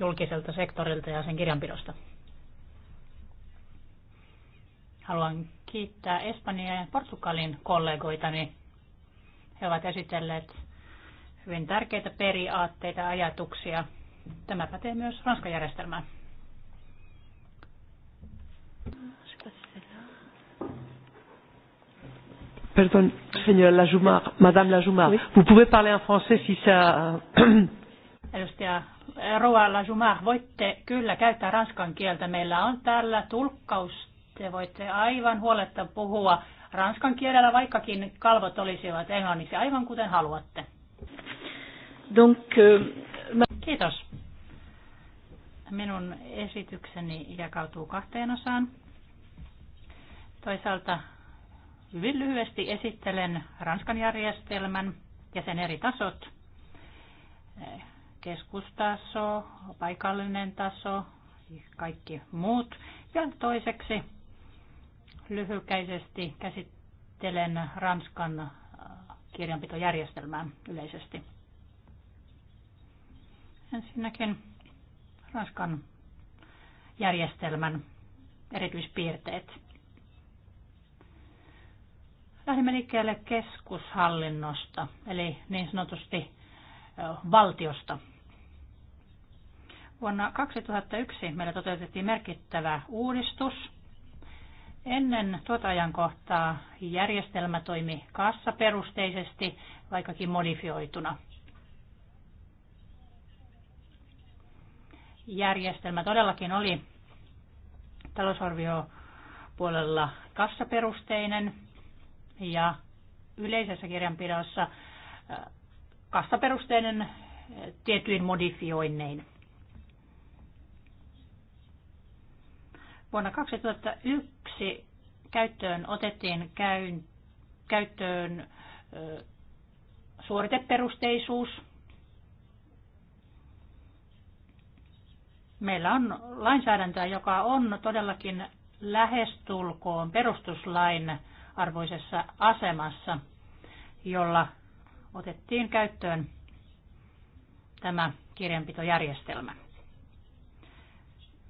julkiselta sektorilta ja sen kirjanpidosta. Haluan kiittää Espanjan ja Portugalin kollegoitani. He ovat esitelleet hyvin tärkeitä periaatteita ja ajatuksia. Tämä pätee myös Ranskan järjestelmään. Pardon, señora Lajumar, Madame Lajumar, vous pouvez parler en français si ça... Edustaja Roa Lajuma, voitte kyllä käyttää ranskan kieltä. Meillä on täällä tulkkaus. Te voitte aivan huoletta puhua ranskan kielellä, vaikkakin kalvot olisivat englanniksi, aivan kuten haluatte. Donc, euh, mä... Kiitos. Minun esitykseni jakautuu kahteen osaan. Toisaalta hyvin lyhyesti esittelen Ranskan järjestelmän ja sen eri tasot keskustaso, paikallinen taso, kaikki muut. Ja toiseksi lyhykäisesti käsittelen Ranskan äh, kirjanpitojärjestelmää yleisesti. Ensinnäkin Ranskan järjestelmän erityispiirteet. Lähdimme liikkeelle keskushallinnosta, eli niin sanotusti valtiosta. Vuonna 2001 meillä toteutettiin merkittävä uudistus. Ennen tuota ajankohtaa järjestelmä toimi kassaperusteisesti, vaikkakin modifioituna. Järjestelmä todellakin oli talousarviopuolella kassaperusteinen ja yleisessä kirjanpidossa kassaperusteinen eh, tietyin modifioinnein. Vuonna 2001 käyttöön otettiin käyn, käyttöön ö, eh, suoriteperusteisuus. Meillä on lainsäädäntöä, joka on todellakin lähestulkoon perustuslain arvoisessa asemassa, jolla otettiin käyttöön tämä kirjanpitojärjestelmä.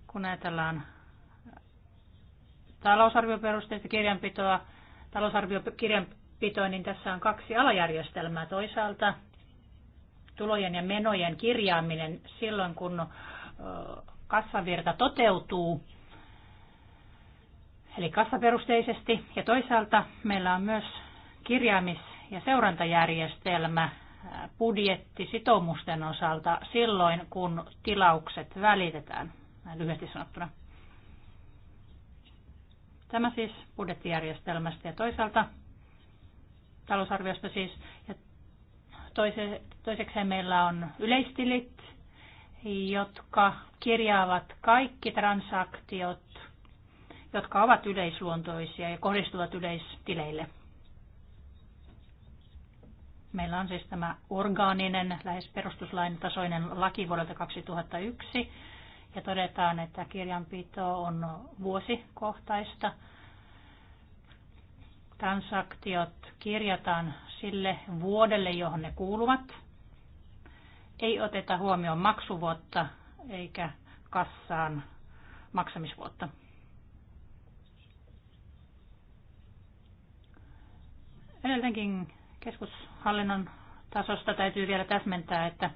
Kun ajatellaan talousarvioperusteista kirjanpitoa, talousarviokirjanpitoa, niin tässä on kaksi alajärjestelmää. Toisaalta tulojen ja menojen kirjaaminen silloin, kun kassavirta toteutuu, eli kassaperusteisesti. Ja toisaalta meillä on myös kirjaamis ja seurantajärjestelmä budjettisitoumusten osalta silloin, kun tilaukset välitetään, näin lyhyesti sanottuna. Tämä siis budjettijärjestelmästä ja toisaalta talousarviosta siis. Ja toise, toisekseen meillä on yleistilit, jotka kirjaavat kaikki transaktiot, jotka ovat yleisluontoisia ja kohdistuvat yleistileille – Meillä on siis tämä orgaaninen, lähes perustuslain tasoinen laki vuodelta 2001, ja todetaan, että kirjanpito on vuosikohtaista. Transaktiot kirjataan sille vuodelle, johon ne kuuluvat. Ei oteta huomioon maksuvuotta eikä kassaan maksamisvuotta. Edelleenkin Keskushallinnon tasosta täytyy vielä täsmentää, että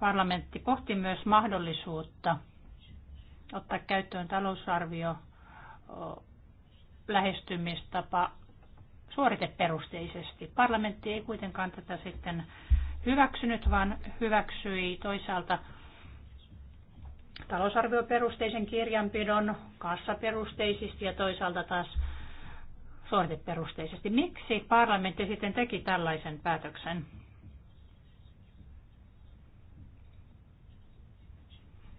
parlamentti pohti myös mahdollisuutta ottaa käyttöön talousarvio lähestymistapa suoriteperusteisesti. Parlamentti ei kuitenkaan tätä sitten hyväksynyt, vaan hyväksyi toisaalta talousarvioperusteisen kirjanpidon kassaperusteisesti ja toisaalta taas suoriteperusteisesti. Miksi parlamentti sitten teki tällaisen päätöksen?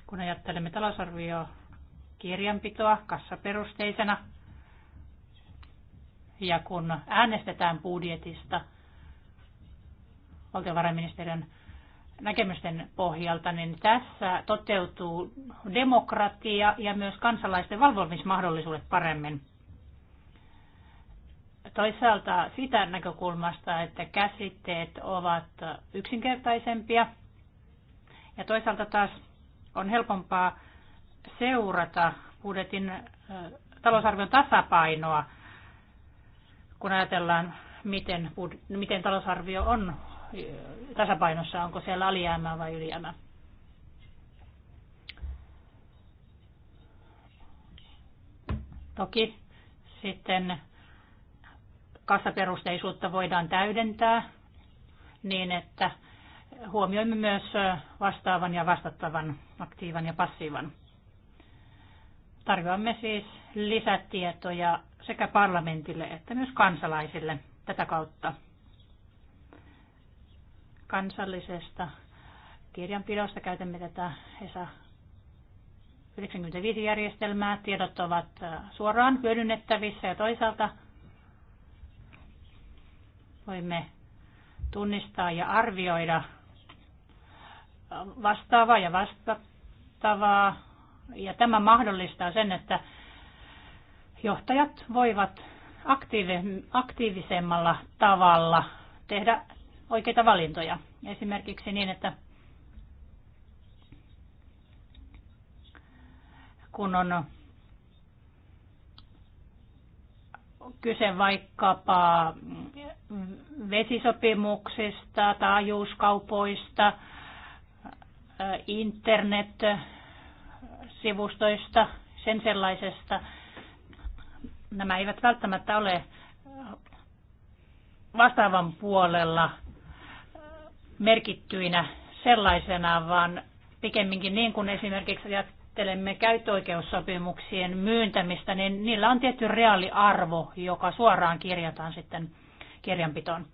Kun ajattelemme talousarvio kirjanpitoa kassaperusteisena ja kun äänestetään budjetista valtiovarainministeriön näkemysten pohjalta, niin tässä toteutuu demokratia ja myös kansalaisten valvomismahdollisuudet paremmin. Toisaalta sitä näkökulmasta, että käsitteet ovat yksinkertaisempia ja toisaalta taas on helpompaa seurata budjetin talousarvion tasapainoa, kun ajatellaan, miten, miten talousarvio on tasapainossa, onko siellä alijäämää vai ylijäämää. Toki sitten kassaperusteisuutta voidaan täydentää niin, että huomioimme myös vastaavan ja vastattavan, aktiivan ja passiivan. Tarjoamme siis lisätietoja sekä parlamentille että myös kansalaisille tätä kautta kansallisesta kirjanpidosta käytämme tätä ESA 95-järjestelmää. Tiedot ovat äh, suoraan hyödynnettävissä ja toisaalta Voimme tunnistaa ja arvioida vastaavaa ja vastattavaa. Ja tämä mahdollistaa sen, että johtajat voivat aktiivisemmalla tavalla tehdä oikeita valintoja. Esimerkiksi niin, että kun on kyse vaikkapa vesisopimuksista, taajuuskaupoista, internet-sivustoista, sen sellaisesta. Nämä eivät välttämättä ole vastaavan puolella merkittyinä sellaisena, vaan pikemminkin niin kuin esimerkiksi käsittelemme käyttöoikeussopimuksien myöntämistä, niin niillä on tietty reaaliarvo, joka suoraan kirjataan sitten kirjanpitoon.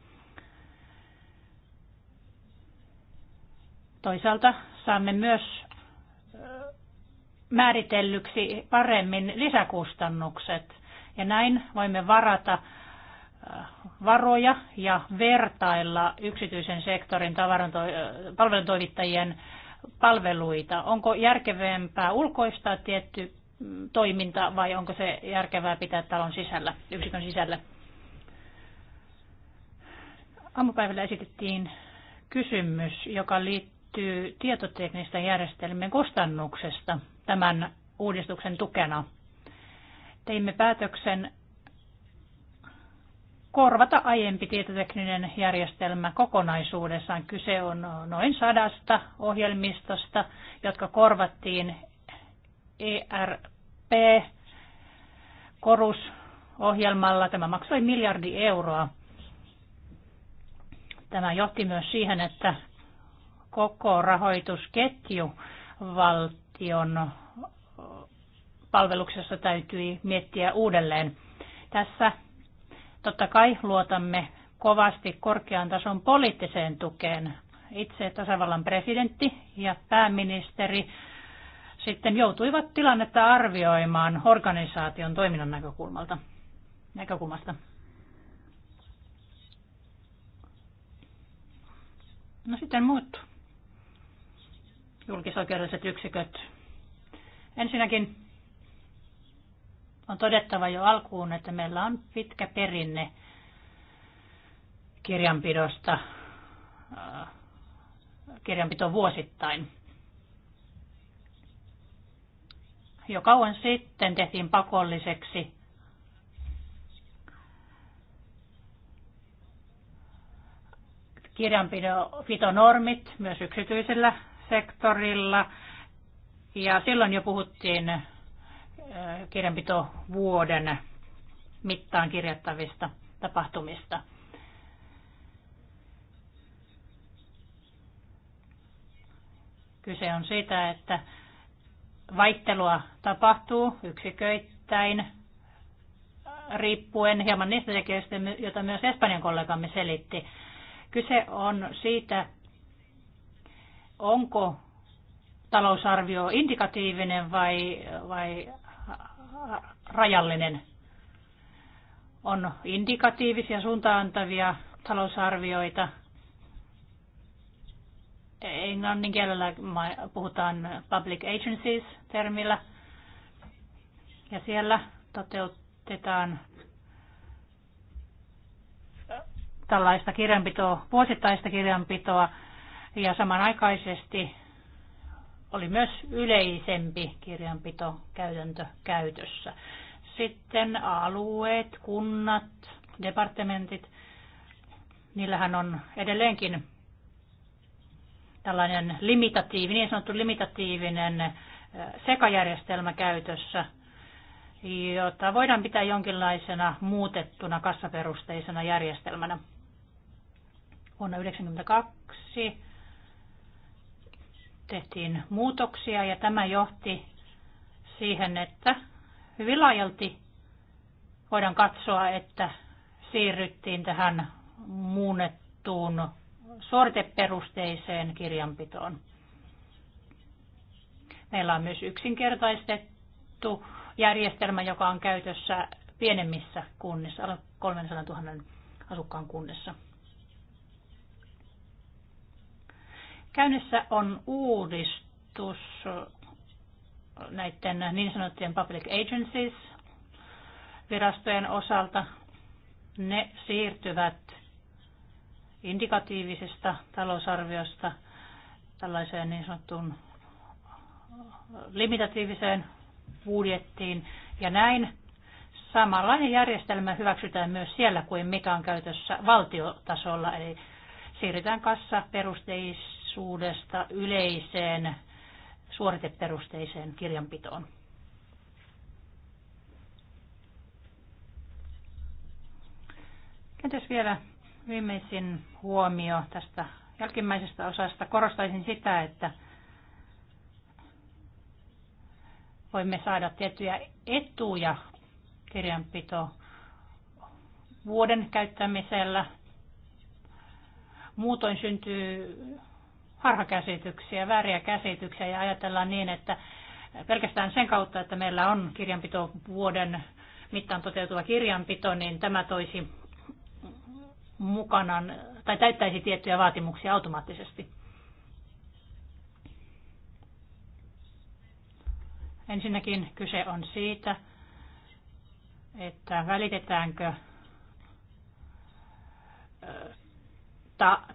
Toisaalta saamme myös määritellyksi paremmin lisäkustannukset ja näin voimme varata varoja ja vertailla yksityisen sektorin palveluntoimittajien palveluita? Onko järkevämpää ulkoistaa tietty mm, toiminta vai onko se järkevää pitää talon sisällä, yksikön sisällä? Aamupäivällä esitettiin kysymys, joka liittyy tietoteknisten järjestelmien kustannuksesta tämän uudistuksen tukena. Teimme päätöksen korvata aiempi tietotekninen järjestelmä kokonaisuudessaan. Kyse on noin sadasta ohjelmistosta, jotka korvattiin ERP korusohjelmalla. Tämä maksoi miljardi euroa. Tämä johti myös siihen, että koko rahoitusketju valtion palveluksessa täytyi miettiä uudelleen. Tässä Totta kai luotamme kovasti korkean tason poliittiseen tukeen. Itse tasavallan presidentti ja pääministeri sitten joutuivat tilannetta arvioimaan organisaation toiminnan näkökulmalta, näkökulmasta. No sitten muut julkisoikeudelliset yksiköt. Ensinnäkin on todettava jo alkuun, että meillä on pitkä perinne kirjanpidosta, äh, kirjanpito vuosittain. Jo kauan sitten tehtiin pakolliseksi kirjanpitonormit myös yksityisellä sektorilla. Ja silloin jo puhuttiin kirjanpitovuoden mittaan kirjattavista tapahtumista. Kyse on siitä, että vaihtelua tapahtuu yksiköittäin riippuen hieman niistä tekijöistä, joita myös Espanjan kollegamme selitti. Kyse on siitä, onko talousarvio indikatiivinen vai, vai rajallinen. On indikatiivisia suuntaantavia talousarvioita. Englannin kielellä puhutaan public agencies termillä. Ja siellä toteutetaan tällaista kirjanpitoa, vuosittaista kirjanpitoa ja samanaikaisesti oli myös yleisempi kirjanpitokäytäntö käytössä. Sitten alueet, kunnat, departementit, niillähän on edelleenkin tällainen limitatiivinen, niin sanottu limitatiivinen sekajärjestelmä käytössä, jota voidaan pitää jonkinlaisena muutettuna kassaperusteisena järjestelmänä. Vuonna 1992 tehtiin muutoksia ja tämä johti siihen, että hyvin laajalti voidaan katsoa, että siirryttiin tähän muunnettuun suoriteperusteiseen kirjanpitoon. Meillä on myös yksinkertaistettu järjestelmä, joka on käytössä pienemmissä kunnissa, alle 300 000 asukkaan kunnissa. Käynnissä on uudistus näiden niin sanottujen public agencies virastojen osalta. Ne siirtyvät indikatiivisesta talousarviosta tällaiseen niin sanottuun limitatiiviseen budjettiin. Ja näin samanlainen järjestelmä hyväksytään myös siellä kuin mikä on käytössä valtiotasolla, eli siirrytään kassa perusteis velvollisuudesta yleiseen suoriteperusteiseen kirjanpitoon. Kenties vielä viimeisin huomio tästä jälkimmäisestä osasta. Korostaisin sitä, että voimme saada tiettyjä etuja kirjanpito vuoden käyttämisellä. Muutoin syntyy harhakäsityksiä, vääriä käsityksiä ja ajatellaan niin, että pelkästään sen kautta, että meillä on kirjanpito vuoden mittaan toteutuva kirjanpito, niin tämä toisi mukanaan tai täyttäisi tiettyjä vaatimuksia automaattisesti. Ensinnäkin kyse on siitä, että välitetäänkö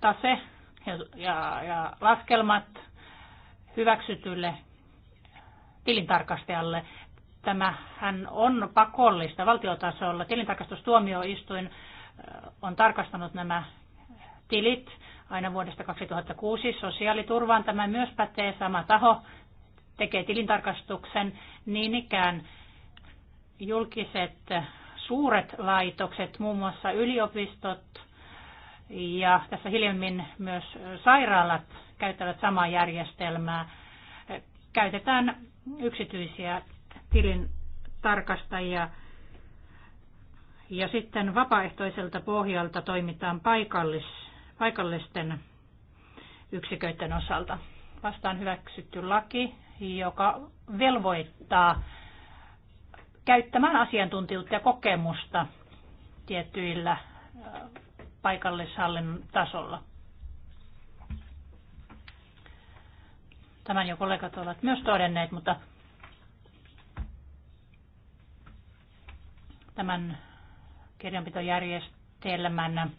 tase ja, ja, ja laskelmat hyväksytylle tilintarkastajalle. Tämähän on pakollista valtiotasolla. Tilintarkastustuomioistuin äh, on tarkastanut nämä tilit aina vuodesta 2006. Sosiaaliturvaan tämä myös pätee. Sama taho tekee tilintarkastuksen. Niin ikään julkiset suuret laitokset, muun muassa yliopistot, ja tässä hiljemmin myös sairaalat käyttävät samaa järjestelmää. Käytetään yksityisiä tilin tarkastajia ja sitten vapaaehtoiselta pohjalta toimitaan paikallis, paikallisten yksiköiden osalta. Vastaan hyväksytty laki, joka velvoittaa käyttämään asiantuntijuutta ja kokemusta tietyillä paikallishallinnon tasolla. Tämän jo kollegat ovat myös todenneet, mutta tämän kirjanpitojärjestelmän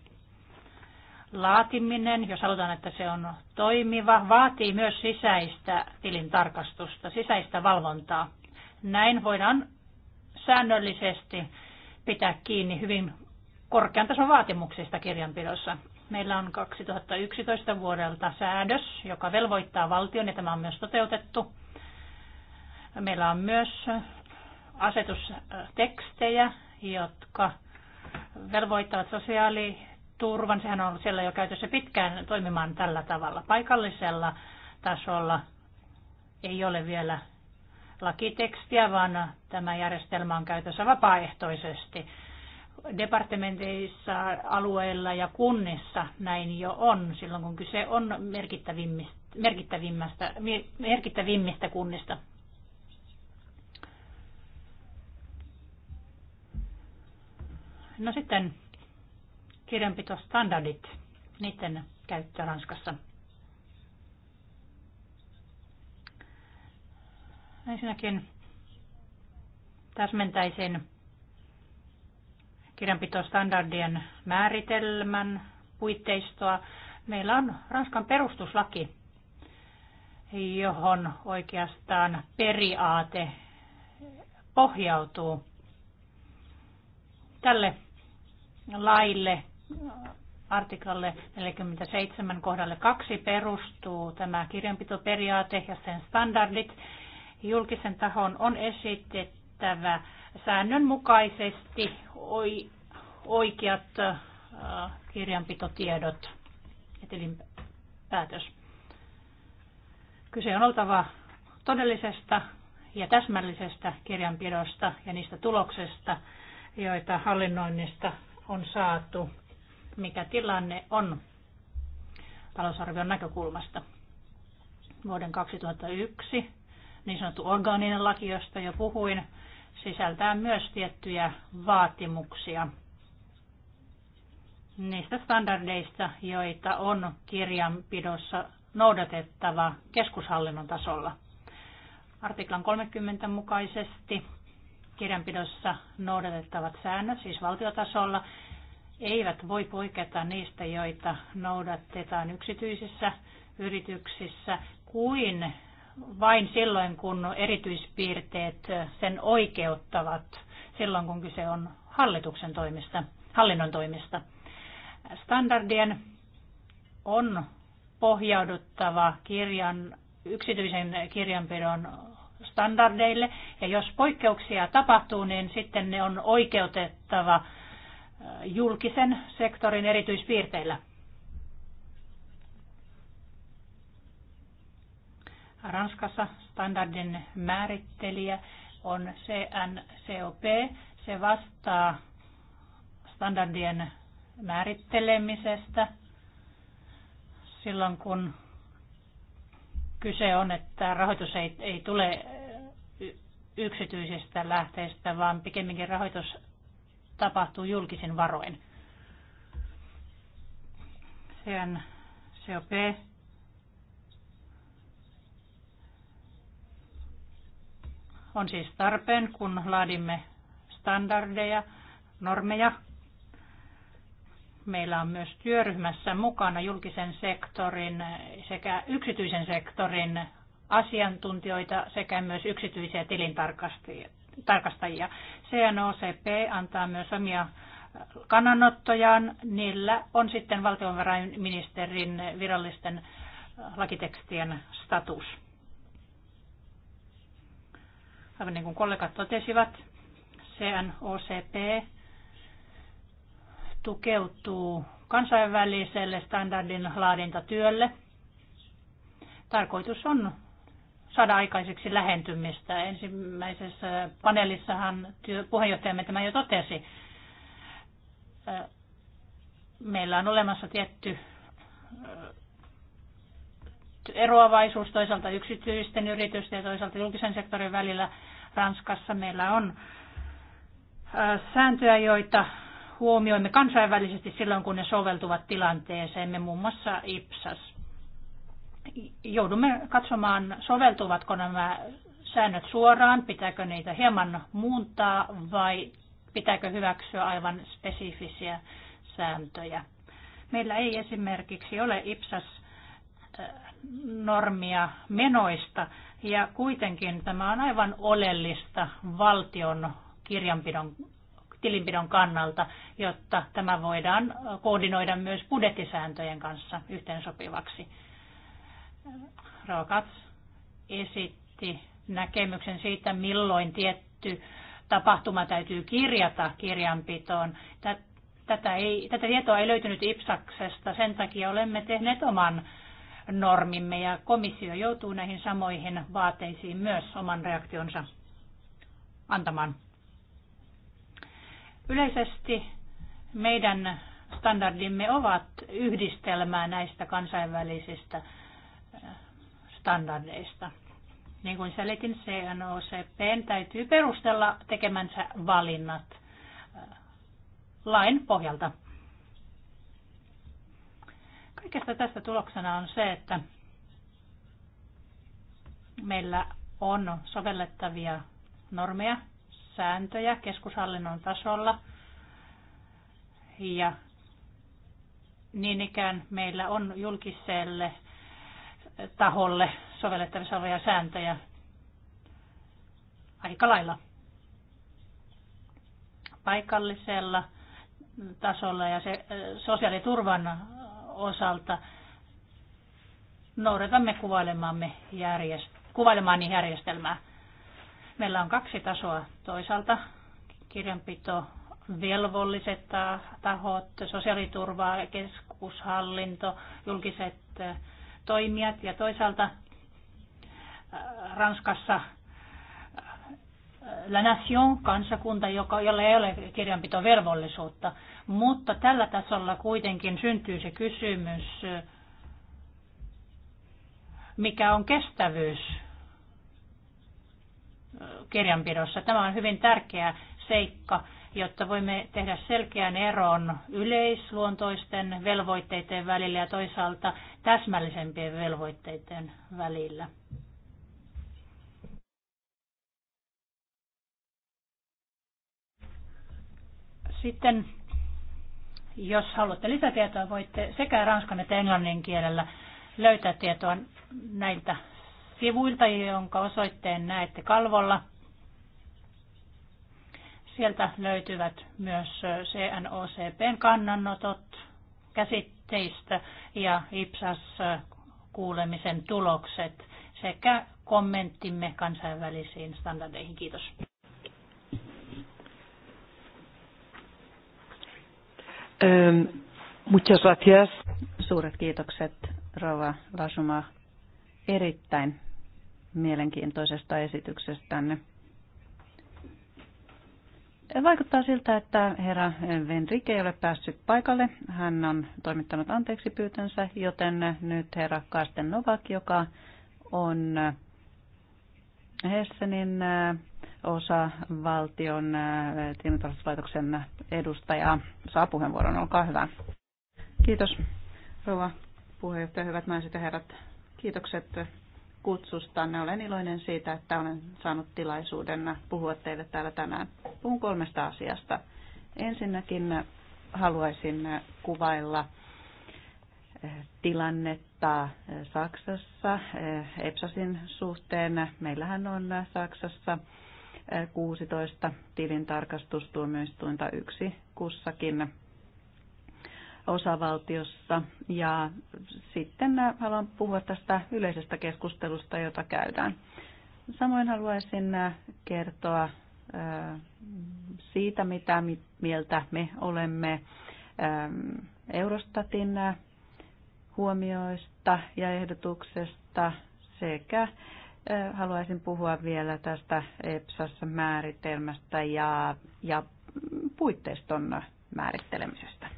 laatiminen, jos halutaan, että se on toimiva, vaatii myös sisäistä tilintarkastusta, sisäistä valvontaa. Näin voidaan säännöllisesti pitää kiinni hyvin korkean tason vaatimuksista kirjanpidossa. Meillä on 2011 vuodelta säädös, joka velvoittaa valtion, ja tämä on myös toteutettu. Meillä on myös asetustekstejä, jotka velvoittavat sosiaaliturvan, sehän on ollut siellä jo käytössä pitkään toimimaan tällä tavalla. Paikallisella tasolla ei ole vielä lakitekstiä, vaan tämä järjestelmä on käytössä vapaaehtoisesti departementeissa, alueilla ja kunnissa näin jo on, silloin kun kyse on merkittävimmistä, merkittävimmästä merkittävimmistä kunnista. No sitten kirjanpitostandardit, niiden käyttö Ranskassa. Ensinnäkin täsmentäisin kirjanpitostandardien määritelmän puitteistoa. Meillä on Ranskan perustuslaki, johon oikeastaan periaate pohjautuu. Tälle laille, artiklalle 47 kohdalle 2 perustuu tämä kirjanpitoperiaate ja sen standardit. Julkisen tahon on esitettävä säännönmukaisesti oikeat äh, kirjanpitotiedot ja tilinpäätös. Kyse on oltava todellisesta ja täsmällisestä kirjanpidosta ja niistä tuloksesta, joita hallinnoinnista on saatu, mikä tilanne on talousarvion näkökulmasta. Vuoden 2001 niin sanottu organinen laki, josta jo puhuin, sisältää myös tiettyjä vaatimuksia niistä standardeista, joita on kirjanpidossa noudatettava keskushallinnon tasolla. Artiklan 30 mukaisesti kirjanpidossa noudatettavat säännöt, siis valtiotasolla, eivät voi poiketa niistä, joita noudatetaan yksityisissä yrityksissä kuin vain silloin, kun erityispiirteet sen oikeuttavat, silloin kun kyse on hallituksen toimista, hallinnon toimista. Standardien on pohjauduttava kirjan, yksityisen kirjanpidon standardeille, ja jos poikkeuksia tapahtuu, niin sitten ne on oikeutettava eh, julkisen sektorin erityispiirteillä. Ranskassa standardin määrittelijä on CNCOP. Se vastaa standardien määrittelemisestä silloin, kun kyse on, että rahoitus ei, ei tule yksityisistä lähteistä, vaan pikemminkin rahoitus tapahtuu julkisin varoin. CNCOP on siis tarpeen, kun laadimme standardeja, normeja. Meillä on myös työryhmässä mukana julkisen sektorin sekä yksityisen sektorin asiantuntijoita sekä myös yksityisiä tilintarkastajia. CNOCP antaa myös omia kannanottojaan. Niillä on sitten valtiovarainministerin virallisten lakitekstien status. Aivan niin kuin kollegat totesivat, CNOCP tukeutuu kansainväliselle standardin laadintatyölle. Tarkoitus on saada aikaiseksi lähentymistä. Ensimmäisessä paneelissahan työ, puheenjohtajamme tämä jo totesi. Meillä on olemassa tietty eroavaisuus toisaalta yksityisten yritysten ja toisaalta julkisen sektorin välillä. Ranskassa meillä on sääntöjä, joita huomioimme kansainvälisesti silloin, kun ne soveltuvat tilanteeseemme, muun muassa IPSAS. Joudumme katsomaan, soveltuvatko nämä säännöt suoraan, pitääkö niitä hieman muuntaa vai pitääkö hyväksyä aivan spesifisiä sääntöjä. Meillä ei esimerkiksi ole IPSAS normia menoista ja kuitenkin tämä on aivan oleellista valtion kirjanpidon tilinpidon kannalta, jotta tämä voidaan koordinoida myös budjettisääntöjen kanssa yhteensopivaksi. Raukats esitti näkemyksen siitä, milloin tietty tapahtuma täytyy kirjata kirjanpitoon. Tätä, ei, tätä tietoa ei löytynyt Ipsaksesta, sen takia olemme tehneet oman normimme ja komissio joutuu näihin samoihin vaateisiin myös oman reaktionsa antamaan. Yleisesti meidän standardimme ovat yhdistelmää näistä kansainvälisistä eh, standardeista. Niin kuin selitin, CNOCP täytyy perustella tekemänsä valinnat eh, lain pohjalta. Kaikesta tästä tuloksena on se, että meillä on sovellettavia normeja, sääntöjä keskushallinnon tasolla ja niin ikään meillä on julkiselle taholle sovellettavissa olevia sääntöjä aika lailla paikallisella tasolla ja se, eh, sosiaaliturvan osalta noudatamme kuvailemaamme järjest- kuvailemaani järjestelmää. Meillä on kaksi tasoa. Toisaalta kirjanpito velvolliset tahot, sosiaaliturva, keskushallinto, julkiset eh, toimijat ja toisaalta eh, Ranskassa La Nation, kansakunta, joka, jolla ei ole kirjanpitovelvollisuutta, mutta tällä tasolla kuitenkin syntyy se kysymys, mikä on kestävyys kirjanpidossa. Tämä on hyvin tärkeä seikka, jotta voimme tehdä selkeän eron yleisluontoisten velvoitteiden välillä ja toisaalta täsmällisempien velvoitteiden välillä. Sitten jos haluatte lisätietoa, voitte sekä ranskan että englannin kielellä löytää tietoa näiltä sivuilta, jonka osoitteen näette kalvolla. Sieltä löytyvät myös CNOCPn kannanotot käsitteistä ja IPSAS-kuulemisen tulokset sekä kommenttimme kansainvälisiin standardeihin. Kiitos. Ähm, muchas gracias. Suuret kiitokset, Rova Lasuma, erittäin mielenkiintoisesta esityksestänne. Vaikuttaa siltä, että herra Venrike ei ole päässyt paikalle. Hän on toimittanut anteeksi pyytönsä, joten nyt herra Karsten Novak, joka on Hessenin osa valtion tilintarkastuslaitoksen edustajaa saa puheenvuoron. Olkaa hyvä. Kiitos rouva puheenjohtaja, hyvät naiset ja herrat. Kiitokset kutsustanne. Olen iloinen siitä, että olen saanut tilaisuuden puhua teille täällä tänään. Puhun kolmesta asiasta. Ensinnäkin haluaisin kuvailla tilannetta Saksassa EPSASin suhteen. Meillähän on Saksassa 16 tilintarkastustuomioistuinta yksi kussakin osavaltiossa. Ja sitten haluan puhua tästä yleisestä keskustelusta, jota käydään. Samoin haluaisin kertoa siitä, mitä mieltä me olemme Eurostatin huomioista ja ehdotuksesta sekä haluaisin puhua vielä tästä EPSassa määritelmästä ja, ja puitteiston määrittelemisestä.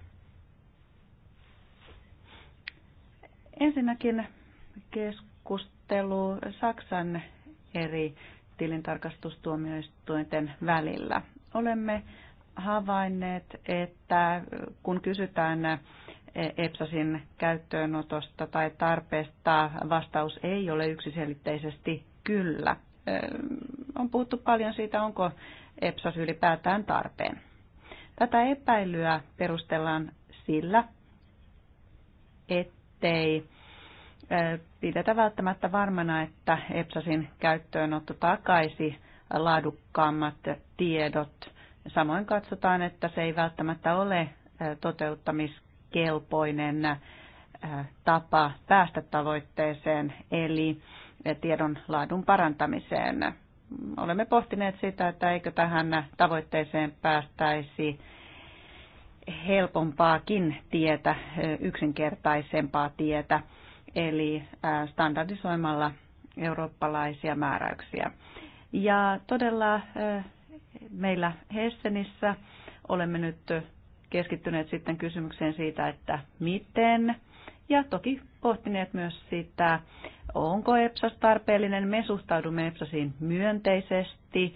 Ensinnäkin keskustelu Saksan eri tilintarkastustuomioistuinten välillä. Olemme havainneet, että kun kysytään EPSASin käyttöönotosta tai tarpeesta vastaus ei ole yksiselitteisesti kyllä. On puhuttu paljon siitä, onko EPSAS ylipäätään tarpeen. Tätä epäilyä perustellaan sillä, ettei pidetä välttämättä varmana, että EPSASin käyttöönotto takaisi laadukkaammat tiedot. Samoin katsotaan, että se ei välttämättä ole toteuttamis kelpoinen äh, tapa päästä tavoitteeseen, eli äh, tiedon laadun parantamiseen. Olemme pohtineet sitä, että eikö tähän tavoitteeseen päästäisi helpompaakin tietä, äh, yksinkertaisempaa tietä, eli standardisoimalla eurooppalaisia määräyksiä. Ja todella meillä Hessenissä olemme nyt keskittyneet sitten kysymykseen siitä, että miten, ja toki pohtineet myös sitä, onko EPSAS tarpeellinen. Me suhtaudumme EPSASiin myönteisesti,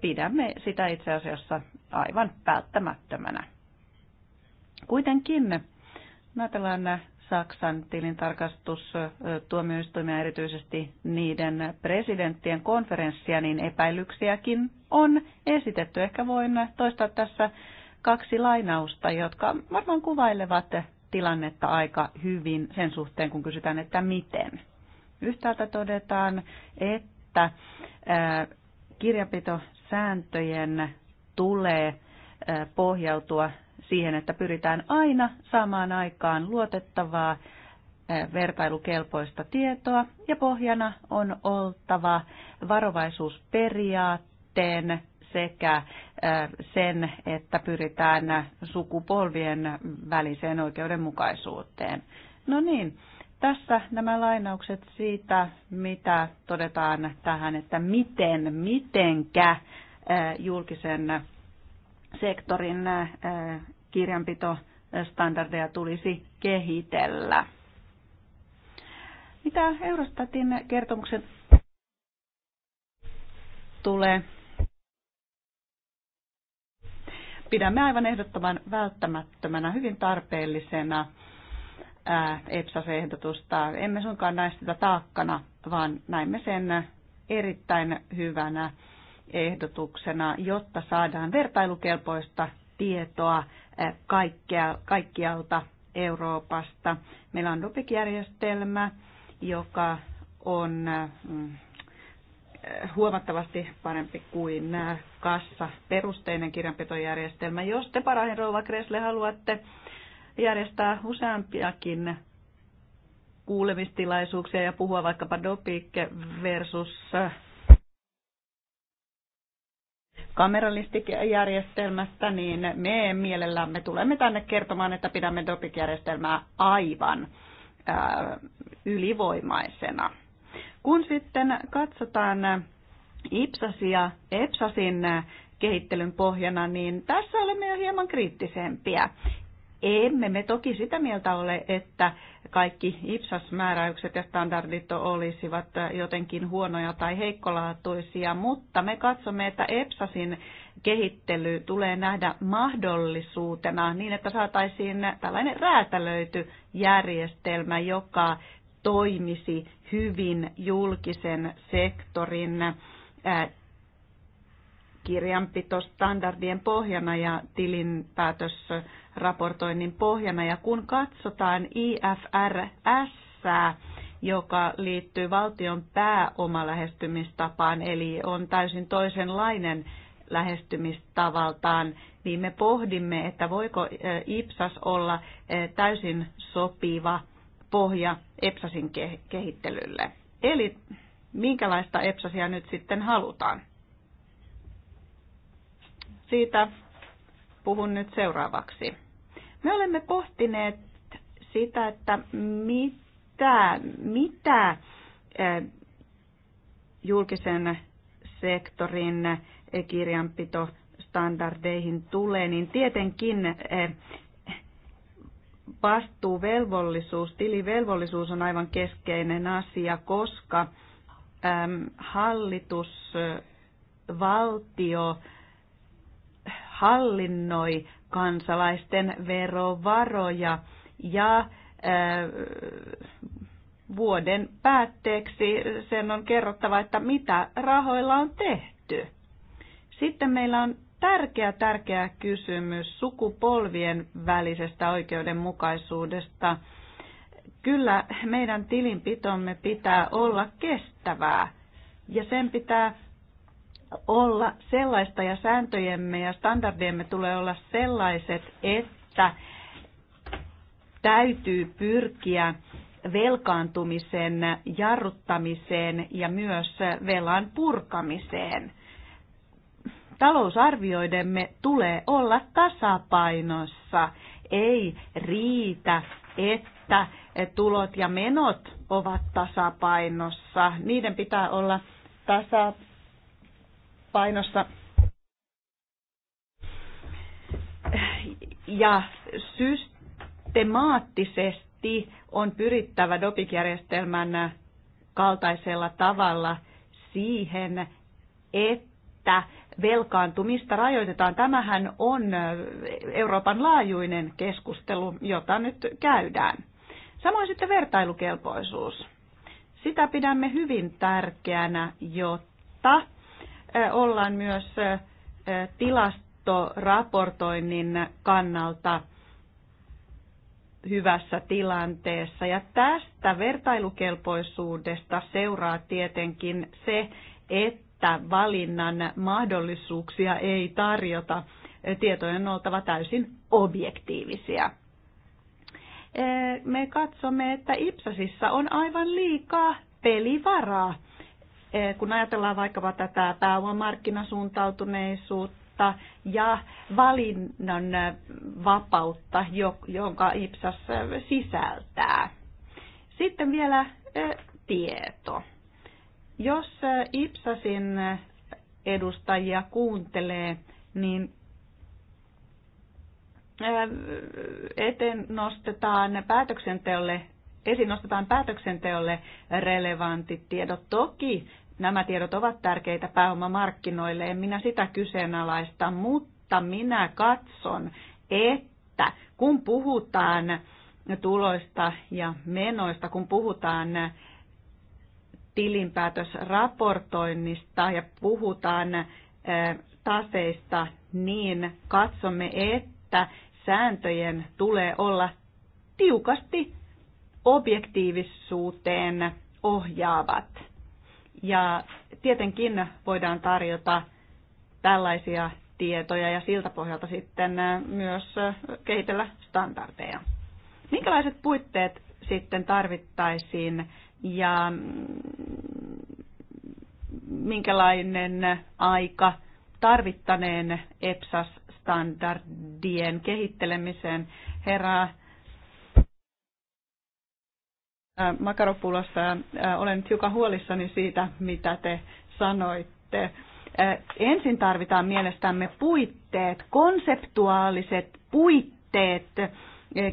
pidämme sitä itse asiassa aivan välttämättömänä. Kuitenkin, ajatellaan Saksan tilintarkastustuomioistuimia, erityisesti niiden presidenttien konferenssia, niin epäilyksiäkin on esitetty. Ehkä voin toistaa tässä kaksi lainausta, jotka varmaan kuvailevat tilannetta aika hyvin sen suhteen, kun kysytään, että miten. Yhtäältä todetaan, että kirjapitosääntöjen tulee pohjautua siihen, että pyritään aina saamaan aikaan luotettavaa vertailukelpoista tietoa ja pohjana on oltava varovaisuusperiaatteen sekä sen, että pyritään sukupolvien väliseen oikeudenmukaisuuteen. No niin, tässä nämä lainaukset siitä, mitä todetaan tähän, että miten, mitenkä julkisen sektorin kirjanpitostandardeja tulisi kehitellä. Mitä Eurostatin kertomukset tulee pidämme aivan ehdottoman välttämättömänä, hyvin tarpeellisena EPSAS-ehdotusta. Emme suinkaan näe sitä taakkana, vaan näemme sen erittäin hyvänä ehdotuksena, jotta saadaan vertailukelpoista tietoa kaikkea, kaikkialta Euroopasta. Meillä on Rubik-järjestelmä, joka on mm, Eh, huomattavasti parempi kuin nämä kassa perusteinen kirjanpitojärjestelmä. Jos te parahin rouva Kresle haluatte järjestää useampiakin kuulemistilaisuuksia ja puhua vaikkapa dopikke versus eh, kameralistikjärjestelmästä, niin me mielellämme tulemme tänne kertomaan, että pidämme dopikjärjestelmää aivan eh, ylivoimaisena. Kun sitten katsotaan IPSASia, EPSASin kehittelyn pohjana, niin tässä olemme jo hieman kriittisempiä. Emme me toki sitä mieltä ole, että kaikki IPSAS-määräykset ja standardit olisivat jotenkin huonoja tai heikkolaatuisia, mutta me katsomme, että EPSASin kehittely tulee nähdä mahdollisuutena niin, että saataisiin tällainen räätälöity järjestelmä, joka toimisi hyvin julkisen sektorin kirjanpitostandardien pohjana ja tilinpäätösraportoinnin pohjana. Ja kun katsotaan IFRS, joka liittyy valtion pääomalähestymistapaan, eli on täysin toisenlainen lähestymistavaltaan, niin me pohdimme, että voiko IPSAS olla täysin sopiva – pohja EPSASin kehittelylle. Eli minkälaista EPSASia nyt sitten halutaan? Siitä puhun nyt seuraavaksi. Me olemme pohtineet sitä, että mitä, mitä e, julkisen sektorin kirjanpitostandardeihin tulee, niin tietenkin e, vastuuvelvollisuus, tilivelvollisuus on aivan keskeinen asia, koska hallitus, valtio hallinnoi kansalaisten verovaroja ja vuoden päätteeksi sen on kerrottava, että mitä rahoilla on tehty. Sitten meillä on tärkeä, tärkeä kysymys sukupolvien välisestä oikeudenmukaisuudesta. Kyllä meidän tilinpitomme pitää olla kestävää ja sen pitää olla sellaista ja sääntöjemme ja standardiemme tulee olla sellaiset, että täytyy pyrkiä velkaantumisen jarruttamiseen ja myös velan purkamiseen talousarvioidemme tulee olla tasapainossa. Ei riitä, että tulot ja menot ovat tasapainossa. Niiden pitää olla tasapainossa. Ja systemaattisesti on pyrittävä dopikjärjestelmän kaltaisella tavalla siihen, että velkaantumista rajoitetaan. Tämähän on Euroopan laajuinen keskustelu, jota nyt käydään. Samoin sitten vertailukelpoisuus. Sitä pidämme hyvin tärkeänä, jotta ollaan myös tilastoraportoinnin kannalta hyvässä tilanteessa. Ja tästä vertailukelpoisuudesta seuraa tietenkin se, että että valinnan mahdollisuuksia ei tarjota. Tietojen on oltava täysin objektiivisia. Me katsomme, että Ipsasissa on aivan liikaa pelivaraa. Kun ajatellaan vaikkapa tätä pääomamarkkinasuuntautuneisuutta ja valinnan vapautta, jonka Ipsas sisältää. Sitten vielä eh, tieto. Jos IPSASin edustajia kuuntelee, niin eteen nostetaan päätöksenteolle, esiin nostetaan päätöksenteolle relevantit tiedot. Toki nämä tiedot ovat tärkeitä pääomamarkkinoille, en minä sitä kyseenalaista, mutta minä katson, että kun puhutaan tuloista ja menoista, kun puhutaan tilinpäätösraportoinnista ja puhutaan eh, taseista, niin katsomme, että sääntöjen tulee olla tiukasti objektiivisuuteen ohjaavat. Ja tietenkin voidaan tarjota tällaisia tietoja ja siltä pohjalta sitten eh, myös eh, kehitellä standardeja. Minkälaiset puitteet sitten tarvittaisiin ja minkälainen aika tarvittaneen EPSAS-standardien kehittelemiseen. herää Makaropulossa olen hiukan huolissani siitä, mitä te sanoitte. Ensin tarvitaan mielestämme puitteet, konseptuaaliset puitteet,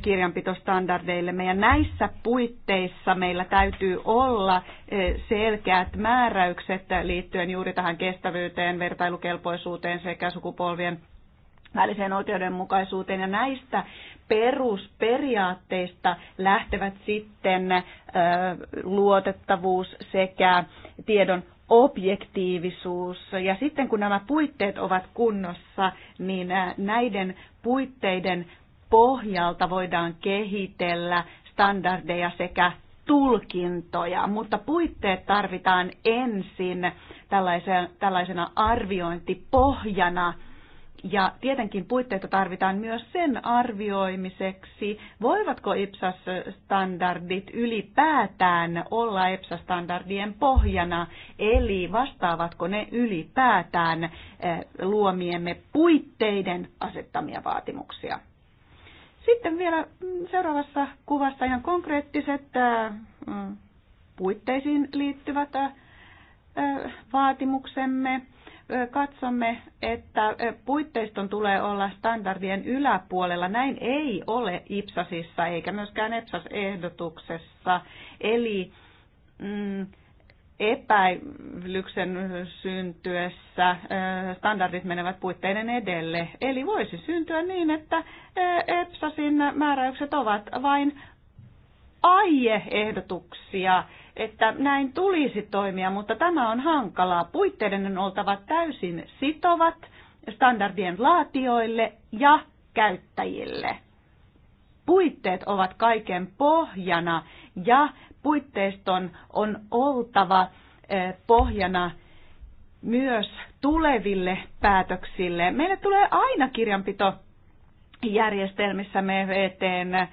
kirjanpitostandardeillemme. Ja näissä puitteissa meillä täytyy olla eh, selkeät määräykset liittyen juuri tähän kestävyyteen, vertailukelpoisuuteen sekä sukupolvien väliseen oikeudenmukaisuuteen ja näistä perusperiaatteista lähtevät sitten eh, luotettavuus sekä tiedon objektiivisuus. Ja sitten kun nämä puitteet ovat kunnossa, niin eh, näiden puitteiden pohjalta voidaan kehitellä standardeja sekä tulkintoja, mutta puitteet tarvitaan ensin tällaisena, arviointipohjana. Ja tietenkin puitteita tarvitaan myös sen arvioimiseksi, voivatko IPSAS-standardit ylipäätään olla IPSAS-standardien pohjana, eli vastaavatko ne ylipäätään eh, luomiemme puitteiden asettamia vaatimuksia. Sitten vielä mm, seuraavassa kuvassa ihan konkreettiset äh, mm, puitteisiin liittyvät äh, vaatimuksemme. Katsomme, että puitteiston tulee olla standardien yläpuolella. Näin ei ole IPSASissa eikä myöskään EPSAS-ehdotuksessa. Eli mm, epäilyksen syntyessä standardit menevät puitteiden edelle. Eli voisi syntyä niin, että EPSASin määräykset ovat vain aieehdotuksia, että näin tulisi toimia, mutta tämä on hankalaa. Puitteiden on oltava täysin sitovat standardien laatioille ja käyttäjille puitteet ovat kaiken pohjana ja puitteiston on oltava eh, pohjana myös tuleville päätöksille. Meille tulee aina kirjanpito järjestelmissä me eteen eh,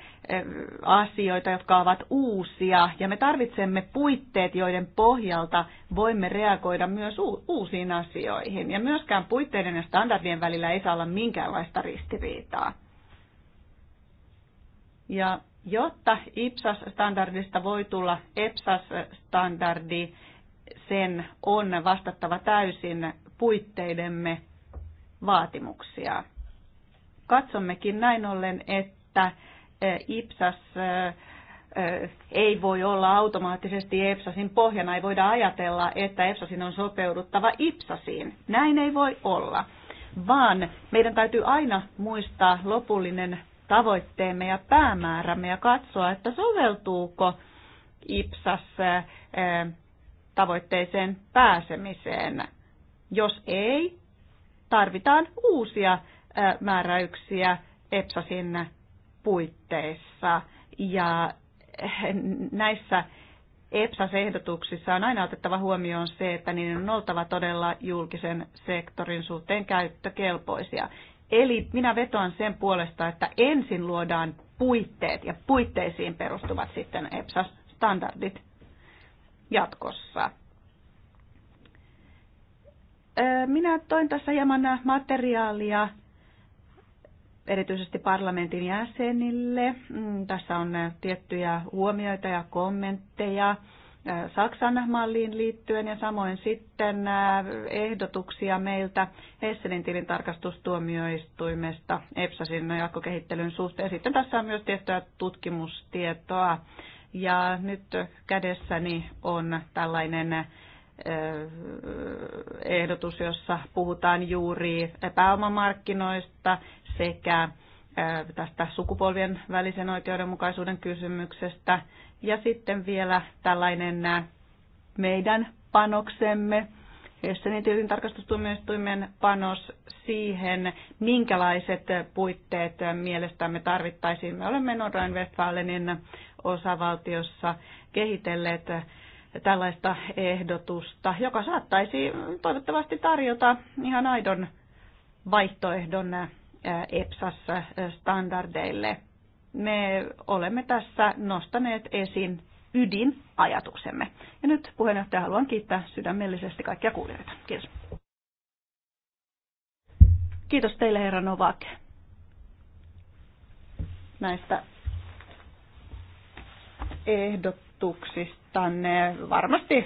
asioita, jotka ovat uusia, ja me tarvitsemme puitteet, joiden pohjalta voimme reagoida myös uusiin asioihin. Ja myöskään puitteiden ja standardien välillä ei saa olla minkäänlaista ristiriitaa. Ja jotta IPSAS-standardista voi tulla EPSAS-standardi, sen on vastattava täysin puitteidemme vaatimuksia. Katsommekin näin ollen, että e, IPSAS e, e, ei voi olla automaattisesti EPSASin pohjana. Ei voida ajatella, että EPSASin on sopeuduttava IPSASiin. Näin ei voi olla, vaan meidän täytyy aina muistaa lopullinen tavoitteemme ja päämäärämme ja katsoa, että soveltuuko IPSAS eh, tavoitteeseen pääsemiseen. Jos ei, tarvitaan uusia eh, määräyksiä EPSASin puitteissa. Ja eh, näissä EPSAS-ehdotuksissa on aina otettava huomioon se, että niiden on oltava todella julkisen sektorin suhteen käyttökelpoisia. Eli minä vetoan sen puolesta, että ensin luodaan puitteet ja puitteisiin perustuvat sitten EPSA-standardit jatkossa. Minä toin tässä hieman materiaalia erityisesti parlamentin jäsenille. Mm, tässä on tiettyjä huomioita ja kommentteja Äh, Saksan malliin liittyen ja samoin sitten äh, ehdotuksia meiltä Hesselin tilintarkastustuomioistuimesta EPSASin jatkokehittelyn suhteen. Sitten tässä on myös tiettyä tutkimustietoa ja nyt kädessäni on tällainen äh, ehdotus, jossa puhutaan juuri pääomamarkkinoista sekä tästä sukupolvien välisen oikeudenmukaisuuden kysymyksestä – ja sitten vielä tällainen äh, meidän panoksemme, Hessenin tarkastustuomioistuimen panos siihen, minkälaiset puitteet mielestämme tarvittaisiin. Me olemme Nordrhein-Westfalenin osavaltiossa kehitelleet tällaista ehdotusta, joka saattaisi toivottavasti tarjota ihan aidon vaihtoehdon äh, EPSAS-standardeille – me olemme tässä nostaneet esiin ydinajatuksemme. Ja nyt puheenjohtaja haluan kiittää sydämellisesti kaikkia kuulijoita. Kiitos. Kiitos teille herra Novak näistä Ne Varmasti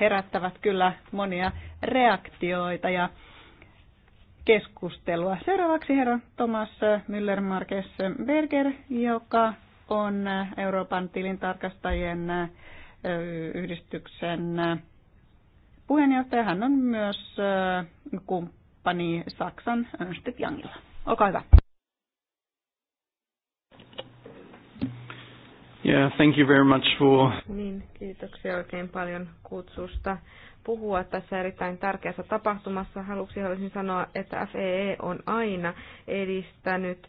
herättävät kyllä monia reaktioita ja keskustelua. Seuraavaksi herra Thomas müller marques berger joka on Euroopan tilintarkastajien yhdistyksen puheenjohtaja. Hän on myös kumppani Saksan Ernst Youngilla. Olkaa hyvä. Yeah, thank you very much for... Niin, kiitoksia oikein paljon kutsusta puhua tässä erittäin tärkeässä tapahtumassa. Haluksi haluaisin sanoa, että FEE e on aina edistänyt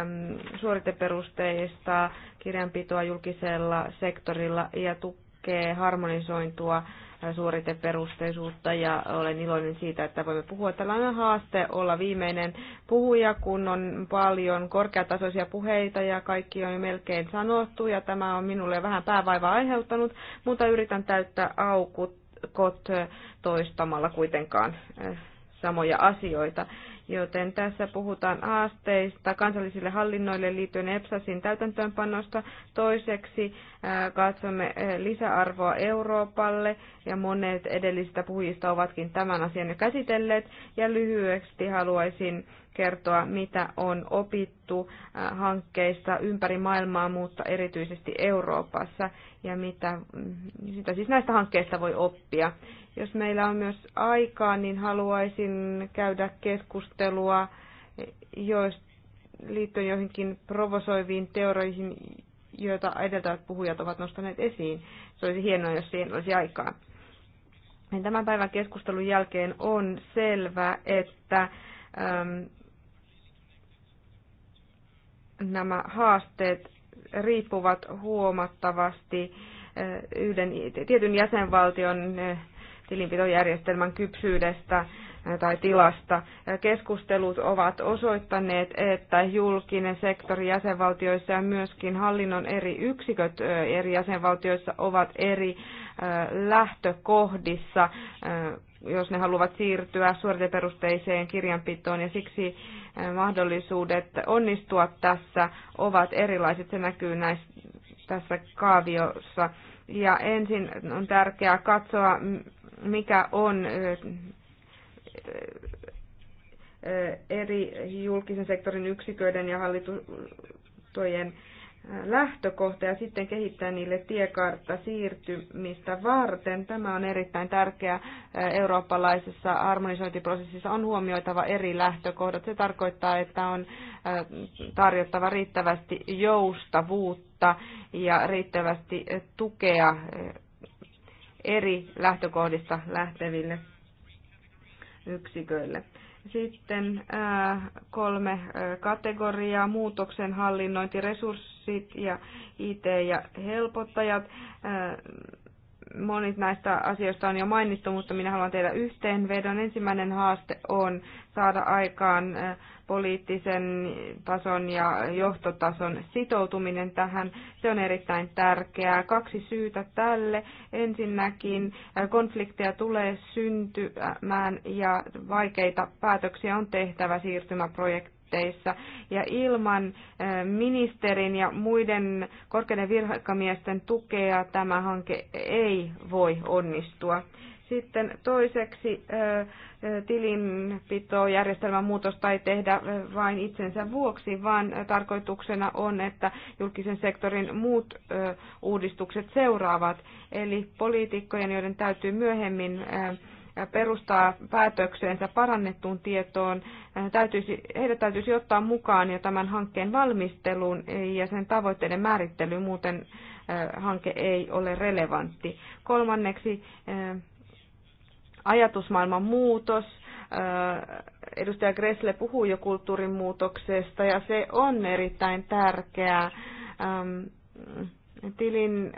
äm, suoriteperusteista kirjanpitoa julkisella sektorilla ja tukee harmonisointua suoriteperusteisuutta ja olen iloinen siitä, että voimme puhua. Tällainen haaste olla viimeinen puhuja, kun on paljon korkeatasoisia puheita ja kaikki on jo melkein sanottu ja tämä on minulle vähän päävaivaa aiheuttanut, mutta yritän täyttää aukut kot toistamalla kuitenkaan eh, samoja asioita. Joten tässä puhutaan aasteista kansallisille hallinnoille liittyen EPSASin täytäntöönpanosta Toiseksi eh, katsomme eh, lisäarvoa Euroopalle ja monet edellisistä puhujista ovatkin tämän asian jo käsitelleet. Ja lyhyesti haluaisin kertoa, mitä on opittu äh, hankkeista ympäri maailmaa, mutta erityisesti Euroopassa, ja mitä, mitä mm, siis näistä hankkeista voi oppia. Jos meillä on myös aikaa, niin haluaisin käydä keskustelua liittyen joihinkin provosoiviin teoroihin, joita edeltävät puhujat ovat nostaneet esiin. Se olisi hienoa, jos siihen olisi aikaa. Niin tämän päivän keskustelun jälkeen on selvä, että nämä haasteet riippuvat huomattavasti eh, yhden tietyn jäsenvaltion eh, tilinpitojärjestelmän kypsyydestä eh, tai tilasta. Keskustelut ovat osoittaneet, että julkinen sektori jäsenvaltioissa ja myöskin hallinnon eri yksiköt eri jäsenvaltioissa ovat eri lähtökohdissa jos ne haluavat siirtyä suoriteperusteiseen kirjanpitoon ja siksi eh, mahdollisuudet onnistua tässä ovat erilaiset. Se näkyy näissä, tässä kaaviossa. Ja ensin on tärkeää katsoa, mikä on eh, eh, eri julkisen sektorin yksiköiden ja hallitustojen lähtökohta ja sitten kehittää niille tiekartta siirtymistä varten. Tämä on erittäin tärkeää eurooppalaisessa harmonisointiprosessissa. On huomioitava eri lähtökohdat. Se tarkoittaa, että on tarjottava riittävästi joustavuutta ja riittävästi tukea eri lähtökohdista lähteville yksiköille. Sitten äh, kolme äh, kategoriaa, muutoksen hallinnointi, resurssit ja IT ja helpottajat. Äh, Monet näistä asioista on jo mainittu, mutta minä haluan tehdä yhteenvedon. Ensimmäinen haaste on saada aikaan poliittisen tason ja johtotason sitoutuminen tähän. Se on erittäin tärkeää. Kaksi syytä tälle. Ensinnäkin konflikteja tulee syntymään ja vaikeita päätöksiä on tehtävä siirtymäprojekti puitteissa. Ja ilman ministerin ja muiden korkeiden virkamiesten tukea tämä hanke ei voi onnistua. Sitten toiseksi tilinpitojärjestelmän muutosta ei tehdä vain itsensä vuoksi, vaan tarkoituksena on, että julkisen sektorin muut uudistukset seuraavat. Eli poliitikkojen, joiden täytyy myöhemmin perustaa päätöksensä parannettuun tietoon, täytyisi, heidät täytyisi ottaa mukaan jo tämän hankkeen valmisteluun ja sen tavoitteiden määrittelyyn, muuten äh, hanke ei ole relevantti. Kolmanneksi äh, ajatusmaailman muutos. Äh, edustaja Gressle puhuu jo kulttuurin muutoksesta ja se on erittäin tärkeää ähm, tilin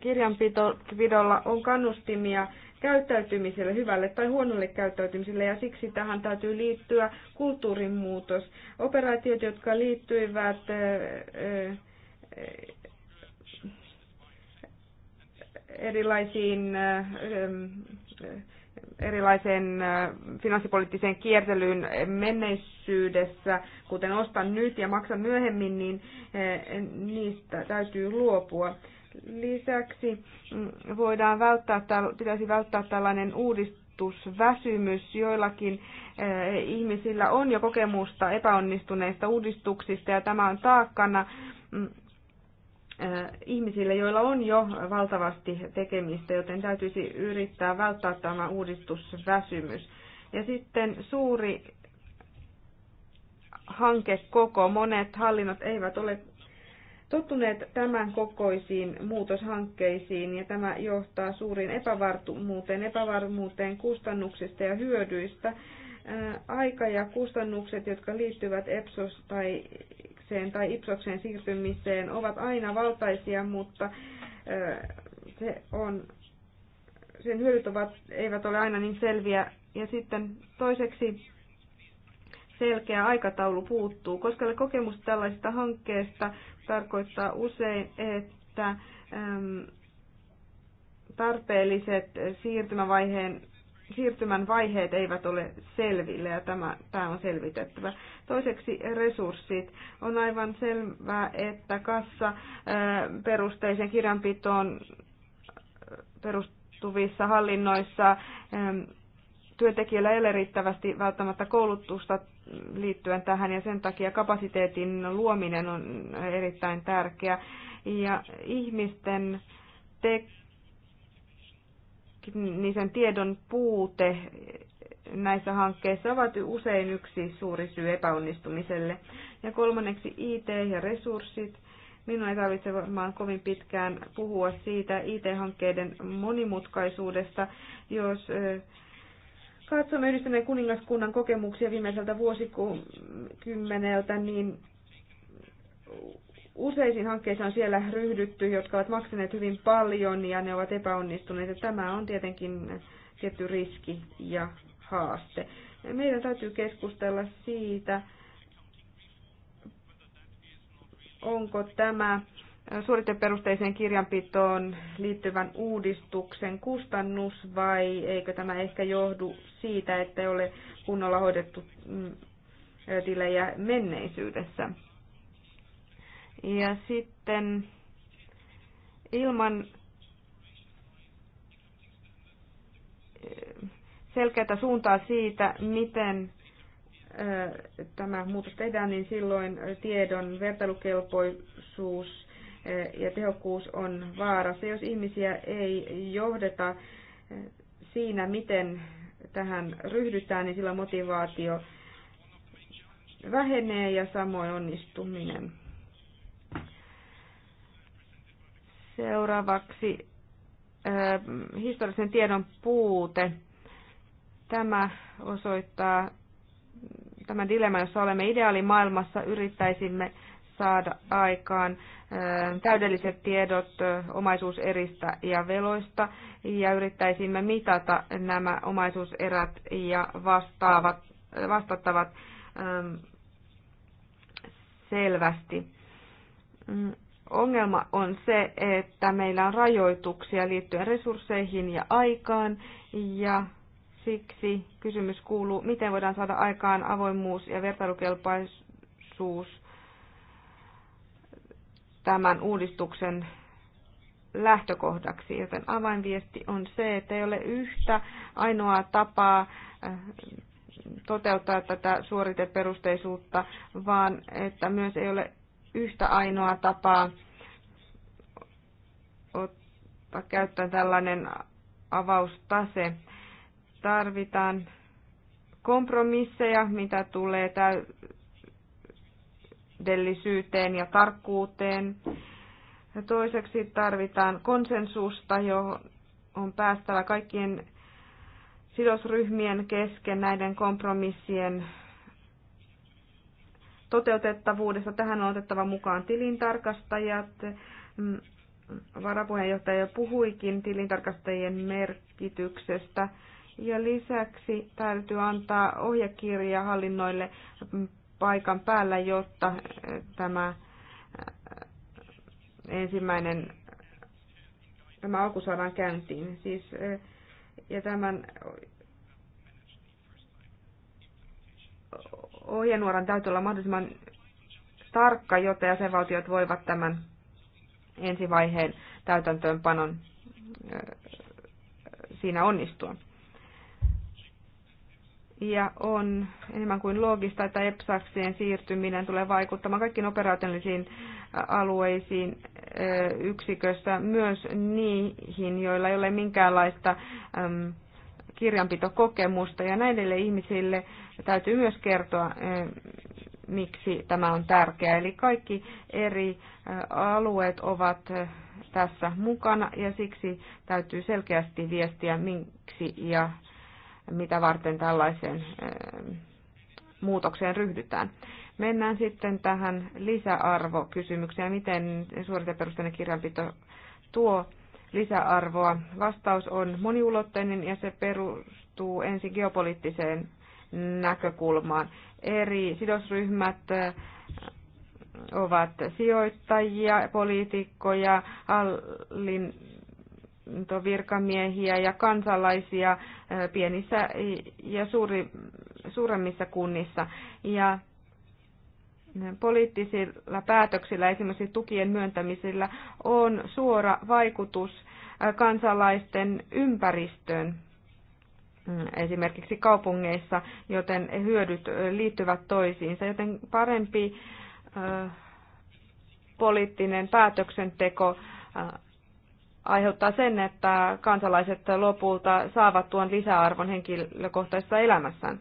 kirjanpidolla on kannustimia käyttäytymiselle, hyvälle tai huonolle käyttäytymiselle, ja siksi tähän täytyy liittyä kulttuurin muutos. Operaatiot, jotka liittyivät erilaisiin erilaiseen finanssipoliittiseen kiertelyyn menneisyydessä, kuten ostan nyt ja maksan myöhemmin, niin niistä täytyy luopua. Lisäksi mm, voidaan välttää, pitäisi välttää tällainen uudistusväsymys. Joillakin eh, ihmisillä on jo kokemusta epäonnistuneista uudistuksista ja tämä on taakkana mm, eh, ihmisille, joilla on jo valtavasti tekemistä, joten täytyisi yrittää välttää tämä uudistusväsymys. Ja sitten suuri hankekoko. Monet hallinnot eivät ole tottuneet tämän kokoisiin muutoshankkeisiin ja tämä johtaa suuriin epävarmuuteen, epävarmuuteen kustannuksista ja hyödyistä. Aika ja kustannukset, jotka liittyvät EPSOS tai tai IPSOkseen siirtymiseen ovat aina valtaisia, mutta se on, sen hyödyt ovat, eivät ole aina niin selviä. Ja sitten toiseksi selkeä aikataulu puuttuu. Koska olen kokemusta tällaisista hankkeista, tarkoittaa usein, että tarpeelliset siirtymävaiheen siirtymän vaiheet eivät ole selville ja tämä, tämä on selvitettävä. Toiseksi resurssit. On aivan selvää, että kassa perusteisen kirjanpitoon perustuvissa hallinnoissa työntekijöillä ei ole riittävästi välttämättä koulutusta liittyen tähän ja sen takia kapasiteetin luominen on erittäin tärkeä. Ja ihmisten teknisen tiedon puute näissä hankkeissa ovat usein yksi suuri syy epäonnistumiselle. Ja kolmanneksi IT ja resurssit. Minun ei tarvitse varmaan kovin pitkään puhua siitä IT-hankkeiden monimutkaisuudesta, jos katsomme yhdistyneen kuningaskunnan kokemuksia viimeiseltä vuosikymmeneltä, niin useisiin hankkeisiin on siellä ryhdytty, jotka ovat maksaneet hyvin paljon ja ne ovat epäonnistuneet. Ja tämä on tietenkin tietty riski ja haaste. Meidän täytyy keskustella siitä, onko tämä suoriteperusteiseen kirjanpitoon liittyvän uudistuksen kustannus vai eikö tämä ehkä johdu siitä, että ei ole kunnolla hoidettu mm, tilejä menneisyydessä? Ja sitten ilman eh, selkeää suuntaa siitä, miten eh, tämä muutos tehdään, niin silloin tiedon vertailukelpoisuus Eh, ja tehokkuus on vaarassa. Jos ihmisiä ei johdeta eh, siinä, miten tähän ryhdytään, niin silloin motivaatio vähenee ja samoin onnistuminen. Seuraavaksi eh, historiallisen tiedon puute. Tämä osoittaa tämän dilemman, jossa olemme ideaalimaailmassa, yrittäisimme saada aikaan täydelliset tiedot omaisuuseristä ja veloista ja yrittäisimme mitata nämä omaisuuserät ja vastaavat, vastattavat selvästi. Mm, ongelma on se, että meillä on rajoituksia liittyen resursseihin ja aikaan ja siksi kysymys kuuluu, miten voidaan saada aikaan avoimuus ja vertailukelpoisuus tämän uudistuksen lähtökohdaksi. Joten avainviesti on se, että ei ole yhtä ainoaa tapaa äh, toteuttaa tätä suoriteperusteisuutta, vaan että myös ei ole yhtä ainoa tapaa ottaa käyttöön tällainen avaustase. Tarvitaan kompromisseja, mitä tulee täydellisyyteen ja tarkkuuteen. Ja toiseksi tarvitaan konsensusta, johon on päästävä kaikkien sidosryhmien kesken näiden kompromissien toteutettavuudessa. Tähän on otettava mukaan tilintarkastajat. Varapuheenjohtaja jo puhuikin tilintarkastajien merkityksestä. Ja lisäksi täytyy antaa ohjekirja hallinnoille paikan päällä, jotta eh, tämä eh, ensimmäinen tämä alku saadaan käyntiin. Siis, eh, ja tämän ohjenuoran täytyy olla mahdollisimman tarkka, jotta jäsenvaltiot voivat tämän ensivaiheen täytäntöönpanon siinä onnistua ja on enemmän kuin loogista, että EPSAksien siirtyminen tulee vaikuttamaan kaikkiin operationaalisiin alueisiin yksikössä, myös niihin, joilla ei ole minkäänlaista kirjanpitokokemusta. Ja näille ihmisille täytyy myös kertoa, miksi tämä on tärkeää. Eli kaikki eri alueet ovat tässä mukana ja siksi täytyy selkeästi viestiä, miksi ja mitä varten tällaiseen ähm, muutokseen ryhdytään. Mennään sitten tähän lisäarvokysymykseen, miten suoriteperusteinen kirjanpito tuo lisäarvoa. Vastaus on moniulotteinen ja se perustuu ensin geopoliittiseen näkökulmaan. Eri sidosryhmät äh, ovat sijoittajia, poliitikkoja, hallin, virkamiehiä ja kansalaisia pienissä ja suuri, suuremmissa kunnissa. Ja poliittisilla päätöksillä, esimerkiksi tukien myöntämisillä, on suora vaikutus kansalaisten ympäristöön esimerkiksi kaupungeissa, joten hyödyt liittyvät toisiinsa, joten parempi poliittinen päätöksenteko aiheuttaa sen, että kansalaiset lopulta saavat tuon lisäarvon henkilökohtaisessa elämässään.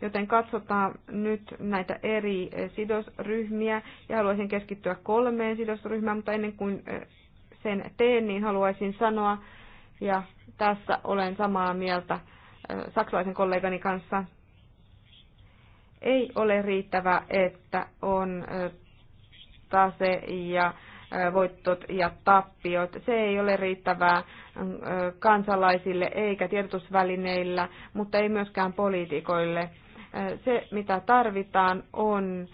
Joten katsotaan nyt näitä eri sidosryhmiä ja haluaisin keskittyä kolmeen sidosryhmään, mutta ennen kuin sen teen, niin haluaisin sanoa, ja tässä olen samaa mieltä saksalaisen kollegani kanssa, ei ole riittävä, että on tase ja voittot ja tappiot. Se ei ole riittävää kansalaisille eikä tiedotusvälineillä, mutta ei myöskään poliitikoille. Se, mitä tarvitaan, on,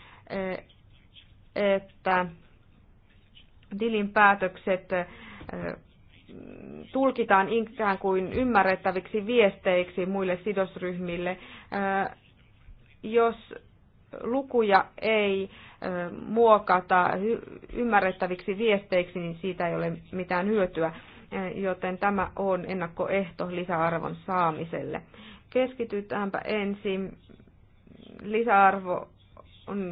että tilinpäätökset tulkitaan ikään kuin ymmärrettäviksi viesteiksi muille sidosryhmille. Jos lukuja ei muokata ymmärrettäviksi viesteiksi, niin siitä ei ole mitään hyötyä, joten tämä on ennakkoehto lisäarvon saamiselle. Keskitytäänpä ensin lisäarvo,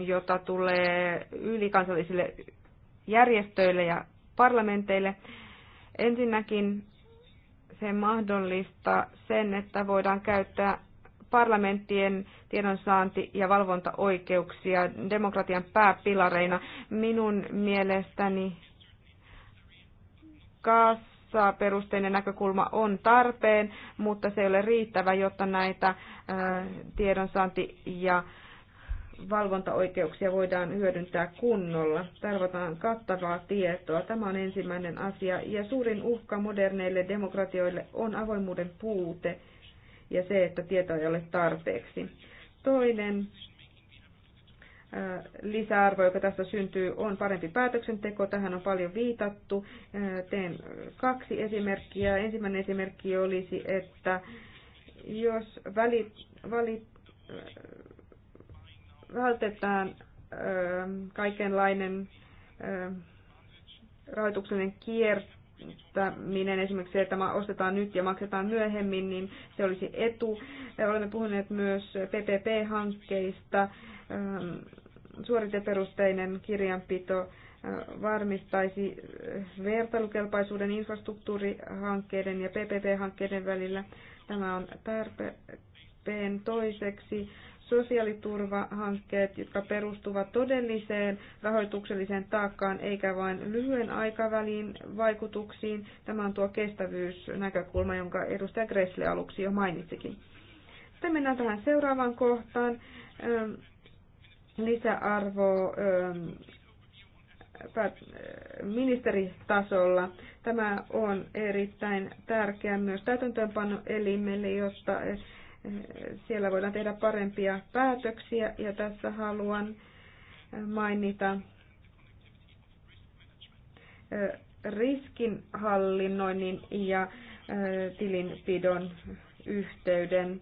jota tulee ylikansallisille järjestöille ja parlamenteille. Ensinnäkin se mahdollistaa sen, että voidaan käyttää parlamenttien tiedonsaanti- ja valvontaoikeuksia demokratian pääpilareina. Minun mielestäni kassaperusteinen näkökulma on tarpeen, mutta se ei ole riittävä, jotta näitä tiedonsaanti- ja valvontaoikeuksia voidaan hyödyntää kunnolla. Tarvitaan kattavaa tietoa. Tämä on ensimmäinen asia. Ja suurin uhka moderneille demokratioille on avoimuuden puute ja se, että tieto ei ole tarpeeksi. Toinen lisäarvo, joka tästä syntyy, on parempi päätöksenteko. Tähän on paljon viitattu. Teen kaksi esimerkkiä. Ensimmäinen esimerkki olisi, että jos välit, valit, vältetään kaikenlainen rahoituksellinen kierto, ostaminen, esimerkiksi se, että ostetaan nyt ja maksetaan myöhemmin, niin se olisi etu. Olemme puhuneet myös PPP-hankkeista, ähm, suoriteperusteinen kirjanpito äh, varmistaisi äh, vertailukelpaisuuden infrastruktuurihankkeiden ja PPP-hankkeiden välillä. Tämä on tarpeen toiseksi sosiaaliturvahankkeet, jotka perustuvat todelliseen rahoitukselliseen taakkaan eikä vain lyhyen aikavälin vaikutuksiin. Tämä on tuo kestävyysnäkökulma, jonka edustaja Gressle aluksi jo mainitsikin. Sitten mennään tähän seuraavaan kohtaan. Lisäarvo ministeritasolla. Tämä on erittäin tärkeää myös täytäntöönpanoelimelle, jotta siellä voidaan tehdä parempia päätöksiä ja tässä haluan mainita riskinhallinnoinnin ja tilinpidon yhteyden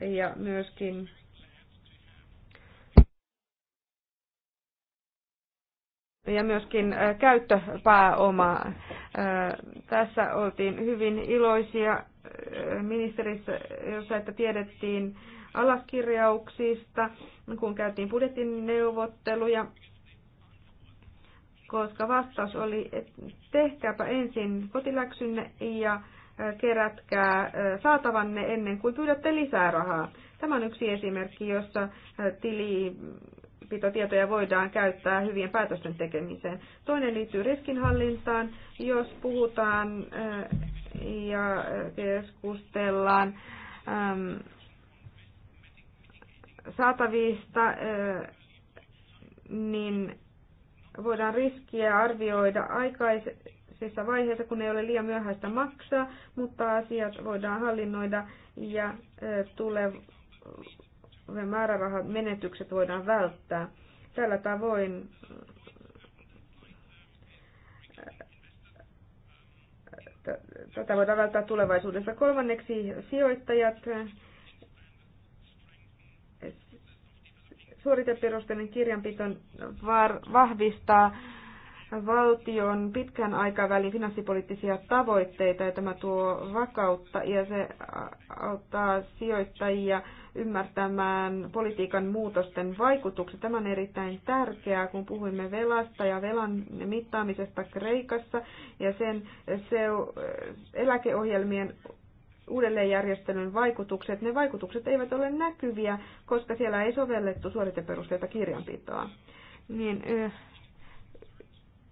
ja myöskin ja myöskin käyttöpääoma. Tässä oltiin hyvin iloisia ministerissä, jossa että tiedettiin alaskirjauksista, kun käytiin neuvotteluja, koska vastaus oli, että tehkääpä ensin kotiläksynne ja kerätkää saatavanne ennen kuin pyydätte lisää rahaa. Tämä on yksi esimerkki, jossa tili tietoja voidaan käyttää hyvien päätösten tekemiseen. Toinen liittyy riskinhallintaan. Jos puhutaan äh, ja äh, keskustellaan ähm, saatavista, äh, niin voidaan riskiä arvioida aikaisessa vaiheessa, kun ei ole liian myöhäistä maksaa, mutta asiat voidaan hallinnoida ja tulee määrärahat menetykset voidaan välttää. Tällä tavoin äh, tätä voidaan välttää tulevaisuudessa. Kolmanneksi sijoittajat, suoriteperusteinen kirjanpito vahvistaa valtion pitkän aikavälin finanssipoliittisia tavoitteita ja tämä tuo vakautta ja se auttaa sijoittajia ymmärtämään politiikan muutosten vaikutukset. Tämä on erittäin tärkeää, kun puhuimme velasta ja velan mittaamisesta Kreikassa ja sen se, eläkeohjelmien uudelleenjärjestelyn vaikutukset. Ne vaikutukset eivät ole näkyviä, koska siellä ei sovellettu suoriteperusteita kirjanpitoa. Niin,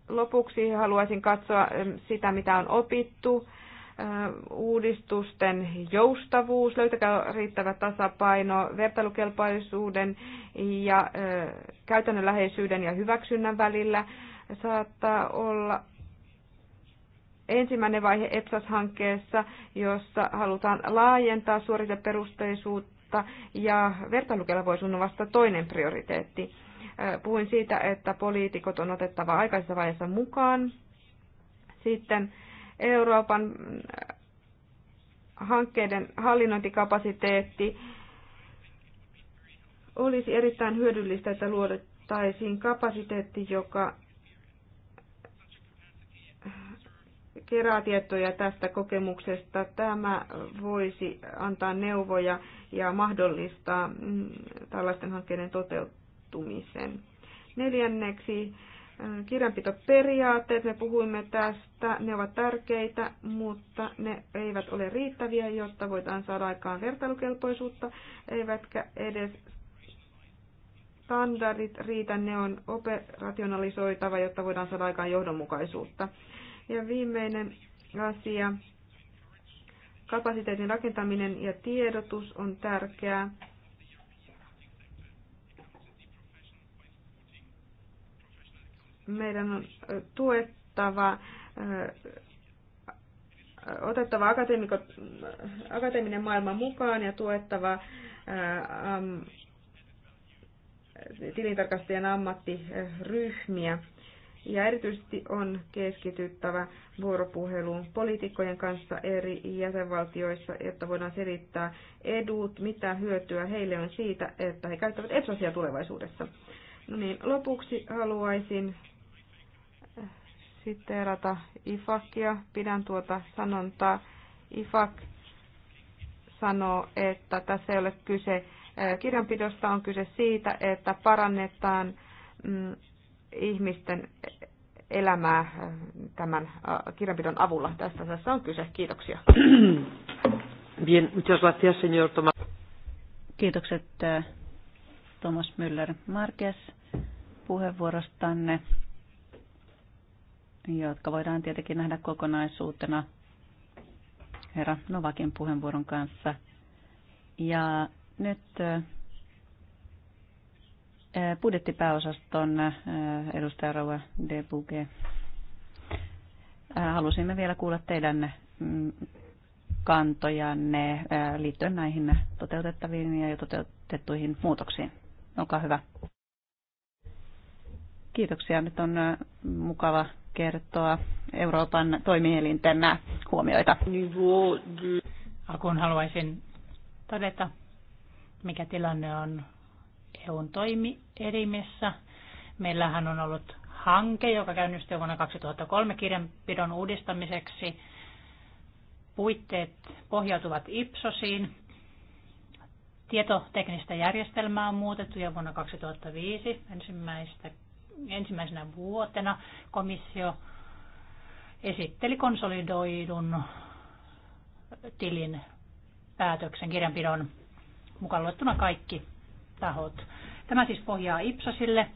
Lopuksi haluaisin katsoa sitä, mitä on opittu. Uudistusten joustavuus, löytäkää riittävä tasapaino vertailukelpoisuuden ja e, käytännönläheisyyden ja hyväksynnän välillä. Saattaa olla ensimmäinen vaihe EPSAS-hankkeessa, jossa halutaan laajentaa suoriteperusteisuutta ja vertailukelpoisuus on vasta toinen prioriteetti. Äh, puhuin siitä, että poliitikot on otettava aikaisessa vaiheessa mukaan. Sitten Euroopan äh, hankkeiden hallinnointikapasiteetti olisi erittäin hyödyllistä, että luodettaisiin kapasiteetti, joka äh, kerää tietoja tästä kokemuksesta. Tämä voisi antaa neuvoja ja mahdollistaa mm, tällaisten hankkeiden toteuttamista muuttumisen. Neljänneksi äh, kirjanpitoperiaatteet, me puhuimme tästä, ne ovat tärkeitä, mutta ne eivät ole riittäviä, jotta voidaan saada aikaan vertailukelpoisuutta, eivätkä edes standardit riitä, ne on operationalisoitava, jotta voidaan saada aikaan johdonmukaisuutta. Ja viimeinen asia, kapasiteetin rakentaminen ja tiedotus on tärkeää Meidän on tuettava otettava akateeminen maailma mukaan ja tuettava ää, tilintarkastajien ammattiryhmiä. Ja erityisesti on keskityttävä vuoropuheluun poliitikkojen kanssa eri jäsenvaltioissa, jotta voidaan selittää edut, mitä hyötyä heille on siitä, että he käyttävät EPSOSia tulevaisuudessa. No niin, lopuksi haluaisin siteerata Ifakia. Pidän tuota sanontaa. Ifak sanoo, että tässä ei ole kyse kirjanpidosta, on kyse siitä, että parannetaan mm, ihmisten elämää tämän kirjanpidon avulla. Tästä tässä on kyse. Kiitoksia. <clears throat> Bien, muchas gracias, señor Tomás. Kiitokset Thomas müller marques puheenvuorostanne jotka voidaan tietenkin nähdä kokonaisuutena herra Novakin puheenvuoron kanssa. Ja nyt eh, budjettipääosaston eh, edustaja Rauha Debuge. Eh, halusimme vielä kuulla teidän mm, kantojanne liittyen näihin toteutettaviin ja jo toteutettuihin muutoksiin. Olkaa hyvä. Kiitoksia. Nyt on mukava kertoa Euroopan toimielinten huomioita. Alkuun haluaisin todeta, mikä tilanne on EUn toimielimessä. Meillähän on ollut hanke, joka käynnistyi vuonna 2003 kirjanpidon uudistamiseksi. Puitteet pohjautuvat IPSOSiin. Tietoteknistä järjestelmää on muutettu jo vuonna 2005 ensimmäistä ensimmäisenä vuotena komissio esitteli konsolidoidun tilin päätöksen kirjanpidon mukaan luettuna kaikki tahot. Tämä siis pohjaa Ipsosille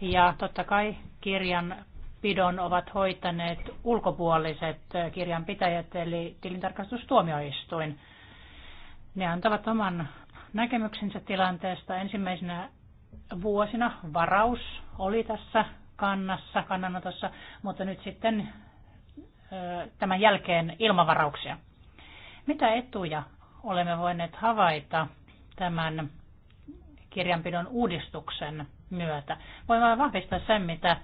ja totta kai kirjanpidon ovat hoitaneet ulkopuoliset kirjanpitäjät eli tilintarkastustuomioistuin. Ne antavat oman näkemyksensä tilanteesta. Ensimmäisenä vuosina varaus oli tässä kannassa, kannanotossa, mutta nyt sitten tämän jälkeen ilmavarauksia. Mitä etuja olemme voineet havaita tämän kirjanpidon uudistuksen myötä? Voimme vain vahvistaa sen, mitä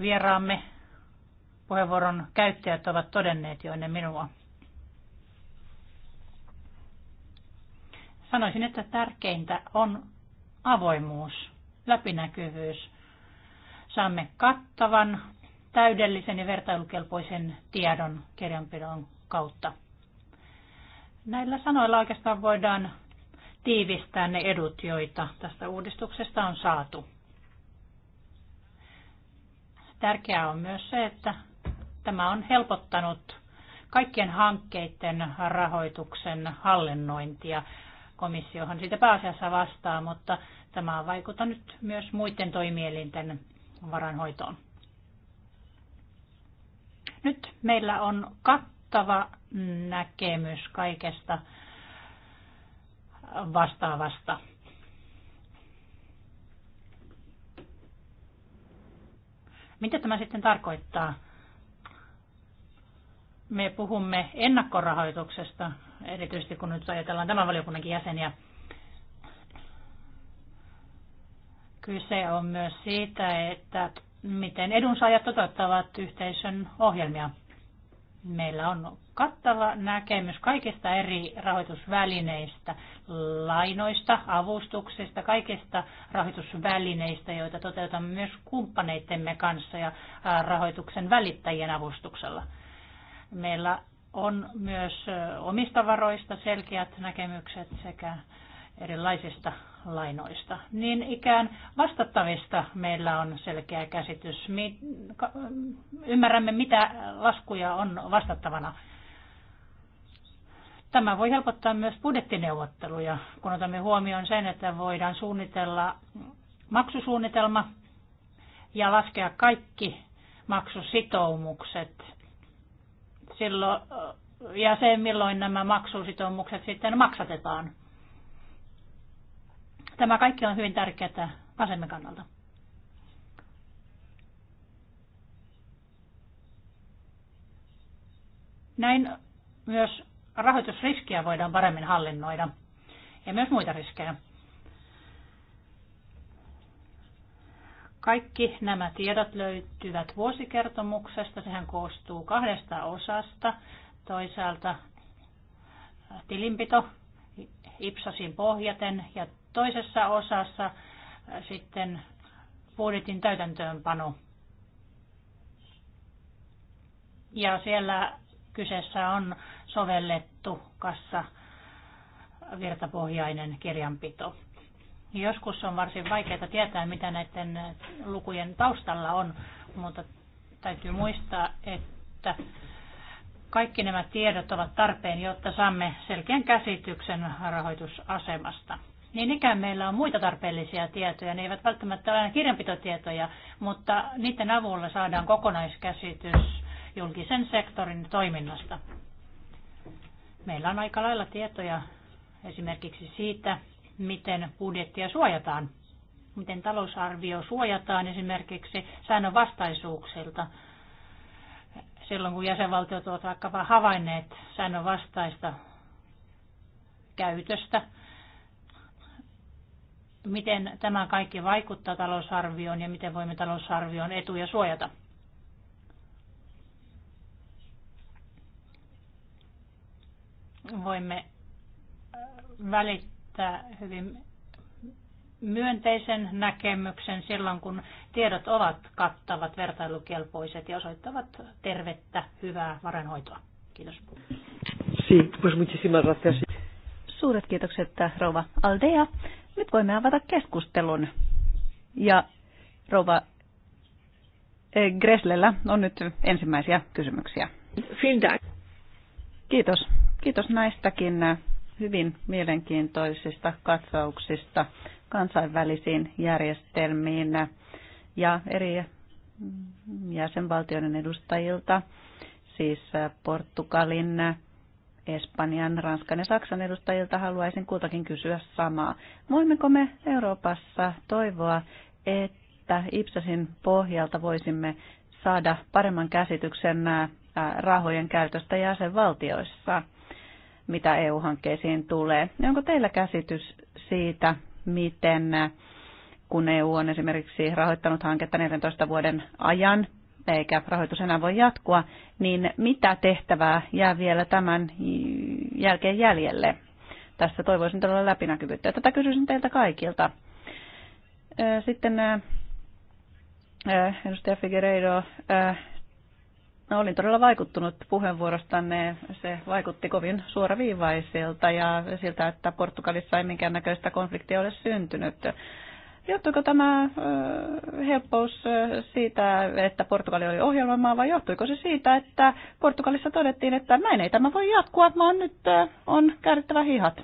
vieraamme puheenvuoron käyttäjät ovat todenneet jo ennen minua. Sanoisin, että tärkeintä on avoimuus, läpinäkyvyys. Saamme kattavan, täydellisen ja vertailukelpoisen tiedon kirjanpidon kautta. Näillä sanoilla oikeastaan voidaan tiivistää ne edut, joita tästä uudistuksesta on saatu. Tärkeää on myös se, että tämä on helpottanut kaikkien hankkeiden rahoituksen hallinnointia komissiohan siitä pääasiassa vastaa, mutta tämä on vaikuttanut myös muiden toimielinten varanhoitoon. Nyt meillä on kattava näkemys kaikesta vastaavasta. Mitä tämä sitten tarkoittaa? Me puhumme ennakkorahoituksesta erityisesti kun nyt ajatellaan tämän valiokunnankin jäseniä. Kyse on myös siitä, että miten edunsaajat toteuttavat yhteisön ohjelmia. Meillä on kattava näkemys kaikista eri rahoitusvälineistä, lainoista, avustuksista, kaikista rahoitusvälineistä, joita toteutamme myös kumppaneittemme kanssa ja rahoituksen välittäjien avustuksella. Meillä on myös omista varoista selkeät näkemykset sekä erilaisista lainoista. Niin ikään vastattavista meillä on selkeä käsitys. Me ymmärrämme, mitä laskuja on vastattavana. Tämä voi helpottaa myös budjettineuvotteluja, kun otamme huomioon sen, että voidaan suunnitella maksusuunnitelma ja laskea kaikki maksusitoumukset silloin, ja se, milloin nämä maksusitoumukset sitten maksatetaan. Tämä kaikki on hyvin tärkeää asemme kannalta. Näin myös rahoitusriskiä voidaan paremmin hallinnoida ja myös muita riskejä. Kaikki nämä tiedot löytyvät vuosikertomuksesta. Sehän koostuu kahdesta osasta. Toisaalta tilinpito IPSASin pohjaten ja toisessa osassa sitten budjetin täytäntöönpano. Ja siellä kyseessä on sovellettu kassa virtapohjainen kirjanpito. Joskus on varsin vaikeaa tietää, mitä näiden lukujen taustalla on, mutta täytyy muistaa, että kaikki nämä tiedot ovat tarpeen, jotta saamme selkeän käsityksen rahoitusasemasta. Niin ikään meillä on muita tarpeellisia tietoja, ne eivät välttämättä ole aina kirjanpitotietoja, mutta niiden avulla saadaan kokonaiskäsitys julkisen sektorin toiminnasta. Meillä on aika lailla tietoja esimerkiksi siitä, miten budjettia suojataan, miten talousarvio suojataan esimerkiksi säännön vastaisuuksilta silloin, kun jäsenvaltiot ovat vaikkapa havainneet säännön vastaista käytöstä. Miten tämä kaikki vaikuttaa talousarvioon ja miten voimme talousarvion etuja suojata? Voimme välittää että hyvin myönteisen näkemyksen silloin, kun tiedot ovat kattavat, vertailukelpoiset ja osoittavat tervettä, hyvää varainhoitoa. Kiitos. Sí, pues muchísimas gracias. Suuret kiitokset, rova Aldea. Nyt voimme avata keskustelun. Ja rova eh, Greslellä on nyt ensimmäisiä kysymyksiä. Kiitos. Kiitos näistäkin eh, hyvin mielenkiintoisista katsauksista kansainvälisiin järjestelmiin ja eri jäsenvaltioiden edustajilta, siis Portugalin, Espanjan, Ranskan ja Saksan edustajilta haluaisin kultakin kysyä samaa. Voimmeko me Euroopassa toivoa, että IPSASin pohjalta voisimme saada paremman käsityksen rahojen käytöstä jäsenvaltioissa? mitä EU-hankkeisiin tulee. Onko teillä käsitys siitä, miten kun EU on esimerkiksi rahoittanut hanketta 14 vuoden ajan, eikä rahoitus enää voi jatkua, niin mitä tehtävää jää vielä tämän jälkeen jäljelle? Tässä toivoisin todella läpinäkyvyyttä. Tätä kysyisin teiltä kaikilta. Sitten edustaja Figueiredo No, olin todella vaikuttunut puheenvuorostanne. Se vaikutti kovin suoraviivaiselta ja siltä, että Portugalissa ei minkäännäköistä konfliktia ole syntynyt. Johtuiko tämä helppous siitä, että Portugali oli ohjelmamaa vai johtuiko se siitä, että Portugalissa todettiin, että näin ei tämä voi jatkua, vaan nyt on käärittävä hihat?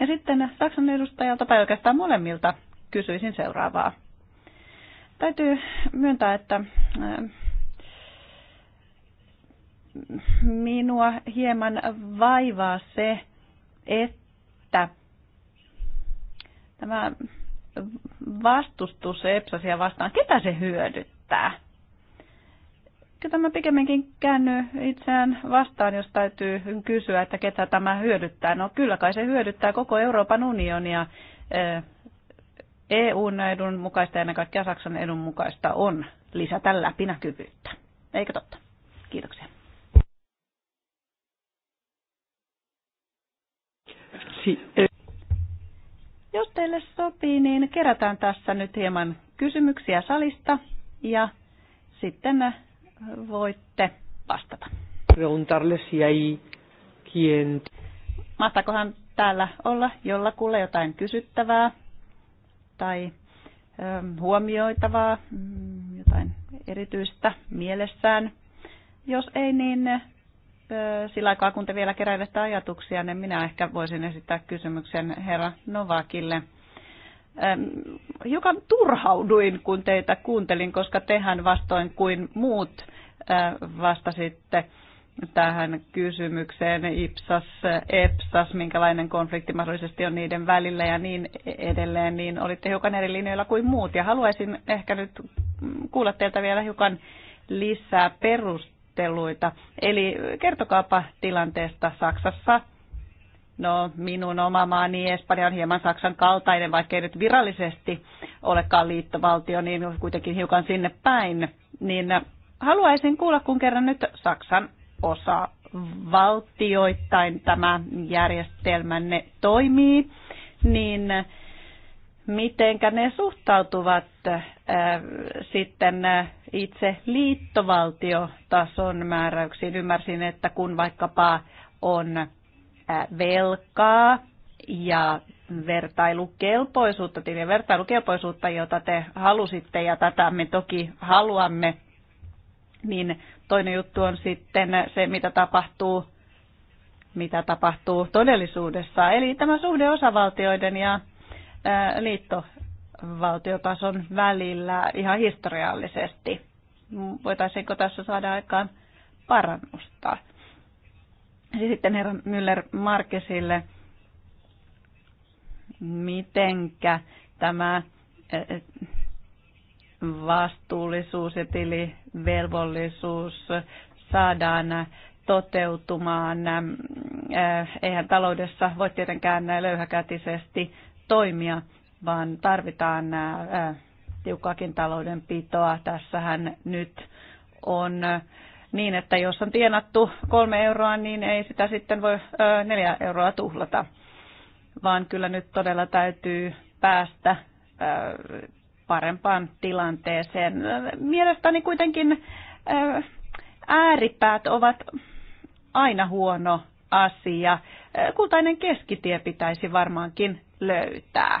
Ja sitten Saksan edustajalta tai oikeastaan molemmilta kysyisin seuraavaa. Täytyy myöntää, että minua hieman vaivaa se, että tämä vastustus EPSASia vastaan, ketä se hyödyttää? Kyllä tämä pikemminkin käänny itseään vastaan, jos täytyy kysyä, että ketä tämä hyödyttää. No kyllä kai se hyödyttää koko Euroopan unionia. EUn edun mukaista ja ennen kaikkea Saksan edun mukaista on lisätä läpinäkyvyyttä. Eikö totta? Kiitoksia. Si. Jos teille sopii, niin kerätään tässä nyt hieman kysymyksiä salista ja sitten voitte vastata. Mahtakohan täällä olla jollakulle jotain kysyttävää tai huomioitavaa, mm, jotain erityistä mielessään. Jos ei, niin sillä aikaa, kun te vielä keräilette ajatuksia, niin minä ehkä voisin esittää kysymyksen herra Novakille. Joka turhauduin, kun teitä kuuntelin, koska tehän vastoin kuin muut vastasitte tähän kysymykseen, IPSAS, EPSAS, minkälainen konflikti mahdollisesti on niiden välillä ja niin edelleen, niin olitte hiukan eri linjoilla kuin muut. Ja haluaisin ehkä nyt kuulla teiltä vielä hiukan lisää perus neuvotteluita. Eli kertokaapa tilanteesta Saksassa. No, minun oma maani Espanja on hieman Saksan kaltainen, ei nyt virallisesti olekaan liittovaltio, niin kuitenkin hiukan sinne päin. Niin äh, haluaisin kuulla, kun kerran nyt Saksan osa valtioittain tämä järjestelmänne toimii, niin mitenkä ne suhtautuvat sitten itse liittovaltiotason määräyksiin. Ymmärsin, että kun vaikkapa on velkaa ja vertailukelpoisuutta, tilien vertailukelpoisuutta, jota te halusitte ja tätä me toki haluamme, niin toinen juttu on sitten se, mitä tapahtuu, mitä tapahtuu todellisuudessa. Eli tämä suhde osavaltioiden ja Äh, liittovaltiotason välillä ihan historiallisesti. Voitaisiinko tässä saada aikaan parannusta? Sitten herra Müller-Markesille, mitenkä tämä äh, vastuullisuus ja tilivelvollisuus saadaan toteutumaan. Äh, eihän taloudessa voi tietenkään löyhäkätisesti toimia, vaan tarvitaan tiukkaakin taloudenpitoa. Tässähän nyt on niin, että jos on tienattu kolme euroa, niin ei sitä sitten voi neljä euroa tuhlata, vaan kyllä nyt todella täytyy päästä parempaan tilanteeseen. Mielestäni kuitenkin ääripäät ovat aina huono asia. Kultainen keskitie pitäisi varmaankin löytää.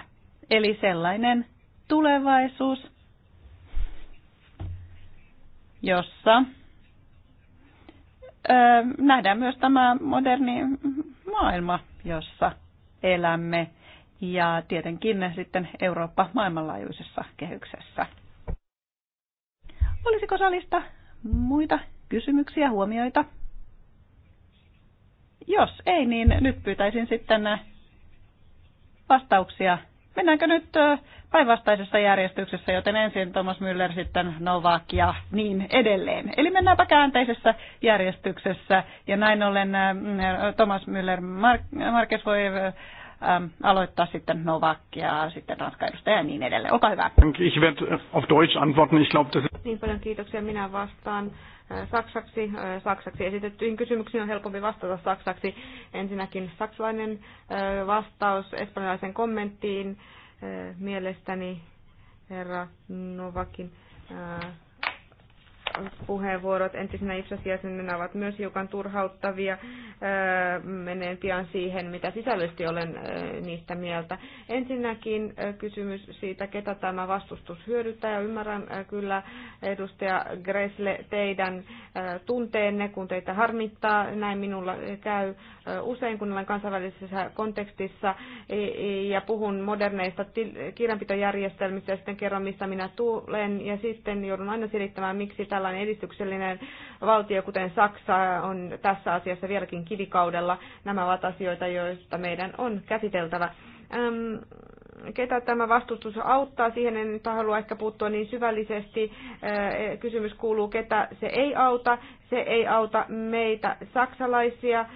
Eli sellainen tulevaisuus, jossa nähdään myös tämä moderni maailma, jossa elämme ja tietenkin sitten Eurooppa maailmanlaajuisessa kehyksessä. Olisiko salista muita kysymyksiä, huomioita? Jos ei, niin nyt pyytäisin sitten äh, vastauksia. Mennäänkö nyt äh, päinvastaisessa järjestyksessä, joten ensin Thomas Müller, sitten Novak ja niin edelleen. Eli mennäänpä käänteisessä järjestyksessä. Ja näin ollen äh, mm, Thomas Müller, Markes voi aloittaa sitten Novak ja sitten Ranska edustaja ja niin edelleen. Olkaa hyvä. Ich werde auf Deutsch antworten. Ich Niin paljon kiitoksia. Minä vastaan Äh, saksaksi. Äh, saksaksi esitettyihin kysymyksiin on helpompi vastata saksaksi. Ensinnäkin saksalainen äh, vastaus espanjalaisen kommenttiin mielestäni herra Novakin puheenvuorot entisenä IPSAS-jäsenenä ovat myös hiukan turhauttavia. Menen pian siihen, mitä sisällöllisesti olen niistä mieltä. Ensinnäkin kysymys siitä, ketä tämä vastustus hyödyttää. Ja ymmärrän kyllä, edustaja Gresle, teidän tunteenne, kun teitä harmittaa. Näin minulla käy usein, kun olen kansainvälisessä kontekstissa e, e, ja puhun moderneista kirjanpitojärjestelmistä ja sitten kerron, missä minä tulen. Ja sitten joudun aina selittämään, miksi tällä tällainen edistyksellinen valtio, kuten Saksa, on tässä asiassa vieläkin kivikaudella. Nämä ovat asioita, joista meidän on käsiteltävä. Äm, ketä tämä vastustus auttaa, siihen en nyt halua ehkä puuttua niin syvällisesti. Äh, kysymys kuuluu, ketä se ei auta. Se ei auta meitä saksalaisia,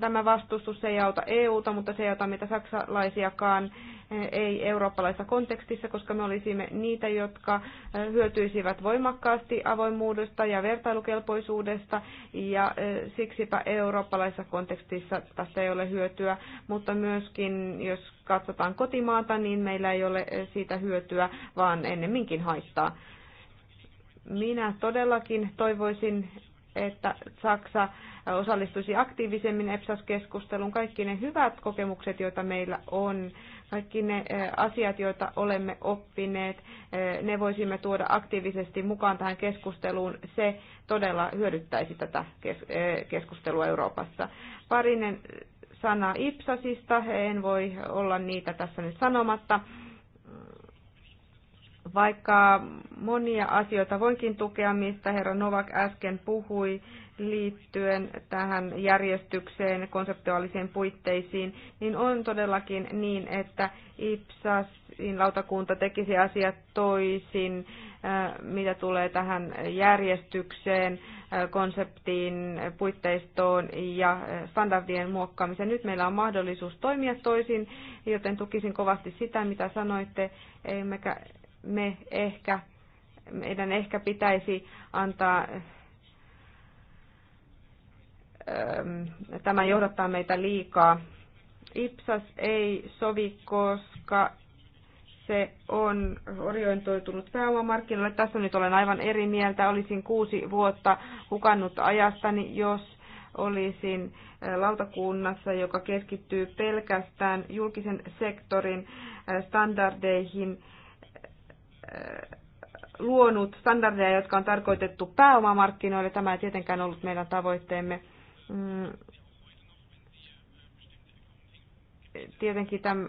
tämä vastustus ei auta EUta, mutta se ei auta meitä saksalaisiakaan, e, ei eurooppalaisessa kontekstissa, koska me olisimme niitä, jotka e, hyötyisivät voimakkaasti avoimuudesta ja vertailukelpoisuudesta, ja e, siksipä eurooppalaisessa kontekstissa tästä ei ole hyötyä, mutta myöskin jos katsotaan kotimaata, niin meillä ei ole siitä hyötyä, vaan ennemminkin haittaa. Minä todellakin toivoisin, että Saksa osallistuisi aktiivisemmin EPSAS-keskusteluun. Kaikki ne hyvät kokemukset, joita meillä on, kaikki ne eh, asiat, joita olemme oppineet, eh, ne voisimme tuoda aktiivisesti mukaan tähän keskusteluun. Se todella hyödyttäisi tätä eh, keskustelua Euroopassa. Parinen sana IPSASista, en voi olla niitä tässä nyt sanomatta. Vaikka monia asioita voinkin tukea, mistä herra Novak äsken puhui liittyen tähän järjestykseen, konseptuaalisiin puitteisiin, niin on todellakin niin, että IPSASin lautakunta tekisi asiat toisin, äh, mitä tulee tähän järjestykseen, äh, konseptiin, puitteistoon ja äh, standardien muokkaamiseen. Nyt meillä on mahdollisuus toimia toisin, joten tukisin kovasti sitä, mitä sanoitte, emmekä me ehkä, meidän ehkä pitäisi antaa ähm, tämä johdattaa meitä liikaa. Ipsas ei sovi, koska se on orientoitunut pääomamarkkinoille. Tässä nyt olen aivan eri mieltä. Olisin kuusi vuotta hukannut ajastani, jos olisin äh, lautakunnassa, joka keskittyy pelkästään julkisen sektorin äh, standardeihin luonut standardeja, jotka on tarkoitettu pääomamarkkinoille. Tämä ei tietenkään ollut meidän tavoitteemme. Mm. Tietenkin tämän,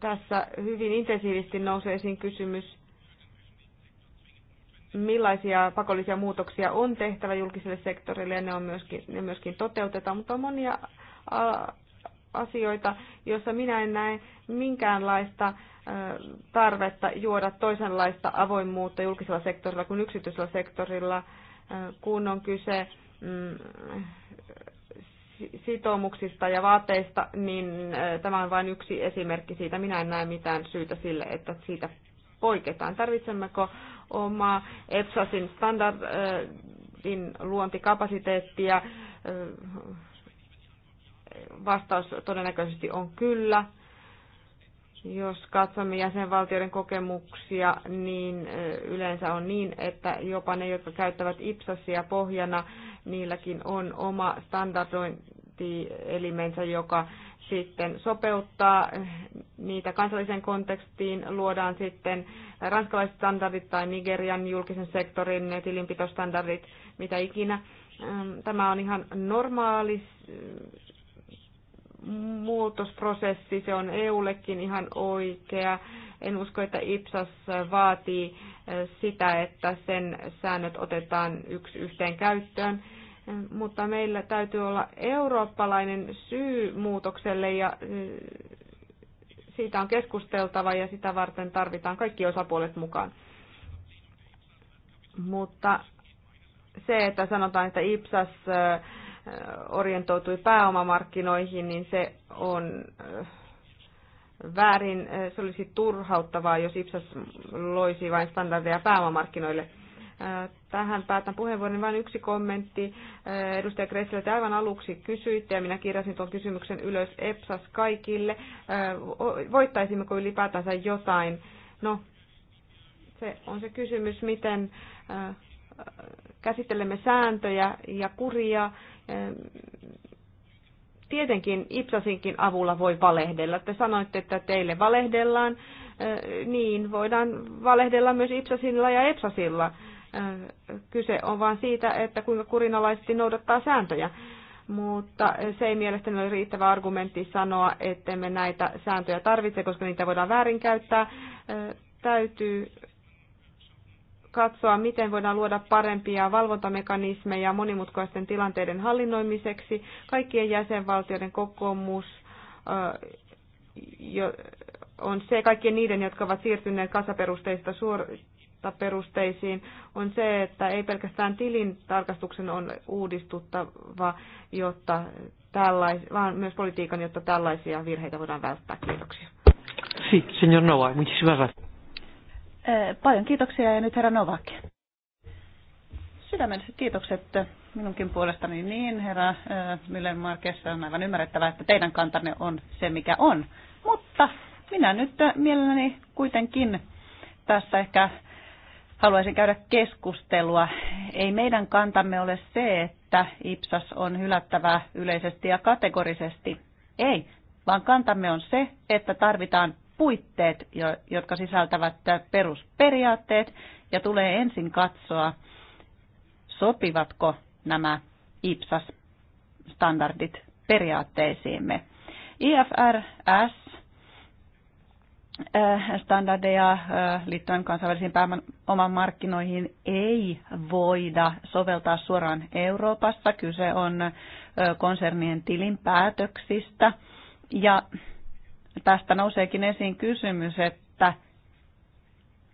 tässä hyvin intensiivisesti nousee esiin kysymys, millaisia pakollisia muutoksia on tehtävä julkiselle sektorille ja ne, on myöskin, ne myöskin toteutetaan, mutta on monia asioita, joissa minä en näe minkäänlaista tarvetta juoda toisenlaista avoimuutta julkisella sektorilla kuin yksityisellä sektorilla, kun on kyse mm, sitoumuksista ja vaateista, niin tämä on vain yksi esimerkki siitä. Minä en näe mitään syytä sille, että siitä poiketaan. Tarvitsemmeko omaa EPSASin standardin luontikapasiteettia vastaus todennäköisesti on kyllä. Jos katsomme jäsenvaltioiden kokemuksia, niin yleensä on niin, että jopa ne, jotka käyttävät IPSASia pohjana, niilläkin on oma standardointielimensä, joka sitten sopeuttaa niitä kansalliseen kontekstiin, luodaan sitten ranskalaiset standardit tai Nigerian julkisen sektorin tilinpitostandardit, mitä ikinä. Tämä on ihan normaali muutosprosessi, se on EUllekin ihan oikea. En usko, että IPSAS vaatii eh, sitä, että sen säännöt otetaan yksi yhteen käyttöön, eh, mutta meillä täytyy olla eurooppalainen syy muutokselle ja eh, siitä on keskusteltava ja sitä varten tarvitaan kaikki osapuolet mukaan. Mutta se, että sanotaan, että IPSAS orientoitui pääomamarkkinoihin, niin se on väärin. Se olisi turhauttavaa, jos Ipsas loisi vain standardeja pääomamarkkinoille. Tähän päätän puheenvuoron vain yksi kommentti. Edustaja Kressilä, te aivan aluksi kysyitte, ja minä kirjasin tuon kysymyksen ylös EPSAS kaikille. Voittaisimmeko ylipäätänsä jotain? No, se on se kysymys, miten käsittelemme sääntöjä ja kuria Tietenkin Ipsasinkin avulla voi valehdella. Te sanoitte, että teille valehdellaan. Niin, voidaan valehdella myös Ipsasilla ja Epsasilla. Kyse on vain siitä, että kuinka kurinalaisesti noudattaa sääntöjä mutta se ei mielestäni ole riittävä argumentti sanoa, että me näitä sääntöjä tarvitse, koska niitä voidaan väärinkäyttää. Täytyy katsoa, miten voidaan luoda parempia valvontamekanismeja monimutkaisten tilanteiden hallinnoimiseksi. Kaikkien jäsenvaltioiden kokoomus on se, kaikkien niiden, jotka ovat siirtyneet kasaperusteista suorta perusteisiin, on se, että ei pelkästään tilin tarkastuksen on uudistuttava, jotta tällais, vaan myös politiikan, jotta tällaisia virheitä voidaan välttää. Kiitoksia. Sí, señor Nova, muchísimas gracias. Eh, paljon kiitoksia ja nyt herra Novak. Sydämelliset kiitokset minunkin puolestani niin, herra eh, Müller Marques, on aivan ymmärrettävää, että teidän kantanne on se, mikä on. Mutta minä nyt mielelläni kuitenkin tässä ehkä haluaisin käydä keskustelua. Ei meidän kantamme ole se, että IPSAS on hylättävä yleisesti ja kategorisesti. Ei, vaan kantamme on se, että tarvitaan puitteet, jotka sisältävät perusperiaatteet, ja tulee ensin katsoa, sopivatko nämä IPSAS-standardit periaatteisiimme. IFRS äh, standardeja äh, liittyen kansainvälisiin pääoman markkinoihin ei voida soveltaa suoraan Euroopassa. Kyse on äh, konsernien tilinpäätöksistä. Ja tästä nouseekin esiin kysymys, että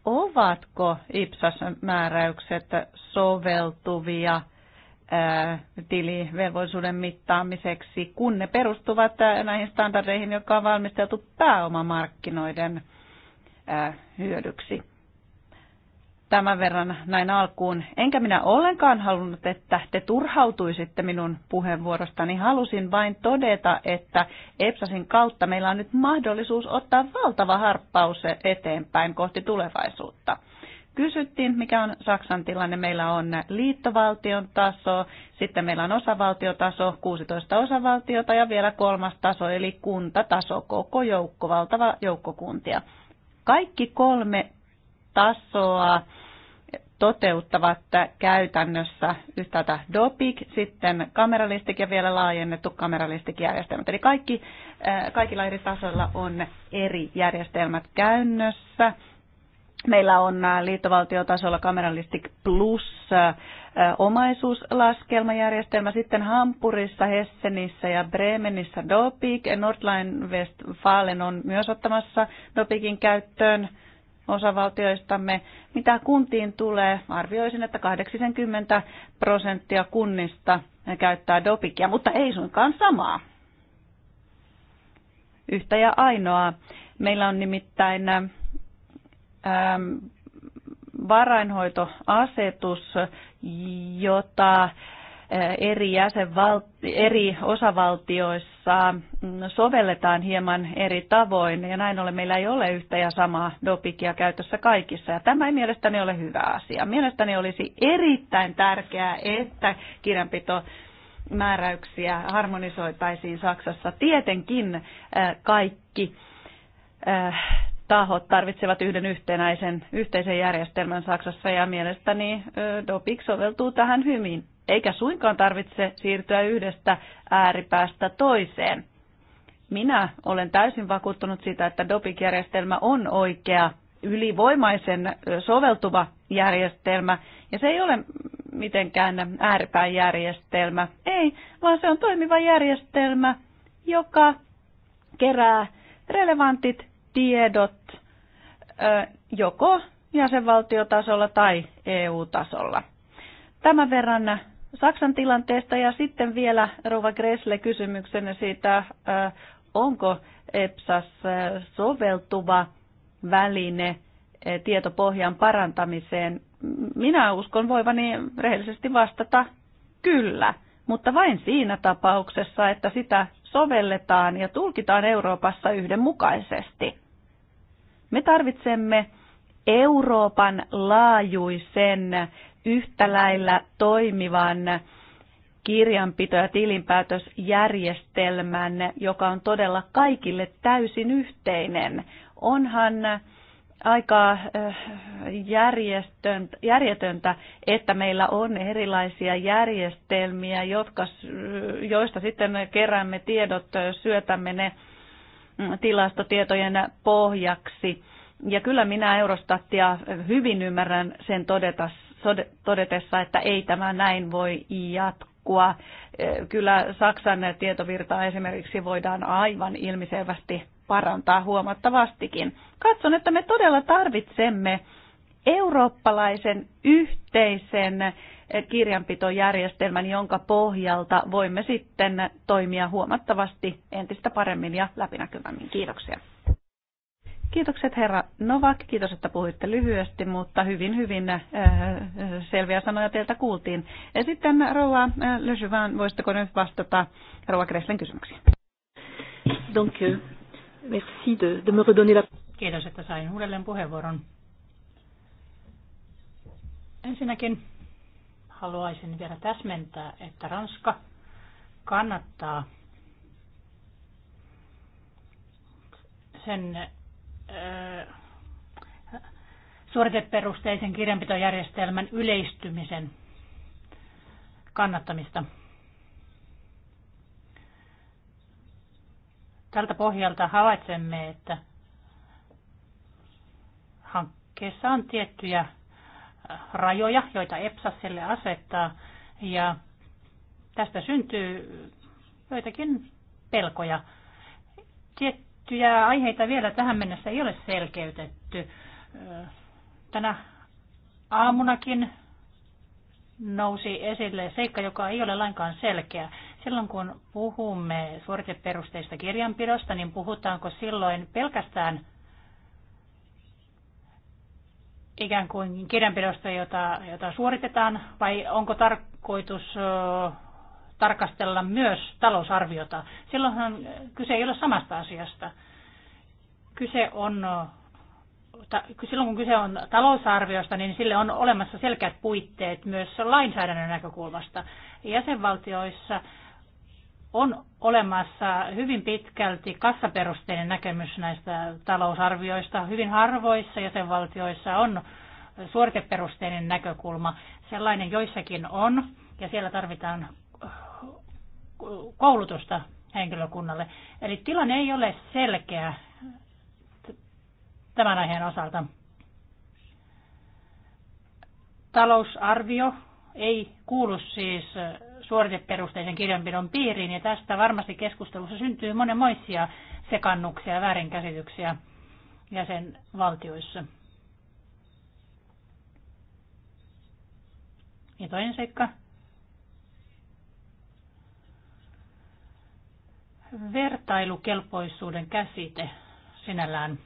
ovatko IPSAS-määräykset soveltuvia tilivelvollisuuden mittaamiseksi, kun ne perustuvat näihin standardeihin, jotka on valmisteltu pääomamarkkinoiden hyödyksi tämän verran näin alkuun. Enkä minä ollenkaan halunnut, että te turhautuisitte minun puheenvuorostani. Halusin vain todeta, että EPSASin kautta meillä on nyt mahdollisuus ottaa valtava harppaus eteenpäin kohti tulevaisuutta. Kysyttiin, mikä on Saksan tilanne. Meillä on liittovaltion taso, sitten meillä on osavaltiotaso, 16 osavaltiota ja vielä kolmas taso, eli kuntataso, koko joukko, valtava joukkokuntia. Kaikki kolme tasoa toteuttavat käytännössä yhtäältä DOPIC, sitten kameralistik ja vielä laajennettu järjestelmät. Eli kaikki, äh, kaikilla eri tasoilla on eri järjestelmät käynnössä. Meillä on äh, liittovaltiotasolla kameralistik Plus äh, omaisuuslaskelmajärjestelmä, sitten Hampurissa, Hessenissä ja Bremenissä DOPIC. Nordline Westfalen on myös ottamassa Dopikin käyttöön osavaltioistamme. Mitä kuntiin tulee, arvioisin, että 80 prosenttia kunnista käyttää dopikia, mutta ei suinkaan samaa. Yhtä ja ainoaa. Meillä on nimittäin ähm, varainhoitoasetus, jota Eh, eri, jäsenvalti- eri osavaltioissa mm, sovelletaan hieman eri tavoin, ja näin ollen meillä ei ole yhtä ja samaa dopikia käytössä kaikissa, ja tämä ei mielestäni ole hyvä asia. Mielestäni olisi erittäin tärkeää, että kirjanpito määräyksiä harmonisoitaisiin Saksassa. Tietenkin eh, kaikki eh, tahot tarvitsevat yhden yhtenäisen yhteisen järjestelmän Saksassa ja mielestäni DOPIK soveltuu tähän hyvin eikä suinkaan tarvitse siirtyä yhdestä ääripäästä toiseen. Minä olen täysin vakuuttunut siitä, että dopingjärjestelmä on oikea, ylivoimaisen soveltuva järjestelmä, ja se ei ole mitenkään ääripään järjestelmä. Ei, vaan se on toimiva järjestelmä, joka kerää relevantit tiedot joko jäsenvaltiotasolla tai EU-tasolla. Tämän verran Saksan tilanteesta ja sitten vielä Rova Gressle kysymyksenne siitä, onko EPSAS soveltuva väline tietopohjan parantamiseen. Minä uskon voivani rehellisesti vastata kyllä, mutta vain siinä tapauksessa, että sitä sovelletaan ja tulkitaan Euroopassa yhdenmukaisesti. Me tarvitsemme Euroopan laajuisen yhtä lailla toimivan kirjanpito- ja tilinpäätösjärjestelmän, joka on todella kaikille täysin yhteinen. Onhan äh, aika äh, järjetöntä, että meillä on erilaisia järjestelmiä, jotka, joista sitten keräämme tiedot, äh, syötämme ne mm, tilastotietojen pohjaksi. Ja kyllä minä Eurostatia hyvin ymmärrän sen todeta todetessa, että ei tämä näin voi jatkua. Kyllä Saksan tietovirtaa esimerkiksi voidaan aivan ilmiselvästi parantaa huomattavastikin. Katson, että me todella tarvitsemme eurooppalaisen yhteisen kirjanpitojärjestelmän, jonka pohjalta voimme sitten toimia huomattavasti entistä paremmin ja läpinäkyvämmin. Kiitoksia. Kiitokset herra Novak, kiitos, että puhuitte lyhyesti, mutta hyvin, hyvin äh, selviä sanoja teiltä kuultiin. Ja sitten rouva äh, Lysyvään, voisitteko nyt vastata rouva Kreslen kysymyksiin? Donc, euh, merci de, de me redonner la... Kiitos, että sain uudelleen puheenvuoron. Ensinnäkin haluaisin vielä täsmentää, että Ranska kannattaa sen suoriteperusteisen kirjanpitojärjestelmän yleistymisen kannattamista. Tältä pohjalta havaitsemme, että hankkeessa on tiettyjä rajoja, joita EPSA sille asettaa, ja tästä syntyy joitakin pelkoja. Tiet tiettyjä aiheita vielä tähän mennessä ei ole selkeytetty. Tänä aamunakin nousi esille seikka, joka ei ole lainkaan selkeä. Silloin kun puhumme suoriteperusteista kirjanpidosta, niin puhutaanko silloin pelkästään ikään kuin kirjanpidosta, jota, jota suoritetaan, vai onko tarkoitus tarkastella myös talousarviota. Silloinhan äh, kyse ei ole samasta asiasta. Kyse on, äh, silloin kun kyse on talousarviosta, niin sille on olemassa selkeät puitteet myös lainsäädännön näkökulmasta. Jäsenvaltioissa on olemassa hyvin pitkälti kassaperusteinen näkemys näistä talousarvioista. Hyvin harvoissa jäsenvaltioissa on suoriteperusteinen näkökulma. Sellainen joissakin on, ja siellä tarvitaan koulutusta henkilökunnalle. Eli tilanne ei ole selkeä tämän aiheen osalta. Talousarvio ei kuulu siis suoriteperusteisen kirjanpidon piiriin, ja tästä varmasti keskustelussa syntyy monenmoisia sekannuksia ja väärinkäsityksiä jäsenvaltioissa. Ja toinen seikka vertailukelpoisuuden käsite sinällään.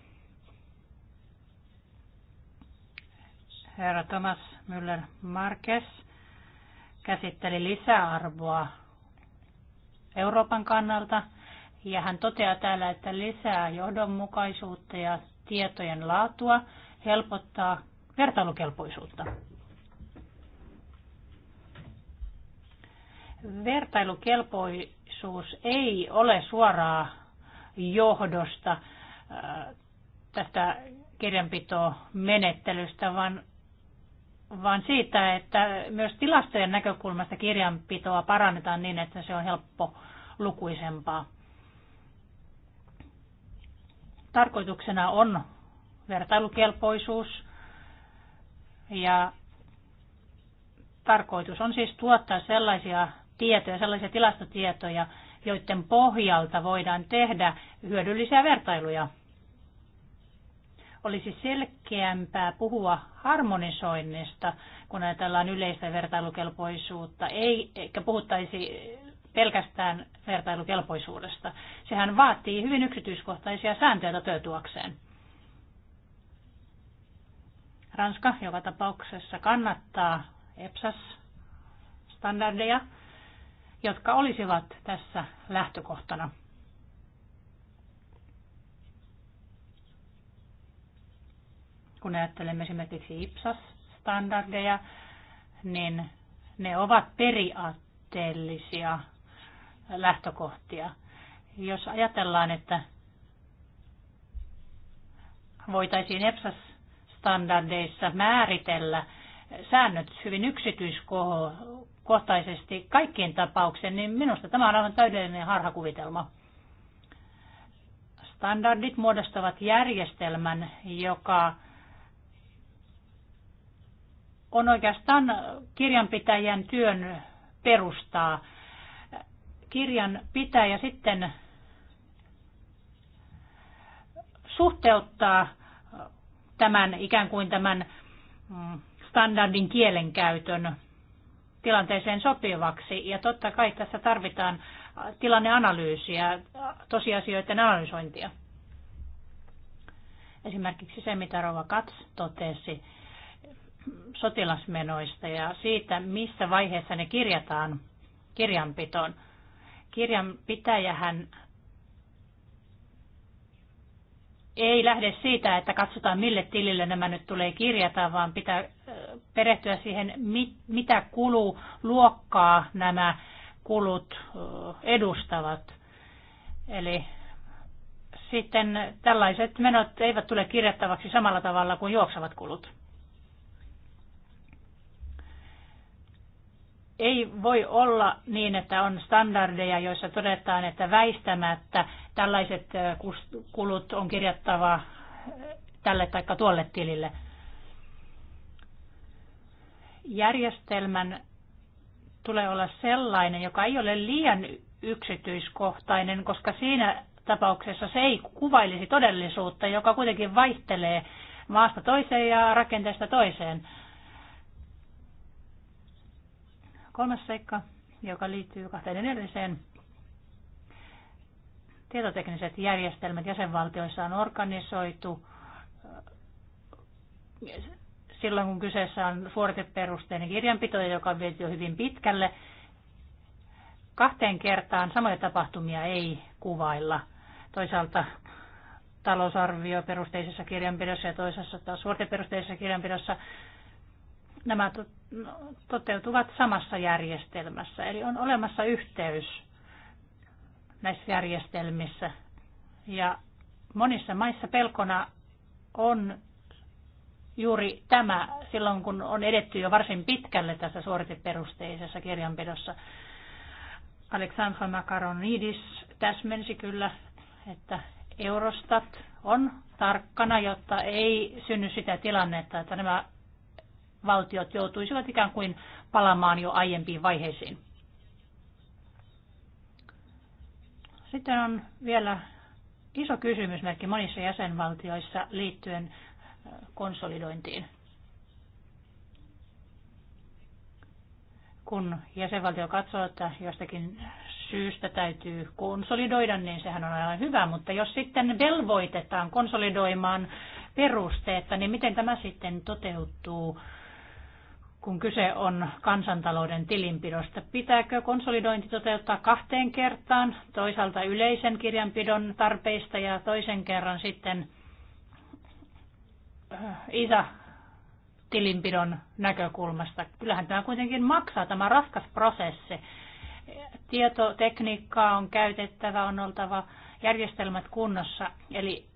Herra Thomas Müller Marques käsitteli lisäarvoa Euroopan kannalta ja hän toteaa täällä, että lisää johdonmukaisuutta ja tietojen laatua helpottaa vertailukelpoisuutta. Vertailukelpoisuus velvollisuus ei ole suoraa johdosta äh, tästä kirjanpitomenettelystä, vaan, vaan siitä, että myös tilastojen näkökulmasta kirjanpitoa parannetaan niin, että se on helppo lukuisempaa. Tarkoituksena on vertailukelpoisuus ja tarkoitus on siis tuottaa sellaisia tietoja, sellaisia tilastotietoja, joiden pohjalta voidaan tehdä hyödyllisiä vertailuja. Olisi selkeämpää puhua harmonisoinnista, kun ajatellaan yleistä vertailukelpoisuutta, ei, eikä puhuttaisi pelkästään vertailukelpoisuudesta. Sehän vaatii hyvin yksityiskohtaisia sääntöjä toteutuakseen. Ranska joka tapauksessa kannattaa EPSAS-standardeja – jotka olisivat tässä lähtökohtana. Kun ajattelemme esimerkiksi IPSAS-standardeja, niin ne ovat periaatteellisia lähtökohtia. Jos ajatellaan, että voitaisiin EPSAS-standardeissa määritellä säännöt hyvin yksityiskohtaisesti, kohtaisesti kaikkiin tapauksiin, niin minusta tämä on aivan täydellinen harhakuvitelma. Standardit muodostavat järjestelmän, joka on oikeastaan kirjanpitäjän työn perustaa. Kirjanpitäjä sitten suhteuttaa tämän ikään kuin tämän mm, standardin kielenkäytön tilanteeseen sopivaksi. Ja totta kai tässä tarvitaan tilanneanalyysiä, tosiasioiden analysointia. Esimerkiksi se, mitä Rova Kats totesi sotilasmenoista ja siitä, missä vaiheessa ne kirjataan kirjanpitoon. Kirjanpitäjähän ei lähde siitä, että katsotaan mille tilille nämä nyt tulee kirjata, vaan pitää perehtyä siihen, mitä kululuokkaa nämä kulut edustavat. Eli sitten tällaiset menot eivät tule kirjattavaksi samalla tavalla kuin juoksavat kulut. ei voi olla niin, että on standardeja, joissa todetaan, että väistämättä tällaiset kulut on kirjattava tälle tai tuolle tilille. Järjestelmän tulee olla sellainen, joka ei ole liian yksityiskohtainen, koska siinä tapauksessa se ei kuvailisi todellisuutta, joka kuitenkin vaihtelee maasta toiseen ja rakenteesta toiseen. Kolmas seikka, joka liittyy kahteen edelliseen. Tietotekniset järjestelmät jäsenvaltioissa on organisoitu äh, silloin, kun kyseessä on suoriteperusteinen kirjanpito, joka on viety jo hyvin pitkälle. Kahteen kertaan samoja tapahtumia ei kuvailla. Toisaalta perusteisessa kirjanpidossa ja toisessa taas suoriteperusteisessa kirjanpidossa nämä no, toteutuvat samassa järjestelmässä. Eli on olemassa yhteys näissä järjestelmissä. Ja monissa maissa pelkona on juuri tämä silloin, kun on edetty jo varsin pitkälle tässä suoriteperusteisessa kirjanpidossa. Aleksandra Makaronidis täsmensi kyllä, että Eurostat on tarkkana, jotta ei synny sitä tilannetta, että nämä valtiot joutuisivat ikään kuin palaamaan jo aiempiin vaiheisiin. Sitten on vielä iso kysymysmerkki monissa jäsenvaltioissa liittyen äh, konsolidointiin. Kun jäsenvaltio katsoo, että jostakin syystä täytyy konsolidoida, niin sehän on aivan hyvä, mutta jos sitten velvoitetaan konsolidoimaan perusteetta, niin miten tämä sitten toteutuu kun kyse on kansantalouden tilinpidosta. Pitääkö konsolidointi toteuttaa kahteen kertaan, toisaalta yleisen kirjanpidon tarpeista ja toisen kerran sitten isä tilinpidon näkökulmasta. Kyllähän tämä kuitenkin maksaa, tämä raskas prosessi. Tietotekniikkaa on käytettävä, on oltava järjestelmät kunnossa. Eli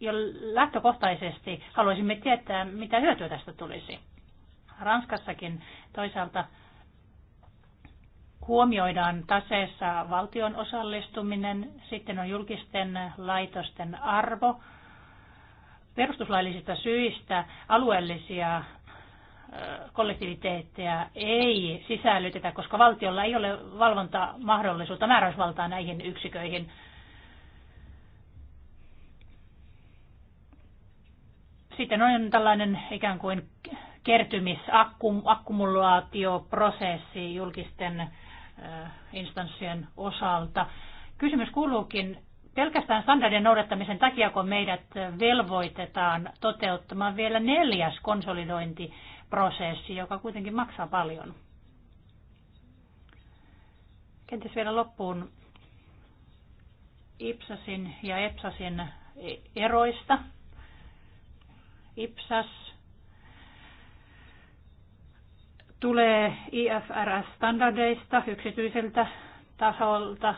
jo lähtökohtaisesti haluaisimme tietää, mitä hyötyä tästä tulisi. Ranskassakin toisaalta huomioidaan taseessa valtion osallistuminen, sitten on julkisten laitosten arvo, perustuslaillisista syistä alueellisia kollektiviteetteja ei sisällytetä, koska valtiolla ei ole valvontamahdollisuutta, määräysvaltaa näihin yksiköihin. Sitten on tällainen ikään kuin kertymisakkumulaatioprosessi julkisten instanssien osalta. Kysymys kuuluukin, pelkästään standardien noudattamisen takia, kun meidät velvoitetaan toteuttamaan vielä neljäs konsolidointiprosessi, joka kuitenkin maksaa paljon. Kenties vielä loppuun IPSASin ja EPSASin e- eroista. IPSAS tulee IFRS-standardeista yksityiseltä tasolta.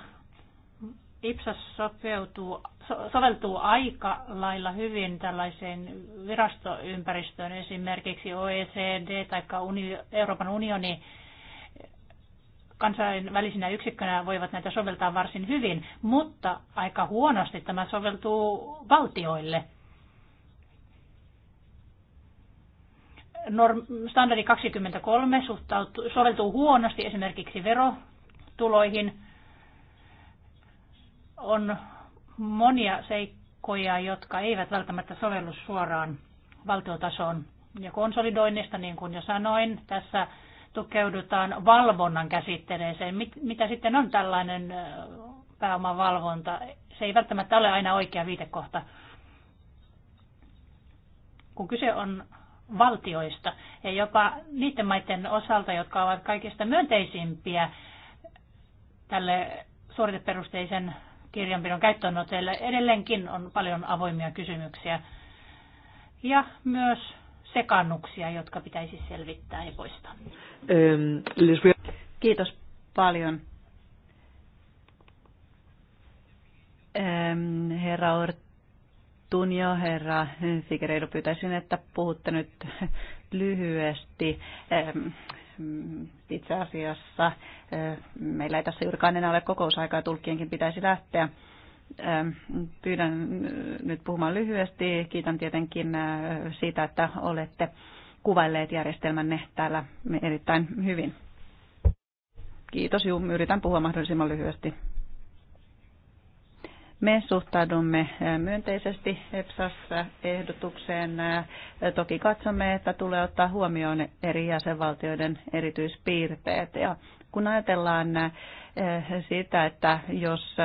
IPSAS sopeutuu, so, soveltuu aika lailla hyvin tällaiseen virastoympäristöön, esimerkiksi OECD tai uni, Euroopan unioni kansainvälisinä yksikkönä voivat näitä soveltaa varsin hyvin, mutta aika huonosti tämä soveltuu valtioille – standardi 23 suhtautuu, soveltuu huonosti esimerkiksi verotuloihin. On monia seikkoja, jotka eivät välttämättä sovellu suoraan valtiotasoon. Ja konsolidoinnista, niin kuin jo sanoin, tässä tukeudutaan valvonnan käsitteeseen. Mit, mitä sitten on tällainen pääomavalvonta? Se ei välttämättä ole aina oikea viitekohta. Kun kyse on valtioista ja jopa niiden maiden osalta, jotka ovat kaikista myönteisimpiä tälle suoriteperusteisen kirjanpidon käyttöönotolle. Edelleenkin on paljon avoimia kysymyksiä ja myös sekannuksia, jotka pitäisi selvittää ja poistaa. Ähm, Kiitos paljon. Ähm, herra Ort. Tun jo, herra Figueiredo. Pyytäisin, että puhutte nyt lyhyesti. Itse asiassa meillä ei tässä juurikaan enää ole kokousaikaa, tulkienkin pitäisi lähteä. Pyydän nyt puhumaan lyhyesti. Kiitän tietenkin siitä, että olette kuvailleet järjestelmänne täällä erittäin hyvin. Kiitos, Jum. Yritän puhua mahdollisimman lyhyesti. Me suhtaudumme myönteisesti EPSAS-ehdotukseen. Toki katsomme, että tulee ottaa huomioon eri jäsenvaltioiden erityispiirteet. Ja kun ajatellaan sitä, että jos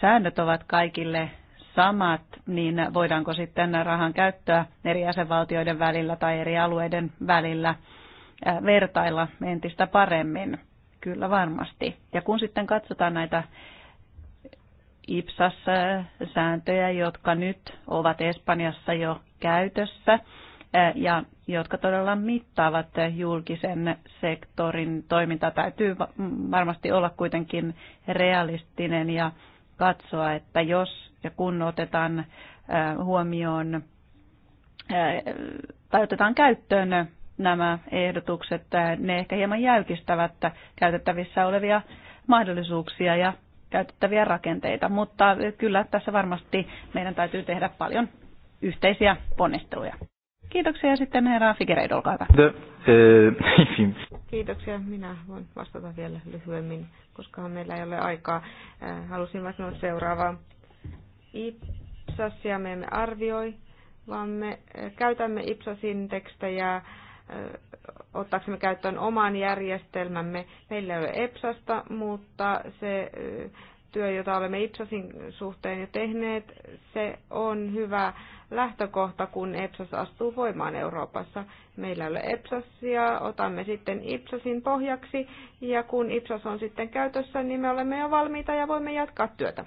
säännöt ovat kaikille samat, niin voidaanko sitten rahan käyttöä eri jäsenvaltioiden välillä tai eri alueiden välillä vertailla entistä paremmin? Kyllä varmasti. Ja kun sitten katsotaan näitä IPSAS-sääntöjä, jotka nyt ovat Espanjassa jo käytössä eh, ja jotka todella mittaavat julkisen sektorin toimintaa. Täytyy varmasti olla kuitenkin realistinen ja katsoa, että jos ja kun otetaan eh, huomioon eh, tai otetaan käyttöön nämä ehdotukset, ne ehkä hieman jäykistävät käytettävissä olevia mahdollisuuksia ja käytettäviä rakenteita, mutta kyllä tässä varmasti meidän täytyy tehdä paljon yhteisiä ponnisteluja. Kiitoksia ja sitten herra Figereid, olkaa hyvä. Äh, <laughs> Kiitoksia. Minä voin vastata vielä lyhyemmin, koska meillä ei ole aikaa. Äh, halusin vain sanoa seuraavaa. Ipsasia me emme arvioi, vaan me äh, käytämme Ipsasin tekstejä ottaaksemme käyttöön oman järjestelmämme. Meillä ei ole EPSasta, mutta se työ, jota olemme EPSASin suhteen jo tehneet, se on hyvä lähtökohta, kun EPSAS astuu voimaan Euroopassa. Meillä ei ole EPSASia, otamme sitten EPSASin pohjaksi, ja kun EPSAS on sitten käytössä, niin me olemme jo valmiita ja voimme jatkaa työtä.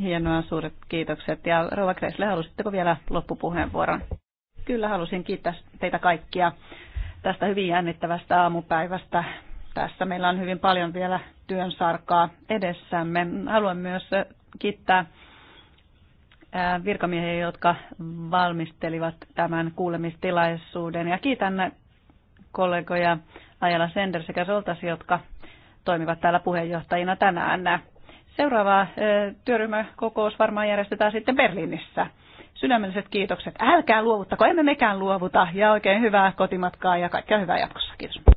Hienoa, suuret kiitokset. Ja Rova Kreisle, halusitteko vielä loppupuheenvuoron? Kyllä halusin kiittää teitä kaikkia tästä hyvin jännittävästä aamupäivästä. Tässä meillä on hyvin paljon vielä työn sarkaa edessämme. Haluan myös kiittää virkamiehiä, jotka valmistelivat tämän kuulemistilaisuuden. Ja kiitän kollegoja Ajala Sender sekä Soltas, jotka toimivat täällä puheenjohtajina tänään. Seuraava työryhmäkokous varmaan järjestetään sitten Berliinissä. Sydämelliset kiitokset. Älkää luovuttako, emme mekään luovuta. Ja oikein hyvää kotimatkaa ja kaikkea hyvää jatkossa. Kiitos.